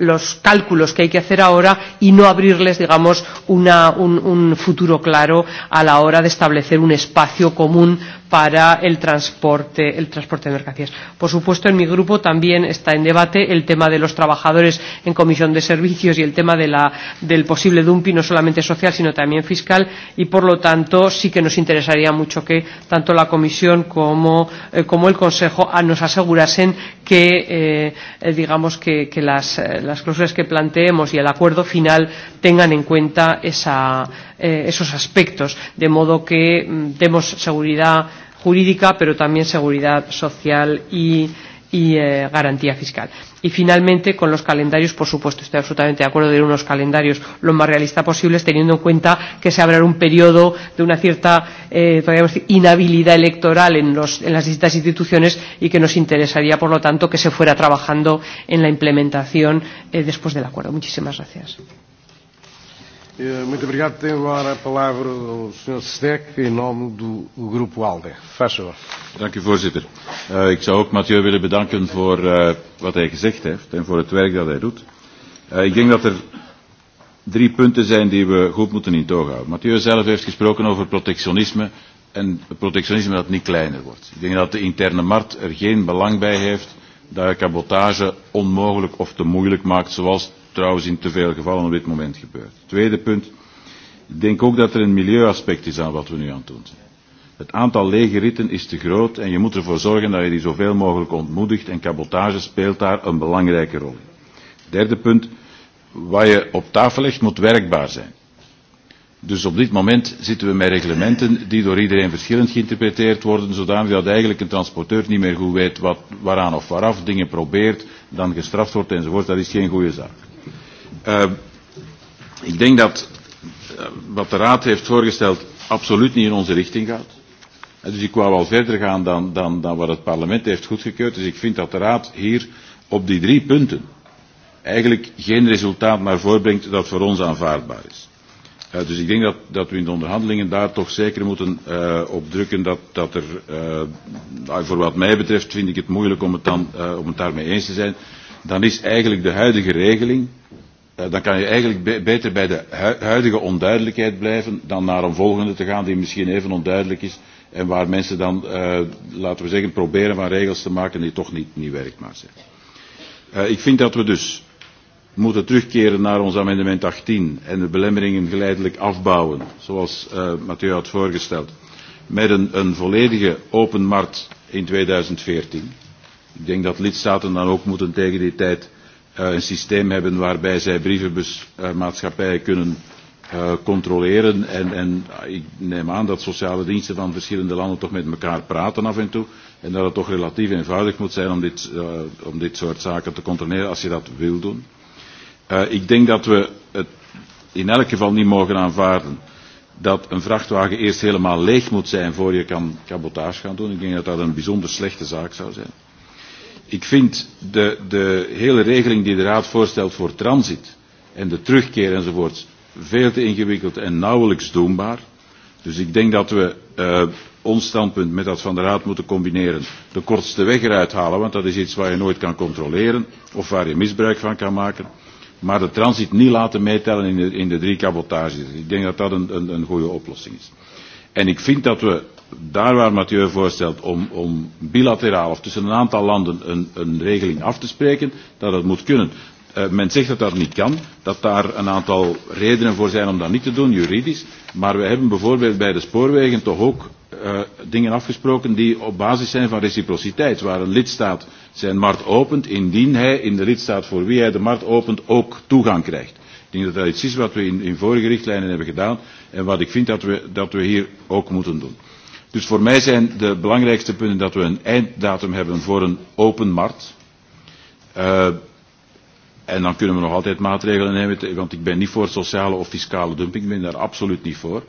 los cálculos que hay que hacer ahora y no abrirles, digamos, una, un, un futuro claro a la hora de establecer un espacio común para el transporte, el transporte de mercancías. Por supuesto, en mi grupo también está en debate el tema de los trabajadores en comisión de servicios y el tema de la, del posible dumping, no solamente social, sino también fiscal, y por lo tanto sí que nos interesaría mucho que tanto la Comisión como, eh, como el Consejo a, ah, nos asegurasen que, eh, eh, digamos, que, que las, eh, las cláusulas que planteemos y el acuerdo final tengan en cuenta esa eh, esos aspectos, de modo que mm, demos seguridad jurídica, pero también seguridad social y, y eh, garantía fiscal. Y finalmente, con los calendarios, por supuesto, estoy absolutamente de acuerdo de unos calendarios lo más realistas posibles, teniendo en cuenta que se habrá un periodo de una cierta eh, decir, inhabilidad electoral en, los, en las distintas instituciones y que nos interesaría, por lo tanto, que se fuera trabajando en la implementación eh, después del acuerdo. Muchísimas gracias. Eh, muito obrigado. Tem agora a palavra o Sr. Stek, em nome do Grupo ALDE. Faz favor. Dank u, voorzitter. Uh, ik zou ook Mathieu willen bedanken voor uh, wat hij gezegd heeft en voor het werk dat hij doet. Uh, ik denk dat er drie punten zijn die we goed moeten in toog houden. Mathieu zelf heeft gesproken over protectionisme en protectionisme dat niet kleiner wordt. Ik denk dat de interne markt er geen belang bij heeft dat cabotage onmogelijk of te moeilijk maakt, zoals trouwens in te veel gevallen op dit moment gebeurt. Tweede punt. Ik denk ook dat er een milieuaspect is aan wat we nu aan het doen zijn. Het aantal lege ritten is te groot en je moet ervoor zorgen dat je die zoveel mogelijk ontmoedigt en cabotage speelt daar een belangrijke rol in. Derde punt, wat je op tafel legt moet werkbaar zijn. Dus op dit moment zitten we met reglementen die door iedereen verschillend geïnterpreteerd worden, zodanig dat eigenlijk een transporteur niet meer goed weet wat, waaraan of waaraf dingen probeert, dan gestraft wordt enzovoort. Dat is geen goede zaak. Uh, ik denk dat uh, wat de Raad heeft voorgesteld absoluut niet in onze richting gaat. En eh, dus ik wou wel verder gaan dan, dan, dan wat het parlement heeft goedgekeurd. Dus ik vind dat de Raad hier op die drie punten eigenlijk geen resultaat naar voren brengt dat voor ons aanvaardbaar is. Uh, dus ik denk dat, dat we in de onderhandelingen daar toch zeker moeten uh, op drukken dat, dat er, uh, voor wat mij betreft vind ik het moeilijk om het, dan, uh, om het daarmee eens te zijn, dan is eigenlijk de huidige regeling Eh, dan kan je eigenlijk beter bij de huidige onduidelijkheid blijven dan naar een volgende te gaan die misschien even onduidelijk is en waar mensen dan, uh, laten we zeggen, proberen van regels te maken die toch niet, niet werkbaar zijn. Uh, ik vind dat we dus moeten terugkeren naar ons amendement 18 en de belemmeringen geleidelijk afbouwen, zoals uh, Mathieu had voorgesteld, met een, een volledige open markt in 2014. Ik denk dat lidstaten dan ook moeten tegen die tijd Eh, een systeem hebben waarbij zij brievenbusmaatschappijen eh, kunnen uh, controleren. En, en ik neem aan dat sociale diensten van verschillende landen toch met elkaar praten af en toe. En dat het toch relatief eenvoudig moet zijn om dit, uh, om dit soort zaken te controleren als je dat wil doen. Uh, ik denk dat we het in elk geval niet mogen aanvaarden dat een vrachtwagen eerst helemaal leeg moet zijn voor je kan cabotage gaan doen. Ik denk dat dat een bijzonder slechte zaak zou zijn. Uh, Ik vind de, de hele regeling die de Raad voorstelt voor transit en de terugkeer enzovoort veel te ingewikkeld en nauwelijks doenbaar. Dus ik denk dat we uh, ons standpunt met dat van de Raad moeten combineren. De kortste weg eruit halen, want dat is iets waar je nooit kan controleren of waar je misbruik van kan maken. Maar de transit niet laten meetellen in de, in de drie cabotages. Ik denk dat dat een, een, een goede oplossing is. En ik vind dat we daar waar Mathieu voorstelt om, om bilateraal of tussen een aantal landen een, een regeling af te spreken, dat dat moet kunnen. Uh, men zegt dat dat niet kan, dat daar een aantal redenen voor zijn om dat niet te doen, juridisch. Maar we hebben bijvoorbeeld bij de spoorwegen toch ook uh, dingen afgesproken die op basis zijn van reciprociteit. Waar een lidstaat zijn markt opent, indien hij in de lidstaat voor wie hij de markt opent ook toegang krijgt. Ik denk dat dat iets is wat we in, in vorige richtlijnen hebben gedaan en wat ik vind dat we, dat we hier ook moeten doen. Dus voor mij zijn de belangrijkste punten dat we een einddatum hebben voor een open markt. Uh, en dan kunnen we nog altijd maatregelen nemen, want ik ben niet voor sociale of fiscale dumping, ik ben daar absoluut niet voor.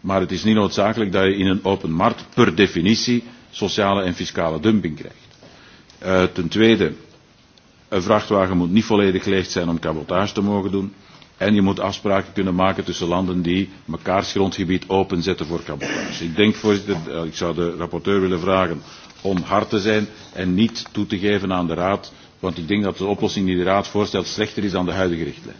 Maar het is niet noodzakelijk dat je in een open markt per definitie sociale en fiscale dumping krijgt. Uh, ten tweede, een vrachtwagen moet niet volledig leeg zijn om cabotage te mogen doen. En je moet afspraken kunnen maken tussen landen die mekaars grondgebied openzetten voor cabotage. Ik denk, voorzitter, eh, ik zou de rapporteur willen vragen om hard te zijn en niet toe te geven aan de Raad, want ik denk dat de oplossing die de Raad voorstelt slechter is dan de huidige richtlijn.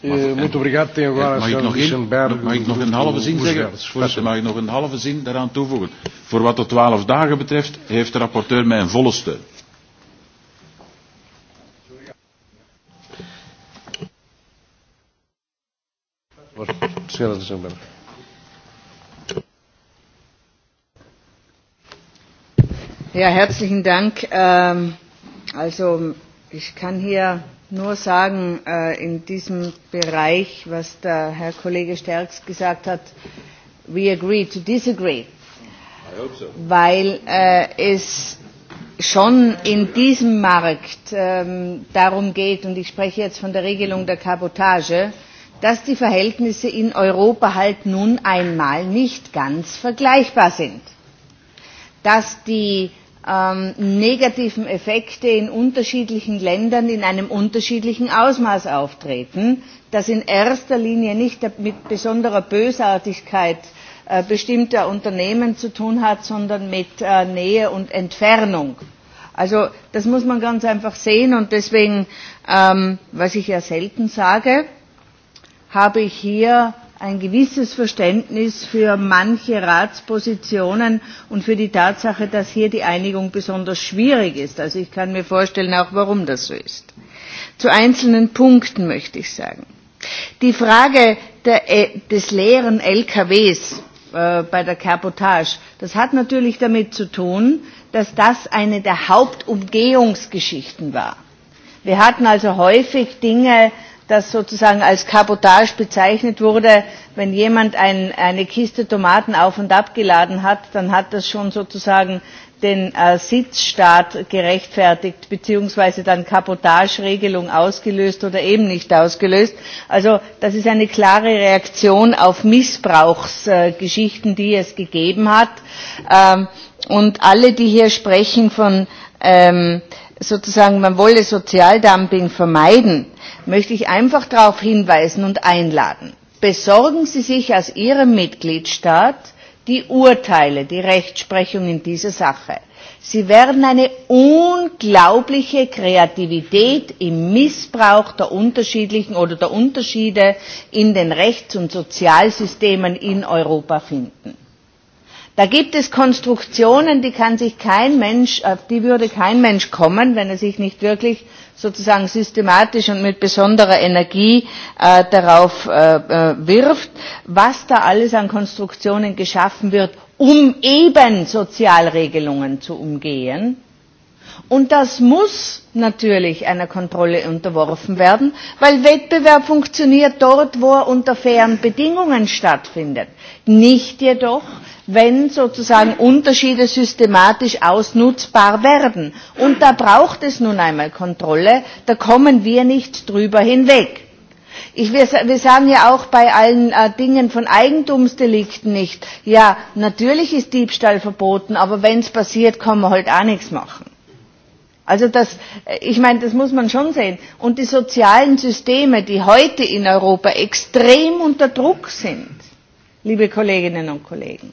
Uh, eh, Muito obrigado. Tem agora mag, ik nog een, eh, mag ik nog een halve zin zeggen? Voorzitter, mag ik nog een halve zin daaraan toevoegen? Voor wat de twaalf dagen betreft heeft de rapporteur mijn volle steun. Senhora Zambana. Ja, herzlichen Dank. Ähm, also ich kann hier nur sagen, äh, in diesem Bereich, was der Herr Kollege Sterks gesagt hat, we agree to disagree. So. Weil äh, es schon in diesem Markt ähm, darum geht, und ich spreche jetzt von der Regelung der Kabotage, äh, dass die Verhältnisse in Europa halt nun einmal nicht ganz vergleichbar sind, dass die ähm, negativen Effekte in unterschiedlichen Ländern in einem unterschiedlichen Ausmaß auftreten, dass in erster Linie nicht mit besonderer Bösartigkeit äh, bestimmter Unternehmen zu tun hat, sondern mit äh, Nähe und Entfernung. Also das muss man ganz einfach sehen und deswegen, ähm, was ich ja selten sage, habe ich hier ein gewisses Verständnis für manche Ratspositionen und für die Tatsache, dass hier die Einigung besonders schwierig ist. Also ich kann mir vorstellen, auch warum das so ist. Zu einzelnen Punkten möchte ich sagen. Die Frage der, äh, des leeren LKWs äh, bei der Kaputage, das hat natürlich damit zu tun, dass das eine der Hauptumgehungsgeschichten war. Wir hatten also häufig Dinge, das sozusagen als Kabotage bezeichnet wurde. Wenn jemand ein, eine Kiste Tomaten auf und ab geladen hat, dann hat das schon sozusagen den äh, Sitzstaat gerechtfertigt beziehungsweise dann Kabotageregelung ausgelöst oder eben nicht ausgelöst. Also das ist eine klare Reaktion auf Missbrauchsgeschichten, äh, die es gegeben hat. Ähm, und alle, die hier sprechen von ähm, sozusagen, man wolle Sozialdumping vermeiden, möchte ich einfach darauf hinweisen und einladen besorgen sie sich aus ihrem mitgliedstaat die urteile die rechtsprechung in dieser sache. sie werden eine unglaubliche kreativität im missbrauch der unterschiedlichen oder der unterschiede in den rechts und sozialsystemen in europa finden da gibt es konstruktionen die kann sich kein mensch auf die würde kein mensch kommen wenn er sich nicht wirklich sozusagen systematisch und mit besonderer energie äh, darauf äh, äh, wirft was da alles an konstruktionen geschaffen wird um eben sozialregelungen zu umgehen. Und das muss natürlich einer Kontrolle unterworfen werden, weil Wettbewerb funktioniert dort, wo er unter fairen Bedingungen stattfindet. Nicht jedoch, wenn sozusagen Unterschiede systematisch ausnutzbar werden. Und da braucht es nun einmal Kontrolle, da kommen wir nicht drüber hinweg. Ich, wir, wir sagen ja auch bei allen äh, Dingen von Eigentumsdelikten nicht, ja, natürlich ist Diebstahl verboten, aber wenn es passiert, kann man halt auch nichts machen. Also das, äh, ich meine, das muss man schon sehen. Und die sozialen Systeme, die heute in Europa extrem unter Druck sind, liebe Kolleginnen und Kollegen.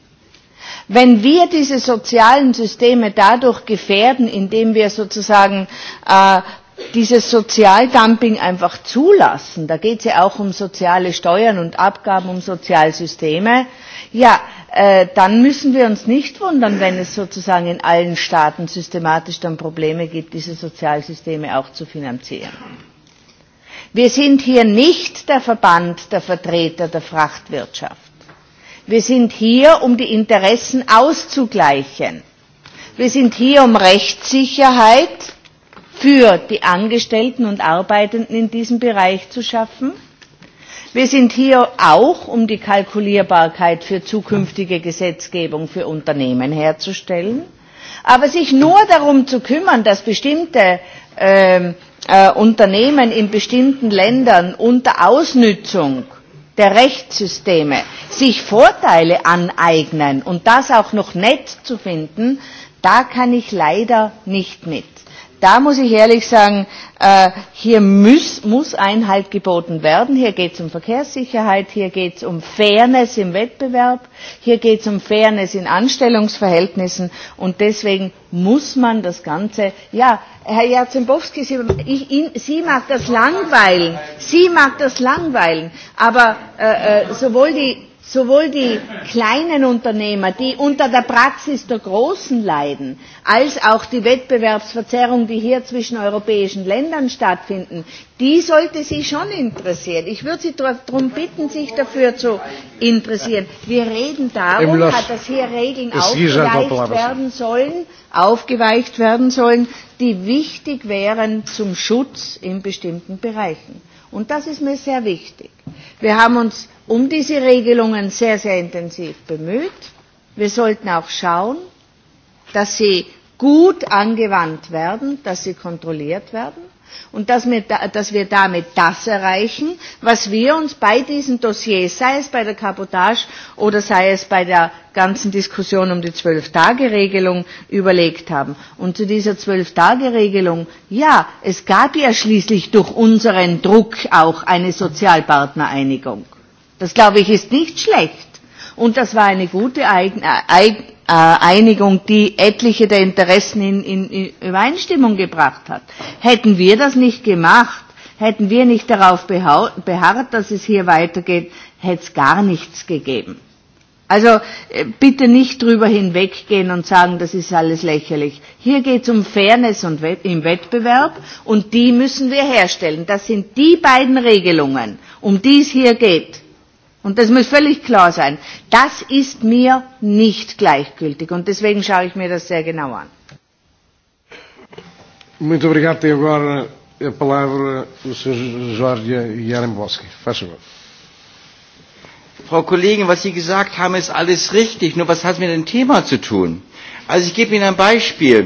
Wenn wir diese sozialen Systeme dadurch gefährden, indem wir sozusagen äh, dieses Sozialdumping einfach zulassen, da geht es ja auch um soziale Steuern und Abgaben, um Sozialsysteme, ja, äh, dann müssen wir uns nicht wundern, wenn es sozusagen in allen Staaten systematisch dann Probleme gibt, diese Sozialsysteme auch zu finanzieren. Wir sind hier nicht der Verband der Vertreter der Frachtwirtschaft. Wir sind hier, um die Interessen auszugleichen. Wir sind hier, um Rechtssicherheit für die Angestellten und Arbeitenden in diesem Bereich zu schaffen. Wir sind hier auch, um die Kalkulierbarkeit für zukünftige Gesetzgebung für Unternehmen herzustellen. Aber sich nur darum zu kümmern, dass bestimmte äh, äh, Unternehmen in bestimmten Ländern unter Ausnützung äh, der Rechtssysteme sich Vorteile aneignen und das auch noch nett zu finden, da kann ich leider nicht mit da muss ich ehrlich sagen, äh, hier muss, muss Einhalt geboten werden. Hier geht es um Verkehrssicherheit, hier geht es um Fairness im Wettbewerb, hier geht es um Fairness in Anstellungsverhältnissen und deswegen muss man das Ganze, ja, Herr Jarzembowski, Sie, ich, in, Sie mag das langweilen, Sie mag das langweilen, aber äh, äh, sowohl die sowohl die kleinen Unternehmer, die unter der Praxis der Großen leiden, als auch die Wettbewerbsverzerrung, die hier zwischen europäischen Ländern stattfinden, die sollte Sie schon interessieren. Ich würde Sie darum bitten, sich dafür zu interessieren. Wir reden darum, dass hier Regeln aufgeweicht werden sollen, aufgeweicht werden sollen, die wichtig wären zum Schutz in bestimmten Bereichen. Und das ist mir sehr wichtig. Wir haben uns um diese Regelungen sehr, sehr intensiv bemüht. Wir sollten auch schauen, dass sie gut angewandt werden, dass sie kontrolliert werden und dass wir, dass wir damit das erreichen, was wir uns bei diesem Dossier, sei es bei der Kabotage oder sei es bei der ganzen Diskussion um die Zwölf-Tage-Regelung überlegt haben. Und zu dieser Zwölf-Tage-Regelung, ja, es gab ja schließlich durch unseren Druck auch eine Sozialpartnereinigung. Das, glaube ich, ist nicht schlecht. Und das war eine gute Eigen, äh, Äh, Einigung, die etliche der Interessen in, in, in Übereinstimmung gebracht hat. Hätten wir das nicht gemacht, hätten wir nicht darauf beharrt, dass es hier weitergeht, hätte es gar nichts gegeben. Also äh, bitte nicht drüber hinweggehen und sagen, das ist alles lächerlich. Hier geht es um Fairness und Wett im Wettbewerb und die müssen wir herstellen. Das sind die beiden Regelungen, um die es hier geht. Und das muss völlig klar sein. Das ist mir nicht gleichgültig und deswegen schaue ich mir das sehr genau an. Muito obrigado. Tem agora a palavra o Sr. Jorge Jarembowski. Faz favor. Frau Kollegin, was Sie gesagt haben, ist alles richtig. Nur was hat mit dem Thema zu tun? Also ich gebe Ihnen ein Beispiel.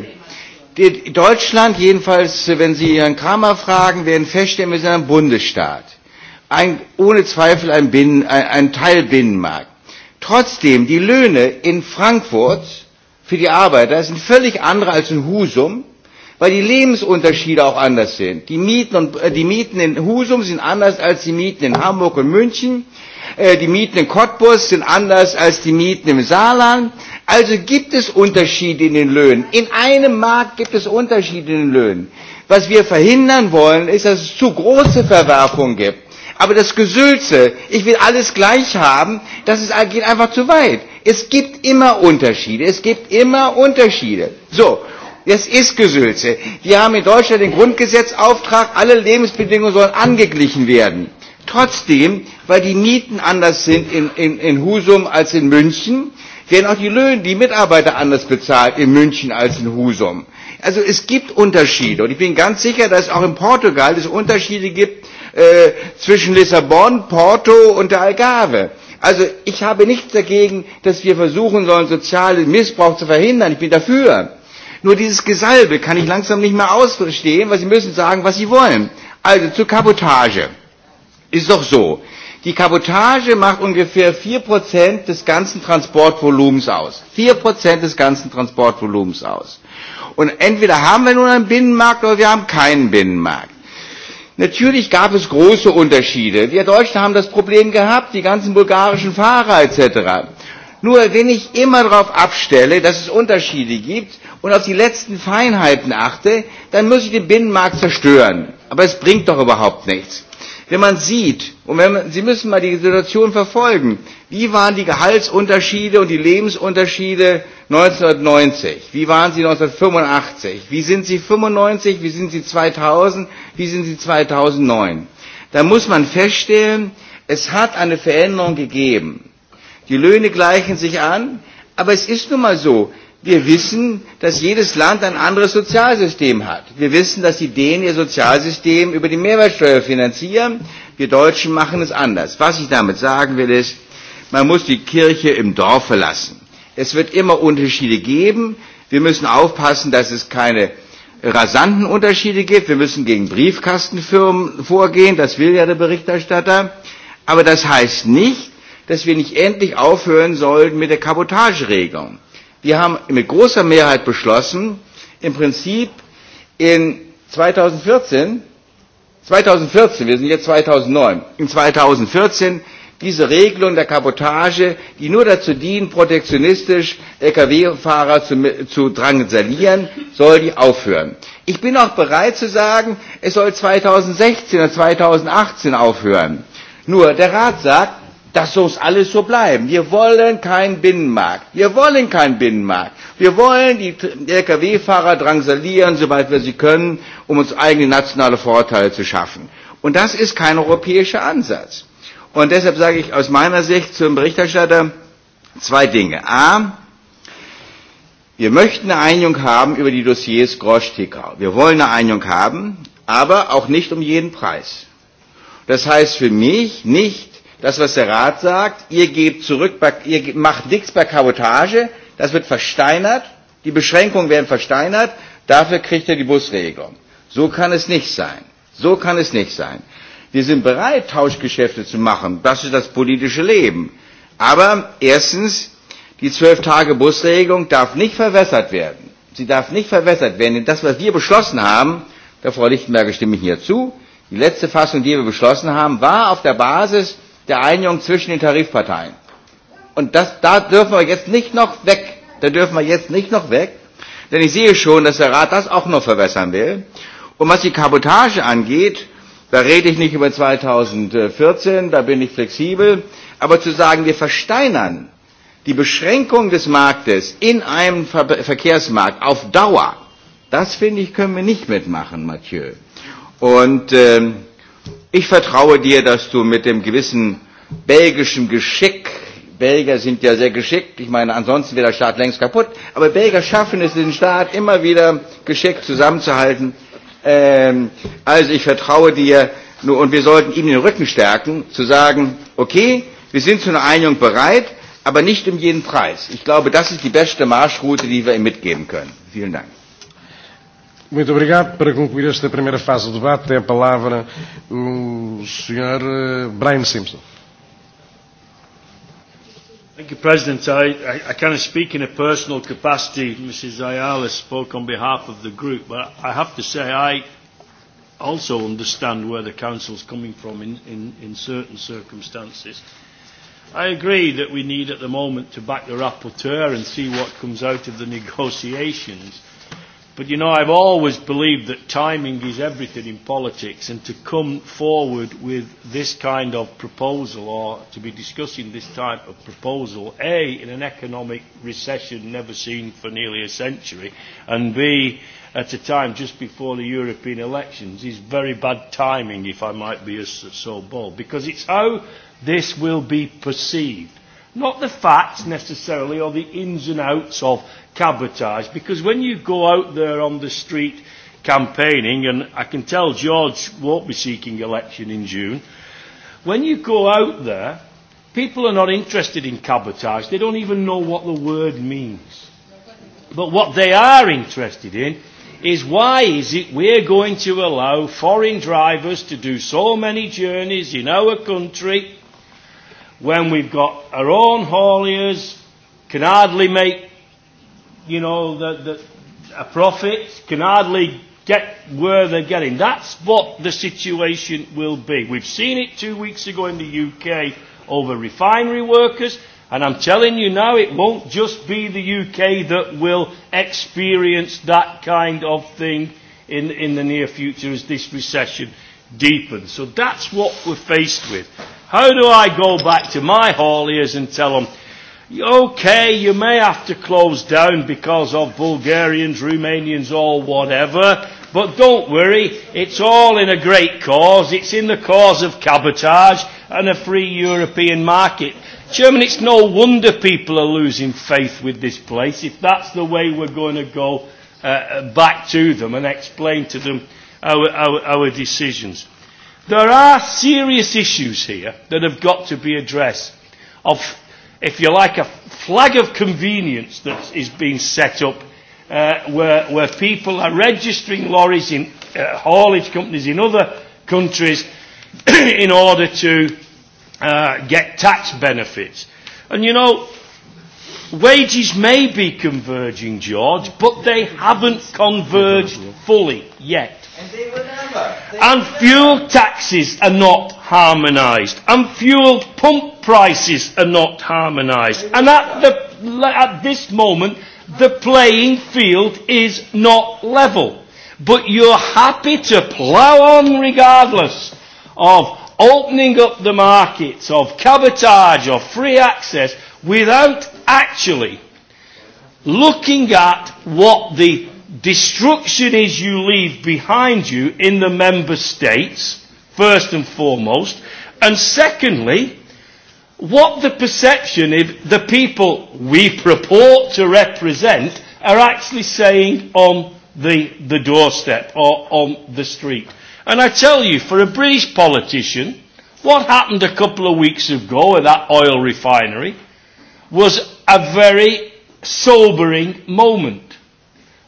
Die Deutschland, jedenfalls, wenn Sie Ihren Kramer fragen, werden feststellen, wir sind ein Bundesstaat ein, ohne Zweifel ein, Binnen, ein, ein Teil Binnenmarkt. Trotzdem, die Löhne in Frankfurt für die Arbeiter sind völlig andere als in Husum, weil die Lebensunterschiede auch anders sind. Die Mieten, und, äh, die Mieten in Husum sind anders als die Mieten in Hamburg und München. Äh, die Mieten in Cottbus sind anders als die Mieten im Saarland. Also gibt es Unterschiede in den Löhnen. In einem Markt gibt es Unterschiede in den Löhnen. Was wir verhindern wollen, ist, dass es zu große Verwerfungen gibt Aber das Gesülze, ich will alles gleich haben, das ist, geht einfach zu weit. Es gibt immer Unterschiede. Es gibt immer Unterschiede. So. Das ist Gesülze. Wir haben in Deutschland den Grundgesetzauftrag, alle Lebensbedingungen sollen angeglichen werden. Trotzdem, weil die Mieten anders sind in, in, in Husum als in München, werden auch die Löhne, die Mitarbeiter anders bezahlt in München als in Husum. Also es gibt Unterschiede und ich bin ganz sicher, dass es auch in Portugal es Unterschiede gibt äh, zwischen Lissabon, Porto und der Algarve. Also ich habe nichts dagegen, dass wir versuchen sollen, sozialen Missbrauch zu verhindern. Ich bin dafür. Nur dieses Gesalbe kann ich langsam nicht mehr ausstehen, weil Sie müssen sagen, was Sie wollen. Also zur Kabotage. Ist doch so. Die Kabotage macht ungefähr 4% des ganzen Transportvolumens aus. 4% des ganzen Transportvolumens aus. Und entweder haben wir nun einen Binnenmarkt oder wir haben keinen Binnenmarkt. Natürlich gab es große Unterschiede. Wir Deutschen haben das Problem gehabt, die ganzen bulgarischen Fahrer etc. Nur wenn ich immer darauf abstelle, dass es Unterschiede gibt und auf die letzten Feinheiten achte, dann muss ich den Binnenmarkt zerstören. Aber es bringt doch überhaupt nichts. Wenn man sieht, und wenn man, Sie müssen mal die Situation verfolgen, wie waren die Gehaltsunterschiede und die Lebensunterschiede 1990? Wie waren sie 1985? Wie sind sie 95? Wie sind sie 2000? Wie sind sie 2009? Da muss man feststellen, es hat eine Veränderung gegeben. Die Löhne gleichen sich an, aber es ist nun mal so, Wir wissen, dass jedes Land ein anderes Sozialsystem hat. Wir wissen, dass die Dänen ihr Sozialsystem über die Mehrwertsteuer finanzieren. Wir Deutschen machen es anders. Was ich damit sagen will, ist, man muss die Kirche im Dorf verlassen. Es wird immer Unterschiede geben. Wir müssen aufpassen, dass es keine rasanten Unterschiede gibt. Wir müssen gegen Briefkastenfirmen vorgehen. Das will ja der Berichterstatter. Aber das heißt nicht, dass wir nicht endlich aufhören sollten mit der Kabotageregelung. Wir haben mit großer Mehrheit beschlossen, im Prinzip in 2014, 2014, wir sind jetzt 2009, in 2014 diese Regelung der Kabotage, die nur dazu dient, protektionistisch Lkw-Fahrer zu, zu drangsalieren, soll die aufhören. Ich bin auch bereit zu sagen, es soll 2016 und 2018 aufhören. Nur der Rat sagt, Das soll alles so bleiben. Wir wollen keinen Binnenmarkt. Wir wollen keinen Binnenmarkt. Wir wollen die Lkw-Fahrer drangsalieren, soweit wir sie können, um uns eigene nationale Vorteile zu schaffen. Und das ist kein europäischer Ansatz. Und deshalb sage ich aus meiner Sicht zum Berichterstatter zwei Dinge. A, wir möchten eine Einigung haben über die Dossiers Grosch-Tikau. Wir wollen eine Einigung haben, aber auch nicht um jeden Preis. Das heißt für mich nicht Das, was der Rat sagt, ihr gebt zurück, ihr macht nichts bei Kabotage, das wird versteinert, die Beschränkungen werden versteinert, dafür kriegt ihr die Busregelung. So kann es nicht sein. So kann es nicht sein. Wir sind bereit, Tauschgeschäfte zu machen. Das ist das politische Leben. Aber erstens, die zwölf Tage Busregelung darf nicht verwässert werden. Sie darf nicht verwässert werden. Denn das, was wir beschlossen haben, der Frau Lichtenberger stimme ich hier zu, die letzte Fassung, die wir beschlossen haben, war auf der Basis der Einigung zwischen den Tarifparteien. Und das, da dürfen wir jetzt nicht noch weg. Da dürfen wir jetzt nicht noch weg. Denn ich sehe schon, dass der Rat das auch noch verwässern will. Und was die Kabotage angeht, da rede ich nicht über 2014, da bin ich flexibel. Aber zu sagen, wir versteinern die Beschränkung des Marktes in einem Ver Verkehrsmarkt auf Dauer, das finde ich, können wir nicht mitmachen, Mathieu. Und ähm, Ich vertraue dir, dass du mit dem gewissen belgischen Geschick, Belgier sind ja sehr geschickt, ich meine, ansonsten wäre der Staat längst kaputt, aber Belgier schaffen es, den Staat immer wieder geschickt zusammenzuhalten. Ähm, also ich vertraue dir, nur, und wir sollten ihm den Rücken stärken, zu sagen, okay, wir sind zu einer Einigung bereit, aber nicht um jeden Preis. Ich glaube, das ist die beste Marschroute, die wir ihm mitgeben können. Vielen Dank. Muito obrigado. Para concluir esta primeira fase do debate, tem a palavra o Sr. Eh, Brian Simpson. Thank you, President. I, I, I kind of speak in a personal capacity. Mrs. Ayala spoke on behalf of the group, but I have to say I also understand where the Council's coming from in, in, in certain circumstances. I agree that we need at the moment to back the rapporteur and see what comes out of the negotiations But you know, I've always believed that timing is everything in politics, and to come forward with this kind of proposal or to be discussing this type of proposal, A, in an economic recession never seen for nearly a century, and B, at a time just before the European elections is very bad timing, if I might be so bold, because it's how this will be perceived. Not the facts necessarily or the ins and outs of cabotage. Because when you go out there on the street campaigning, and I can tell George won't be seeking election in June, when you go out there, people are not interested in cabotage. They don't even know what the word means. But what they are interested in is why is it we're going to allow foreign drivers to do so many journeys in our country when we've got our own hauliers, can hardly make you know, that, that a profit can hardly get where they're getting. That's what the situation will be. We've seen it two weeks ago in the UK over refinery workers, and I'm telling you now it won't just be the UK that will experience that kind of thing in, in the near future as this recession deepens. So that's what we're faced with. How do I go back to my hauliers and tell them, Okay, you may have to close down because of Bulgarians, Romanians, or whatever, but don't worry, it's all in a great cause. It's in the cause of cabotage and a free European market. Chairman, it's no wonder people are losing faith with this place if that's the way we're going to go uh, back to them and explain to them our, our, our decisions. There are serious issues here that have got to be addressed of if you like, a flag of convenience that is being set up uh, where, where people are registering lorries in uh, haulage companies in other countries in order to uh, get tax benefits. And you know, wages may be converging, George, but they haven't converged fully yet. And fuel taxes are not harmonised. And fuel pump prices are not harmonised. And at, the, at this moment, the playing field is not level. But you're happy to plough on regardless of opening up the markets, of cabotage, of free access, without actually looking at what the Destruction is you leave behind you in the member states, first and foremost. And secondly, what the perception if the people we purport to represent are actually saying on the, the doorstep or on the street. And I tell you, for a British politician, what happened a couple of weeks ago at that oil refinery was a very sobering moment.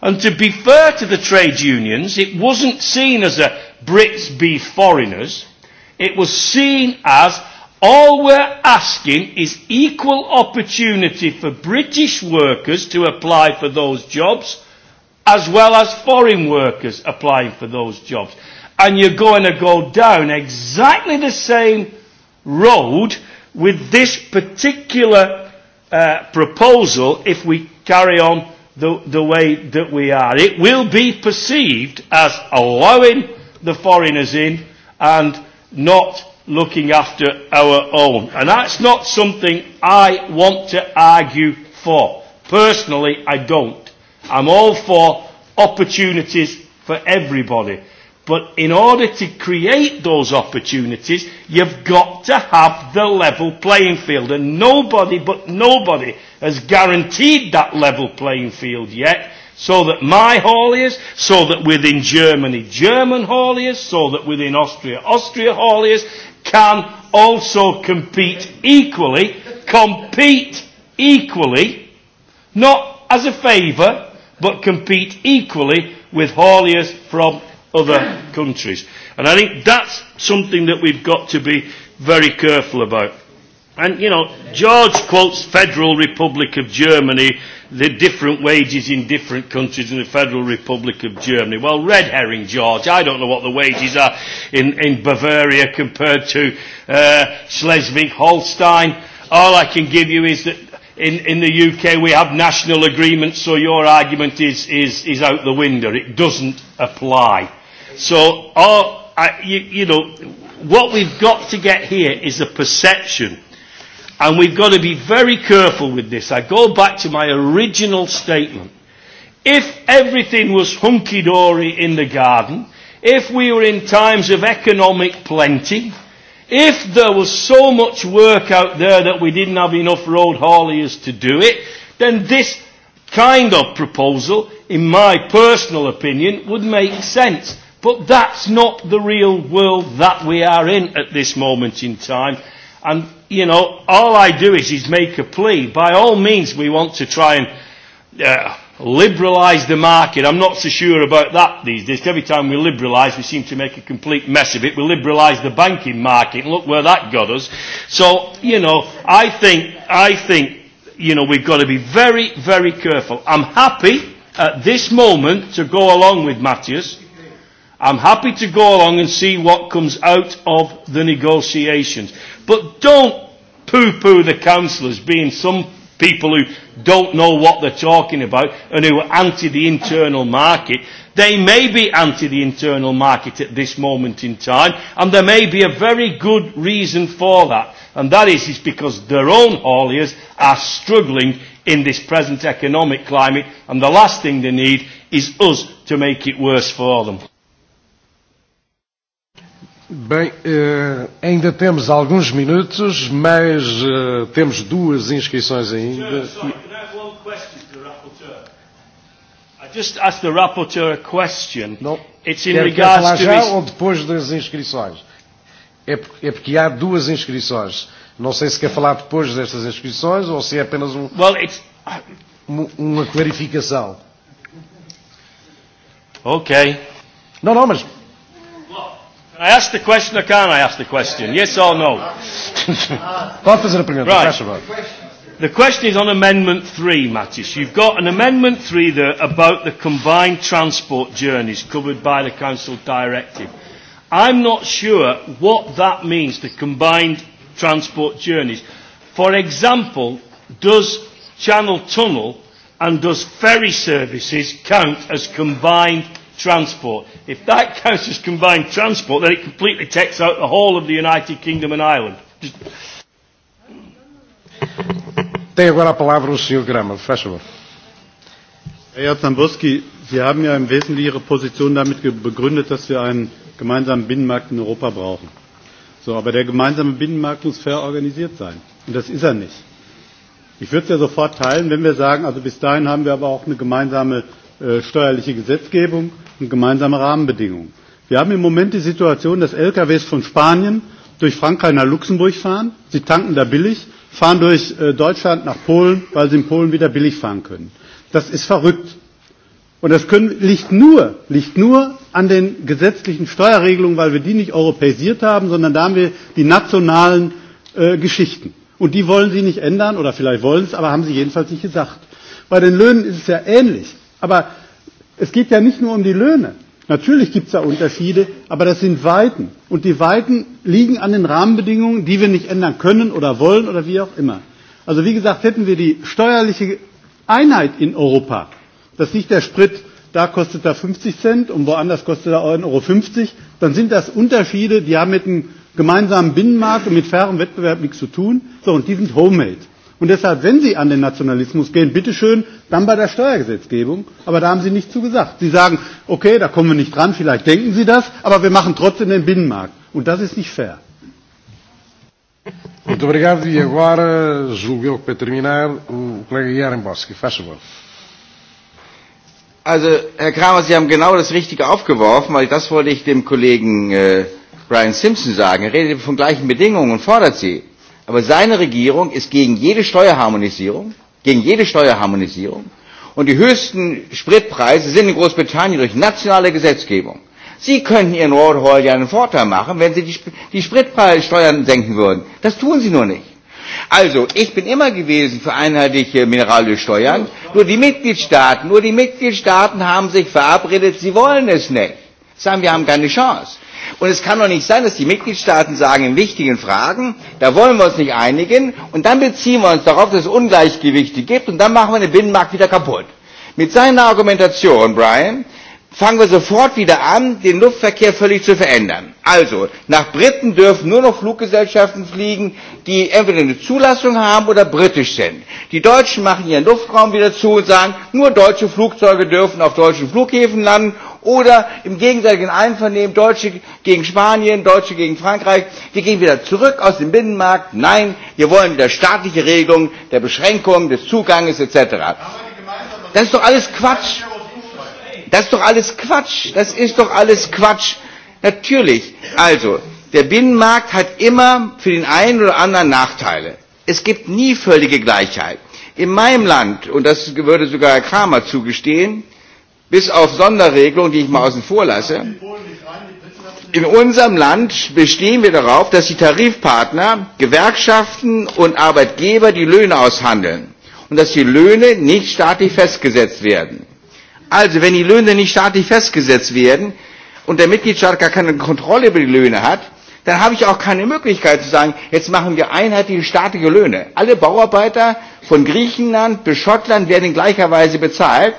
And to be fair to the trade unions, it wasn't seen as a Brits be foreigners. It was seen as all we're asking is equal opportunity for British workers to apply for those jobs as well as foreign workers applying for those jobs. And you're going to go down exactly the same road with this particular uh, proposal if we carry on the, the way that we are. It will be perceived as allowing the foreigners in and not looking after our own. And that's not something I want to argue for. Personally, I don't. I'm all for opportunities for everybody. But in order to create those opportunities, you've got to have the level playing field. And nobody but nobody has guaranteed that level playing field yet. So that my hauliers, so that within Germany, German hauliers, so that within Austria, Austria hauliers can also compete equally, compete equally, not as a favour, but compete equally with hauliers from other countries. And I think that's something that we've got to be very careful about. And, you know, George quotes Federal Republic of Germany, the different wages in different countries in the Federal Republic of Germany. Well, red herring, George. I don't know what the wages are in, in Bavaria compared to uh, Schleswig-Holstein. All I can give you is that in, in the UK we have national agreements, so your argument is, is, is out the window. It doesn't apply. So, all, I, you, you know, what we've got to get here is a perception. And we've got to be very careful with this. I go back to my original statement. If everything was hunky dory in the garden, if we were in times of economic plenty, if there was so much work out there that we didn't have enough road hauliers to do it, then this kind of proposal, in my personal opinion, would make sense. But that's not the real world that we are in at this moment in time. And, you know, all I do is, is make a plea. By all means, we want to try and uh, liberalise the market. I'm not so sure about that these days. Every time we liberalise, we seem to make a complete mess of it. We liberalise the banking market, and look where that got us. So, you know, I think, I think, you know, we've got to be very, very careful. I'm happy at this moment to go along with Matthias I'm happy to go along and see what comes out of the negotiations. But don't poo poo the councillors being some people who don't know what they're talking about and who are anti the internal market. They may be anti the internal market at this moment in time, and there may be a very good reason for that. And that is, is because their own hauliers are struggling in this present economic climate, and the last thing they need is us to make it worse for them. Bem, uh, ainda temos alguns minutos, mas uh, temos duas inscrições ainda. Sorry, I just asked the rapporteur a question. Não. It's in Quero regards falar to já his... ou depois das inscrições? É, é porque há duas inscrições. Não sei se quer falar depois destas inscrições ou se é apenas um, well, it's... Um, uma clarificação. Ok. Não, não, mas I asked the question or can't I ask the question? Yes or no? right. The question is on Amendment 3, Mattis. You've got an Amendment 3 there about the combined transport journeys covered by the Council Directive. I'm not sure what that means, the combined transport journeys. For example, does Channel Tunnel and does ferry services count as combined transport. If that counts as combined transport, then it completely takes out the whole of the United Kingdom and Ireland. Just... Tem agora a palavra o Sr. Grama, faz favor. Herr Zambrowski, Sie haben ja im Wesentlichen Ihre Position damit begründet, dass wir einen gemeinsamen Binnenmarkt in Europa brauchen. So, aber der gemeinsame Binnenmarkt muss fair organisiert sein. Und das ist er nicht. Ich würde es ja sofort teilen, wenn wir sagen, also bis dahin haben wir aber auch eine gemeinsame äh, steuerliche Gesetzgebung gemeinsame Rahmenbedingungen. Wir haben im Moment die Situation, dass LKWs von Spanien durch Frankreich nach Luxemburg fahren. Sie tanken da billig, fahren durch äh, Deutschland nach Polen, weil sie in Polen wieder billig fahren können. Das ist verrückt. Und das können, liegt, nur, liegt nur an den gesetzlichen Steuerregelungen, weil wir die nicht europäisiert haben, sondern da haben wir die nationalen äh, Geschichten. Und die wollen sie nicht ändern, oder vielleicht wollen es, aber haben sie jedenfalls nicht gesagt. Bei den Löhnen ist es ja ähnlich. Aber Es geht ja nicht nur um die Löhne. Natürlich gibt es da Unterschiede, aber das sind Weiten. Und die Weiten liegen an den Rahmenbedingungen, die wir nicht ändern können oder wollen oder wie auch immer. Also wie gesagt, hätten wir die steuerliche Einheit in Europa, dass nicht der Sprit, da kostet er 50 Cent und woanders kostet er 1,50 Euro, 50, dann sind das Unterschiede, die haben mit einem gemeinsamen Binnenmarkt und mit fairem Wettbewerb nichts zu tun. So, und die sind homemade. Und deshalb, wenn Sie an den Nationalismus gehen, bitteschön, dann bei der Steuergesetzgebung. Aber da haben Sie nicht zugesagt. Sie sagen, okay, da kommen wir nicht dran, vielleicht denken Sie das, aber wir machen trotzdem den Binnenmarkt. Und das ist nicht fair. Muito obrigado. E agora, julgo eu que para terminar, o colega Jarembowski. Faz favor. Also, Herr Kramer, Sie haben genau das Richtige aufgeworfen, weil das wollte ich dem Kollegen äh, Brian Simpson sagen. Er redet von gleichen Bedingungen und fordert sie. Aber seine Regierung ist gegen jede Steuerharmonisierung, gegen jede Steuerharmonisierung. Und die höchsten Spritpreise sind in Großbritannien durch nationale Gesetzgebung. Sie könnten Ihren Roadhall ja einen Vorteil machen, wenn Sie die, die Spritpreissteuern senken würden. Das tun Sie nur nicht. Also, ich bin immer gewesen für einheitliche Mineralölsteuern. Nur die Mitgliedstaaten, nur die Mitgliedstaaten haben sich verabredet, sie wollen es nicht. Sagen, wir haben keine Chance. Und es kann doch nicht sein, dass die Mitgliedstaaten sagen, in wichtigen Fragen, da wollen wir uns nicht einigen und dann beziehen wir uns darauf, dass es Ungleichgewichte gibt und dann machen wir den Binnenmarkt wieder kaputt. Mit seiner Argumentation, Brian, fangen wir sofort wieder an, den Luftverkehr völlig zu verändern. Also, nach Briten dürfen nur noch Fluggesellschaften fliegen, die entweder eine Zulassung haben oder britisch sind. Die Deutschen machen ihren Luftraum wieder zu und sagen, nur deutsche Flugzeuge dürfen auf deutschen Flughäfen landen oder im gegenseitigen Einvernehmen Deutsche gegen Spanien, Deutsche gegen Frankreich. Wir gehen wieder zurück aus dem Binnenmarkt. Nein, wir wollen wieder staatliche Regelungen der Beschränkung, des Zuganges etc. Das ist doch alles Quatsch. Das ist doch alles Quatsch. Das ist doch alles Quatsch. Natürlich. Also, der Binnenmarkt hat immer für den einen oder anderen Nachteile. Es gibt nie völlige Gleichheit. In meinem Land, und das würde sogar Herr Kramer zugestehen, bis auf Sonderregelungen, die ich mal außen vor lasse, in unserem Land bestehen wir darauf, dass die Tarifpartner, Gewerkschaften und Arbeitgeber die Löhne aushandeln und dass die Löhne nicht staatlich festgesetzt werden. Also, wenn die Löhne nicht staatlich festgesetzt werden und der Mitgliedstaat gar keine Kontrolle über die Löhne hat, dann habe ich auch keine Möglichkeit zu sagen, jetzt machen wir einheitliche staatliche Löhne. Alle Bauarbeiter von Griechenland bis Schottland werden in gleicher Weise bezahlt.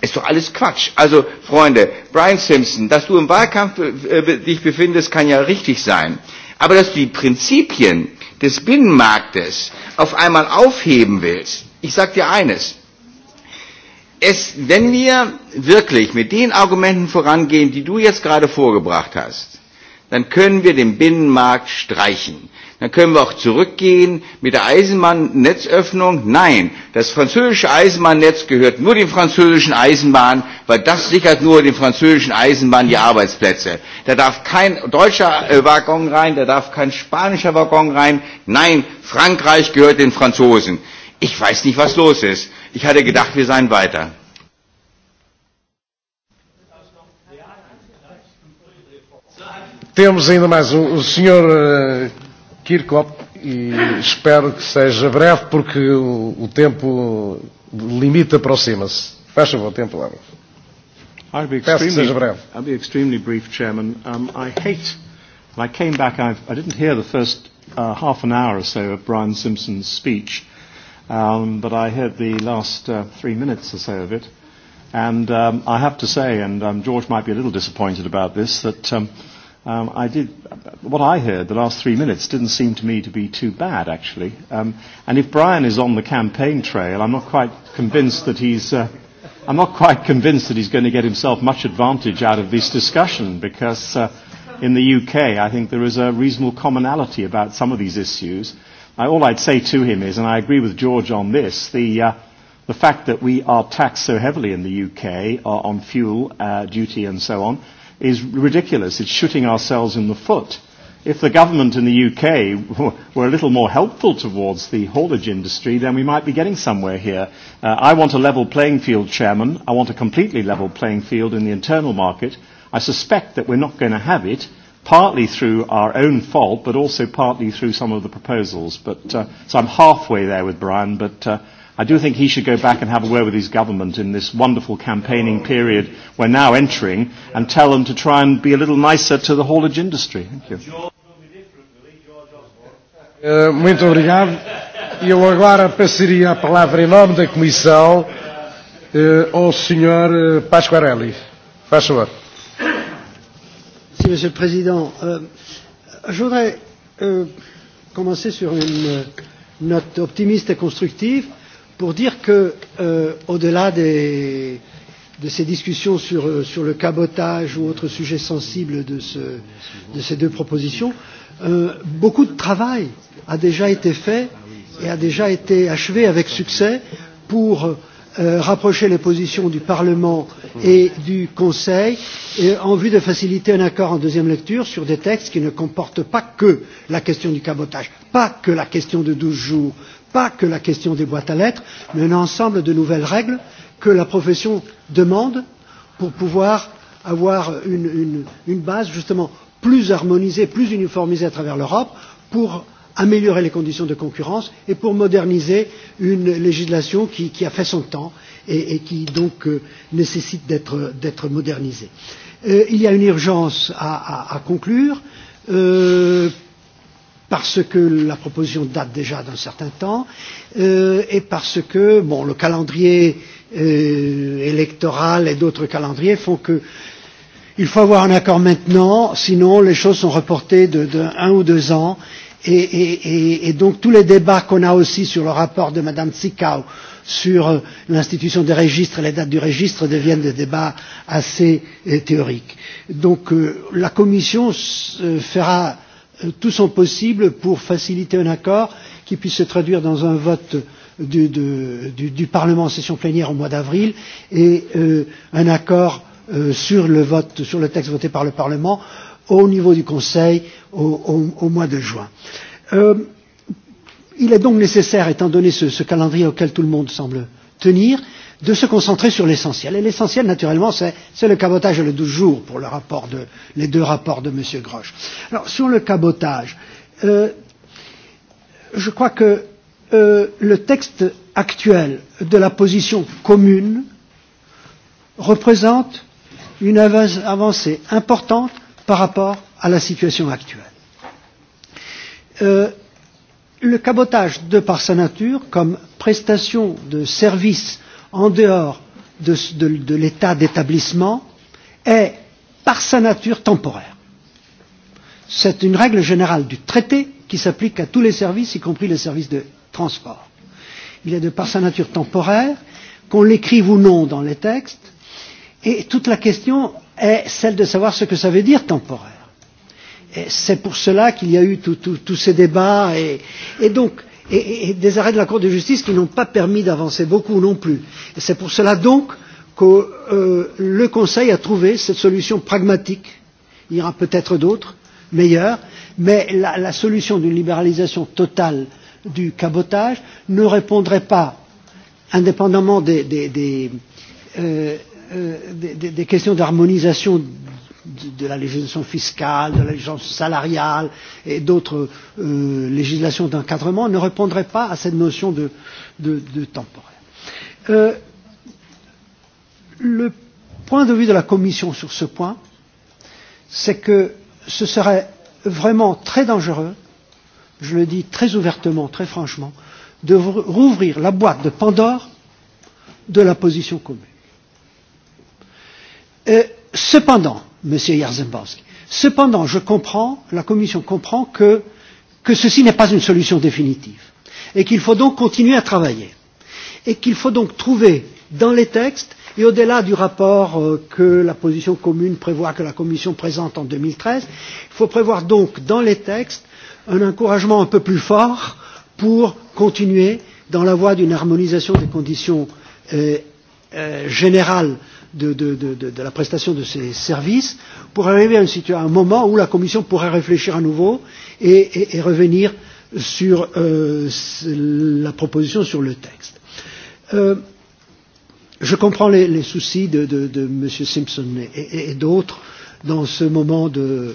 Ist doch alles Quatsch. Also, Freunde, Brian Simpson, dass du im Wahlkampf äh, dich befindest, kann ja richtig sein. Aber dass du die Prinzipien des Binnenmarktes auf einmal aufheben willst, ich sage dir eines, es, wenn wir wirklich mit den Argumenten vorangehen, die du jetzt gerade vorgebracht hast, dann können wir den Binnenmarkt streichen. Dann können wir auch zurückgehen mit der Eisenbahnnetzöffnung. Nein, das französische Eisenbahnnetz gehört nur den französischen Eisenbahnen, weil das sichert nur den französischen Eisenbahnen die Arbeitsplätze. Da darf kein deutscher äh, Waggon rein, da darf kein spanischer Waggon rein. Nein, Frankreich gehört den Franzosen. Ich weiß nicht, was los ist. Ich hatte gedacht, wir seien weiter. Temos ainda mais o, o Sr. Eh, Kirchhoff e espero que seja breve porque o, o tempo limite aproxima-se. Faz favor, tempo lá. I'll be extremely, Peço que seja breve. I'll be extremely brief, Chairman. Um, I hate, when I came back, I've, I didn't hear the first uh, half an hour or so of Brian Simpson's speech um, but I heard the last uh, three minutes or so of it. And um, I have to say, and um, George might be a little disappointed about this, that um, um, I did, what I heard the last three minutes didn't seem to me to be too bad, actually. Um, and if Brian is on the campaign trail, I'm not quite convinced that he's. Uh, I'm not quite convinced that he's going to get himself much advantage out of this discussion because uh, in the UK I think there is a reasonable commonality about some of these issues. Uh, I, all I'd say to him is, and I agree with George on this, the, uh, the fact that we are taxed so heavily in the UK uh, on fuel uh, duty and so on is ridiculous. It's shooting ourselves in the foot. If the government in the UK were a little more helpful towards the haulage industry, then we might be getting somewhere here. Uh, I want a level playing field, Chairman. I want a completely level playing field in the internal market. I suspect that we're not going to have it partly through our own fault, but also partly through some of the proposals. But, uh, so I'm halfway there with Brian, but uh, I do think he should go back and have a word with his government in this wonderful campaigning period we're now entering and tell them to try and be a little nicer to the haulage industry. Thank you. Uh, muito obrigado. E eu agora passaria a palavra em nome da Comissão uh, ao Sr. Eh, Pasquarelli. Faz favor. Monsieur le Président. Euh, je voudrais euh, commencer sur une euh, note optimiste et constructive pour dire que, euh, au-delà des, de ces discussions sur, euh, sur le cabotage ou autres sujets sensibles de, ce, de ces deux propositions, euh, beaucoup de travail a déjà été fait et a déjà été achevé avec succès pour euh, euh, rapprocher les positions du Parlement et du Conseil et, euh, en vue de faciliter un accord en deuxième lecture sur des textes qui ne comportent pas que la question du cabotage, pas que la question de 12 jours, pas que la question des boîtes à lettres, mais un ensemble de nouvelles règles que la profession demande pour pouvoir avoir une, une, une base justement plus harmonisée, plus uniformisée à travers l'Europe pour améliorer les conditions de concurrence et pour moderniser une législation qui, qui a fait son temps et, et qui donc euh, nécessite d'être modernisée. Euh, il y a une urgence à, à, à conclure euh, parce que la proposition date déjà d'un certain temps euh, et parce que bon, le calendrier euh, électoral et d'autres calendriers font que il faut avoir un accord maintenant, sinon les choses sont reportées d'un de, de un ou deux ans et, et, et, et donc tous les débats qu'on a aussi sur le rapport de Mme Tsikao sur euh, l'institution des registres et les dates du registre deviennent des débats assez euh, théoriques. Donc euh, la Commission euh, fera euh, tout son possible pour faciliter un accord qui puisse se traduire dans un vote du, de, du, du Parlement en session plénière au mois d'avril et euh, un accord euh, sur le vote sur le texte voté par le Parlement au niveau du Conseil au, au, au mois de juin. Euh, il est donc nécessaire, étant donné ce, ce calendrier auquel tout le monde semble tenir, de se concentrer sur l'essentiel. Et l'essentiel, naturellement, c'est le cabotage et le 12 jours pour le rapport de, les deux rapports de M. Grosch. Alors, sur le cabotage, euh, je crois que euh, le texte actuel de la position commune représente une avancée importante par rapport à la situation actuelle. Euh, le cabotage, de par sa nature, comme prestation de services en dehors de, de, de l'état d'établissement, est par sa nature temporaire. C'est une règle générale du traité qui s'applique à tous les services, y compris les services de transport. Il est de par sa nature temporaire, qu'on l'écrive ou non dans les textes, et toute la question est celle de savoir ce que ça veut dire temporaire. C'est pour cela qu'il y a eu tous ces débats et, et donc et, et des arrêts de la Cour de justice qui n'ont pas permis d'avancer beaucoup non plus. C'est pour cela donc que euh, le Conseil a trouvé cette solution pragmatique. Il y aura peut-être d'autres meilleures, mais la, la solution d'une libéralisation totale du cabotage ne répondrait pas, indépendamment des, des, des, euh, euh, des, des, des questions d'harmonisation de, de la législation fiscale, de la législation salariale et d'autres euh, législations d'encadrement ne répondraient pas à cette notion de, de, de temporaire. Euh, le point de vue de la Commission sur ce point, c'est que ce serait vraiment très dangereux, je le dis très ouvertement, très franchement, de rouvrir la boîte de Pandore de la position commune. Euh, cependant, Monsieur Jarzembowski, cependant, je comprends, la Commission comprend que, que ceci n'est pas une solution définitive et qu'il faut donc continuer à travailler et qu'il faut donc trouver dans les textes et au delà du rapport euh, que la position commune prévoit que la Commission présente en deux mille treize, il faut prévoir donc dans les textes un encouragement un peu plus fort pour continuer dans la voie d'une harmonisation des conditions euh, euh, générales de, de, de, de, de la prestation de ces services pour arriver à, une situ- à un moment où la Commission pourra réfléchir à nouveau et, et, et revenir sur euh, la proposition sur le texte. Euh, je comprends les, les soucis de, de, de M. Simpson et, et, et d'autres dans ce moment de,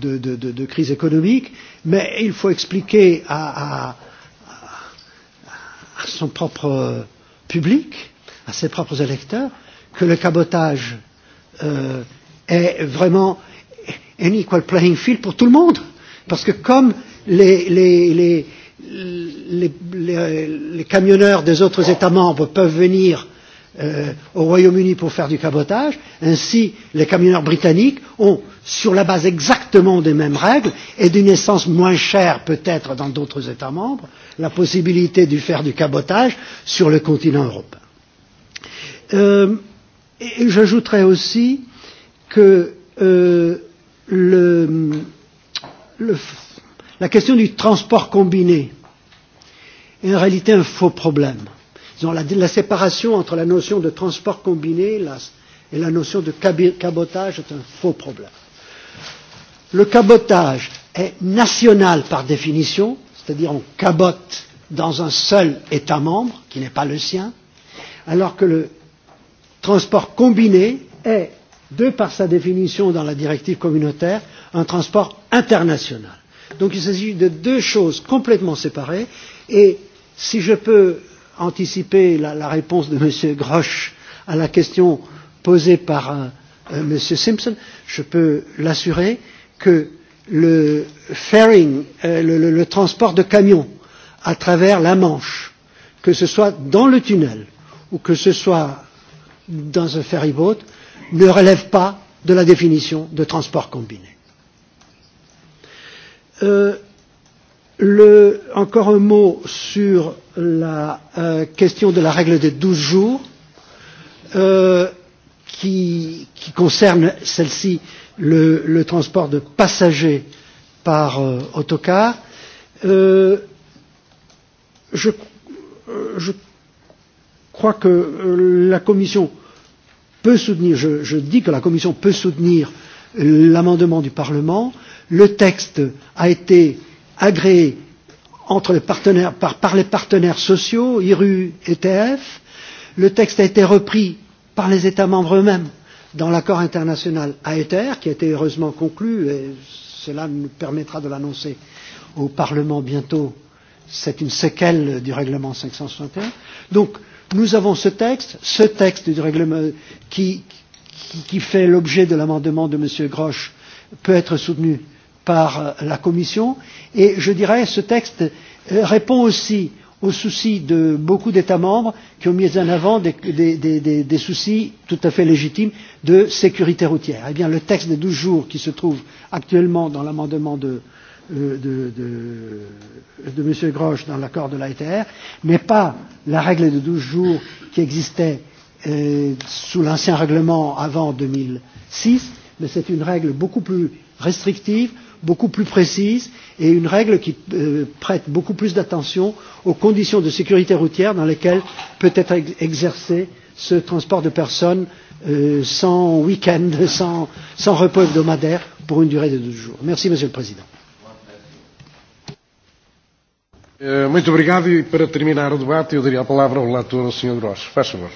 de, de, de, de crise économique, mais il faut expliquer à, à, à son propre public, à ses propres électeurs, que le cabotage euh, est vraiment un equal playing field pour tout le monde. Parce que comme les, les, les, les, les, les camionneurs des autres États membres peuvent venir euh, au Royaume-Uni pour faire du cabotage, ainsi les camionneurs britanniques ont, sur la base exactement des mêmes règles et d'une essence moins chère peut-être dans d'autres États membres, la possibilité de faire du cabotage sur le continent européen. Euh, Et j'ajouterais aussi que euh, le, le, la question du transport combiné est en réalité un faux problème. Disons, la, la séparation entre la notion de transport combiné la, et la notion de cabotage est un faux problème. Le cabotage est national par définition, c'est-à-dire on cabote dans un seul État membre, qui n'est pas le sien, alors que le transport combiné est, de par sa définition dans la directive communautaire, un transport international. Donc il s'agit de deux choses complètement séparées et si je peux anticiper la, la réponse de M. Grosch à la question posée par euh, euh M. Simpson, je peux l'assurer que le fairing, euh, le, le, le transport de camions à travers la Manche, que ce soit dans le tunnel ou que ce soit dans un ferryboat ne relève pas de la définition de transport combiné. Euh, le, encore un mot sur la euh, question de la règle des 12 jours euh, qui, qui concerne celle-ci le, le transport de passagers par euh, autocar. Euh, je, euh, je crois que euh, la Commission peut soutenir, je, je dis que la Commission peut soutenir l'amendement du Parlement. Le texte a été agréé entre les partenaires, par, par les partenaires sociaux, IRU, ETF. Le texte a été repris par les États membres eux-mêmes dans l'accord international AETR, qui a été heureusement conclu, et cela nous permettra de l'annoncer au Parlement bientôt. C'est une séquelle du règlement 561. Donc, Nous avons ce texte, ce texte du règlement qui, qui, qui fait l'objet de l'amendement de M. Grosch peut être soutenu par euh, la Commission et je dirais ce texte euh, répond aussi aux soucis de beaucoup d'États membres qui ont mis en avant des, des, des, des, des soucis tout à fait légitimes de sécurité routière. Eh bien, le texte des 12 jours qui se trouve actuellement dans l'amendement de, euh, Euh, de, de, de M. Grosch dans l'accord de l'AETR, mais pas la règle de 12 jours qui existait euh, sous l'ancien règlement avant 2006, mais c'est une règle beaucoup plus restrictive, beaucoup plus précise et une règle qui euh, prête beaucoup plus d'attention aux conditions de sécurité routière dans lesquelles peut être ex exercé ce transport de personnes euh, sans week-end, sans, sans repos hebdomadaire pour une durée de 12 jours. Merci Monsieur le Président. Eh, muito obrigado e para terminar o debate eu daria a palavra ao relator, ao Sr. Grosch. Faz favor.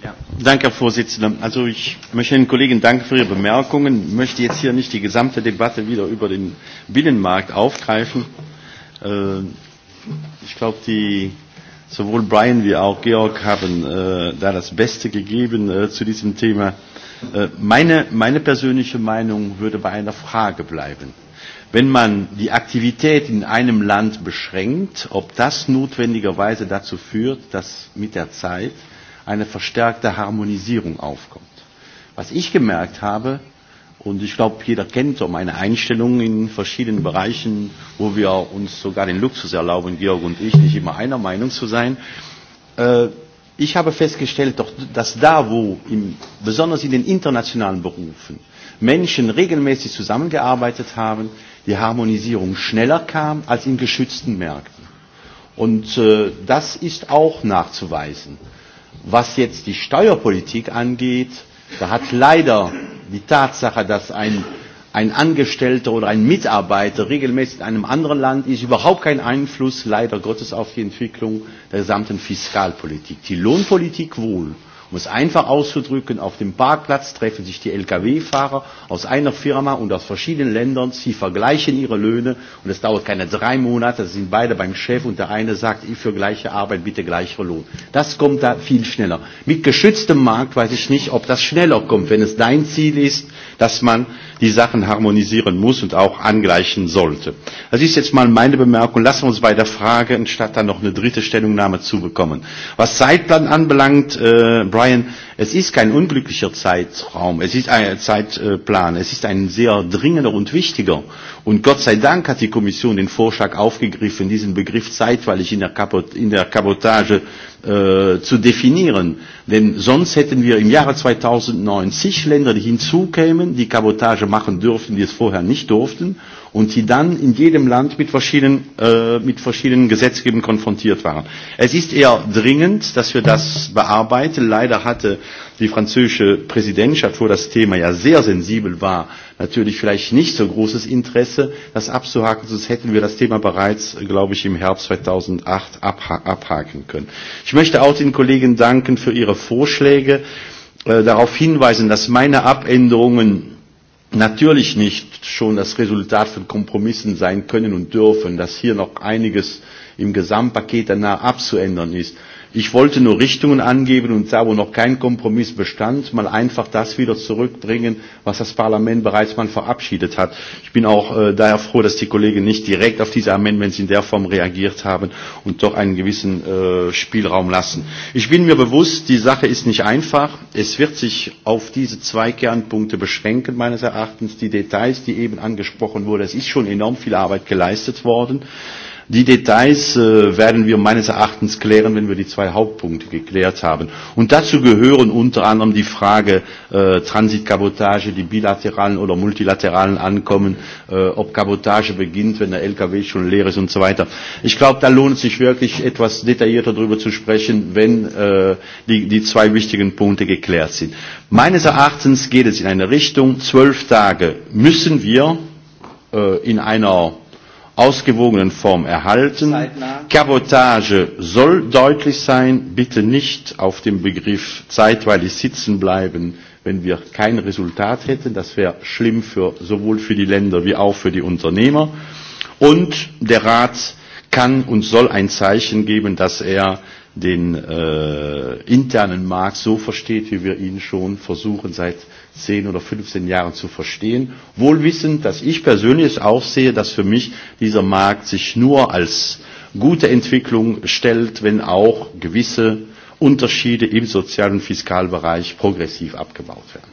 Ja, danke, Herr Vorsitzender. Also ich möchte den Kollegen danken für Ihre Bemerkungen. Ich möchte jetzt hier nicht die gesamte Debatte wieder über den Binnenmarkt aufgreifen. Äh, ich glaube, die sowohl Brian wie auch Georg haben äh, da das Beste gegeben äh, zu diesem Thema. Äh, meine, meine persönliche Meinung würde bei einer Frage bleiben. Äh, wenn man die Aktivität in einem Land beschränkt, ob das notwendigerweise dazu führt, dass mit der Zeit eine verstärkte Harmonisierung aufkommt. Was ich gemerkt habe, und ich glaube, jeder kennt so meine Einstellungen in verschiedenen Bereichen, wo wir uns sogar den Luxus erlauben, Georg und ich, nicht immer einer Meinung zu sein, äh, Ich habe festgestellt, doch, dass da, wo im, besonders in den internationalen Berufen Menschen regelmäßig zusammengearbeitet haben, die Harmonisierung schneller kam als in geschützten Märkten. Und äh, das ist auch nachzuweisen. Was jetzt die Steuerpolitik angeht, da hat leider die Tatsache, dass ein ein Angestellter oder ein Mitarbeiter regelmäßig in einem anderen Land ist überhaupt kein Einfluss, leider Gottes, auf die Entwicklung der gesamten Fiskalpolitik. Die Lohnpolitik wohl. Um es einfach auszudrücken, auf dem Parkplatz treffen sich die Lkw-Fahrer aus einer Firma und aus verschiedenen Ländern. Sie vergleichen ihre Löhne und es dauert keine drei Monate, sie sind beide beim Chef und der eine sagt, ich für gleiche Arbeit bitte gleicher Lohn. Das kommt da viel schneller. Mit geschütztem Markt weiß ich nicht, ob das schneller kommt. Wenn es dein Ziel ist, dass man die Sachen harmonisieren muss und auch angleichen sollte. Das ist jetzt mal meine Bemerkung. Lassen wir uns bei der Frage, anstatt dann noch eine dritte Stellungnahme zu bekommen. Was Zeitplan anbelangt, äh, Brian, es ist kein unglücklicher Zeitraum, es ist ein Zeitplan, es ist ein sehr dringender und wichtiger. Und Gott sei Dank hat die Kommission den Vorschlag aufgegriffen, diesen Begriff zeitweilig in der, Kabot in der Kabotage äh, zu definieren. Denn sonst hätten wir im Jahre 2009 zig Länder, die hinzukämen, Firmen, die Kabotage machen durften, die es vorher nicht durften und die dann in jedem Land mit verschiedenen, äh, mit verschiedenen Gesetzgebungen konfrontiert waren. Es ist eher dringend, dass wir das bearbeiten. Leider hatte die französische Präsidentschaft, wo das Thema ja sehr sensibel war, natürlich vielleicht nicht so großes Interesse, das abzuhaken, sonst hätten wir das Thema bereits, glaube ich, im Herbst 2008 abha abhaken können. Ich möchte auch den Kollegen danken für ihre Vorschläge. Äh, äh, darauf hinweisen, dass meine Abänderungen natürlich nicht schon das Resultat von Kompromissen sein können und dürfen, dass hier noch einiges im Gesamtpaket danach abzuändern ist. Ich wollte nur Richtungen angeben und da, wo noch kein Kompromiss bestand, mal einfach das wieder zurückbringen, was das Parlament bereits mal verabschiedet hat. Ich bin auch äh, daher froh, dass die Kollegen nicht direkt auf diese Amendments in der Form reagiert haben und doch einen gewissen äh, Spielraum lassen. Ich bin mir bewusst, die Sache ist nicht einfach. Es wird sich auf diese zwei Kernpunkte beschränken, meines Erachtens. Die Details, die eben angesprochen wurden, es ist schon enorm viel Arbeit geleistet worden. Äh, Die Details äh, werden wir meines Erachtens klären, wenn wir die zwei Hauptpunkte geklärt haben. Und dazu gehören unter anderem die Frage äh, Transitkabotage, die bilateralen oder multilateralen Ankommen, äh, ob Kabotage beginnt, wenn der LKW schon leer ist und so weiter. Ich glaube, da lohnt es sich wirklich etwas detaillierter darüber zu sprechen, wenn äh, die, die zwei wichtigen Punkte geklärt sind. Meines Erachtens geht es in eine Richtung, zwölf Tage müssen wir äh, in einer ausgewogenen Form erhalten. Zeitnah. Kabotage soll deutlich sein, bitte nicht auf dem Begriff zeitweilig sitzen bleiben, wenn wir kein Resultat hätten. Das wäre schlimm für, sowohl für die Länder wie auch für die Unternehmer. Und der Rat kann und soll ein Zeichen geben, dass er den äh, internen Markt so versteht, wie wir ihn schon versuchen seit zehn oder 15 Jahren zu verstehen, wohl wissend, dass ich persönlich es auch sehe, dass für mich dieser Markt sich nur als gute Entwicklung stellt, wenn auch gewisse Unterschiede im sozialen und Fiskalbereich progressiv abgebaut werden.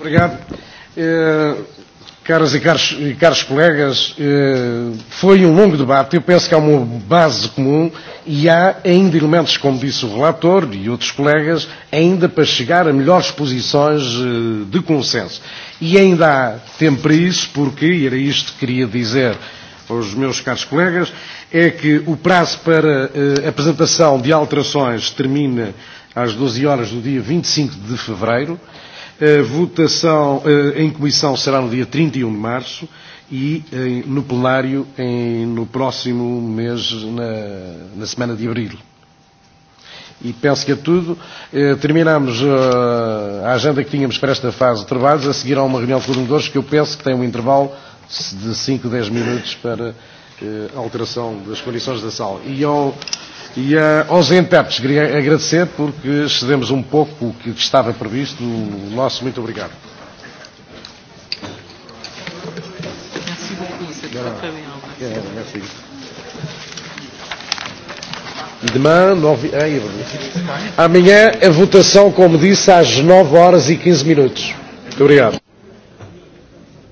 Obrigado. É, eh, Caras e caros, e caros colegas, eh, foi um longo debate. Eu penso que há uma base comum e há ainda elementos, como disse o relator e outros colegas, ainda para chegar a melhores posições eh, de consenso. E ainda há tempo para isso, porque, e era isto que queria dizer aos meus caros colegas, é que o prazo para a eh, apresentação de alterações termina às 12 horas do dia 25 e de fevereiro A votação em comissão será no dia 31 e um de março e no plenário em, no próximo mês, na, na semana de abril. E penso que é tudo. Eh, terminamos eh, a agenda que tínhamos para esta fase de trabalhos. A seguir há uma reunião de coordenadores que eu penso que tem um intervalo de 5, 10 minutos para eh, alteração das condições da sala. E ao E uh, aos intérpretes queria agradecer porque excedemos um pouco o que estava previsto. O nosso muito obrigado. Merci beaucoup, c'est très très bien. Yeah, merci. Demain, nove... Ah, amanhã a votação, como disse, às 9 horas e 15 minutos. Muito obrigado.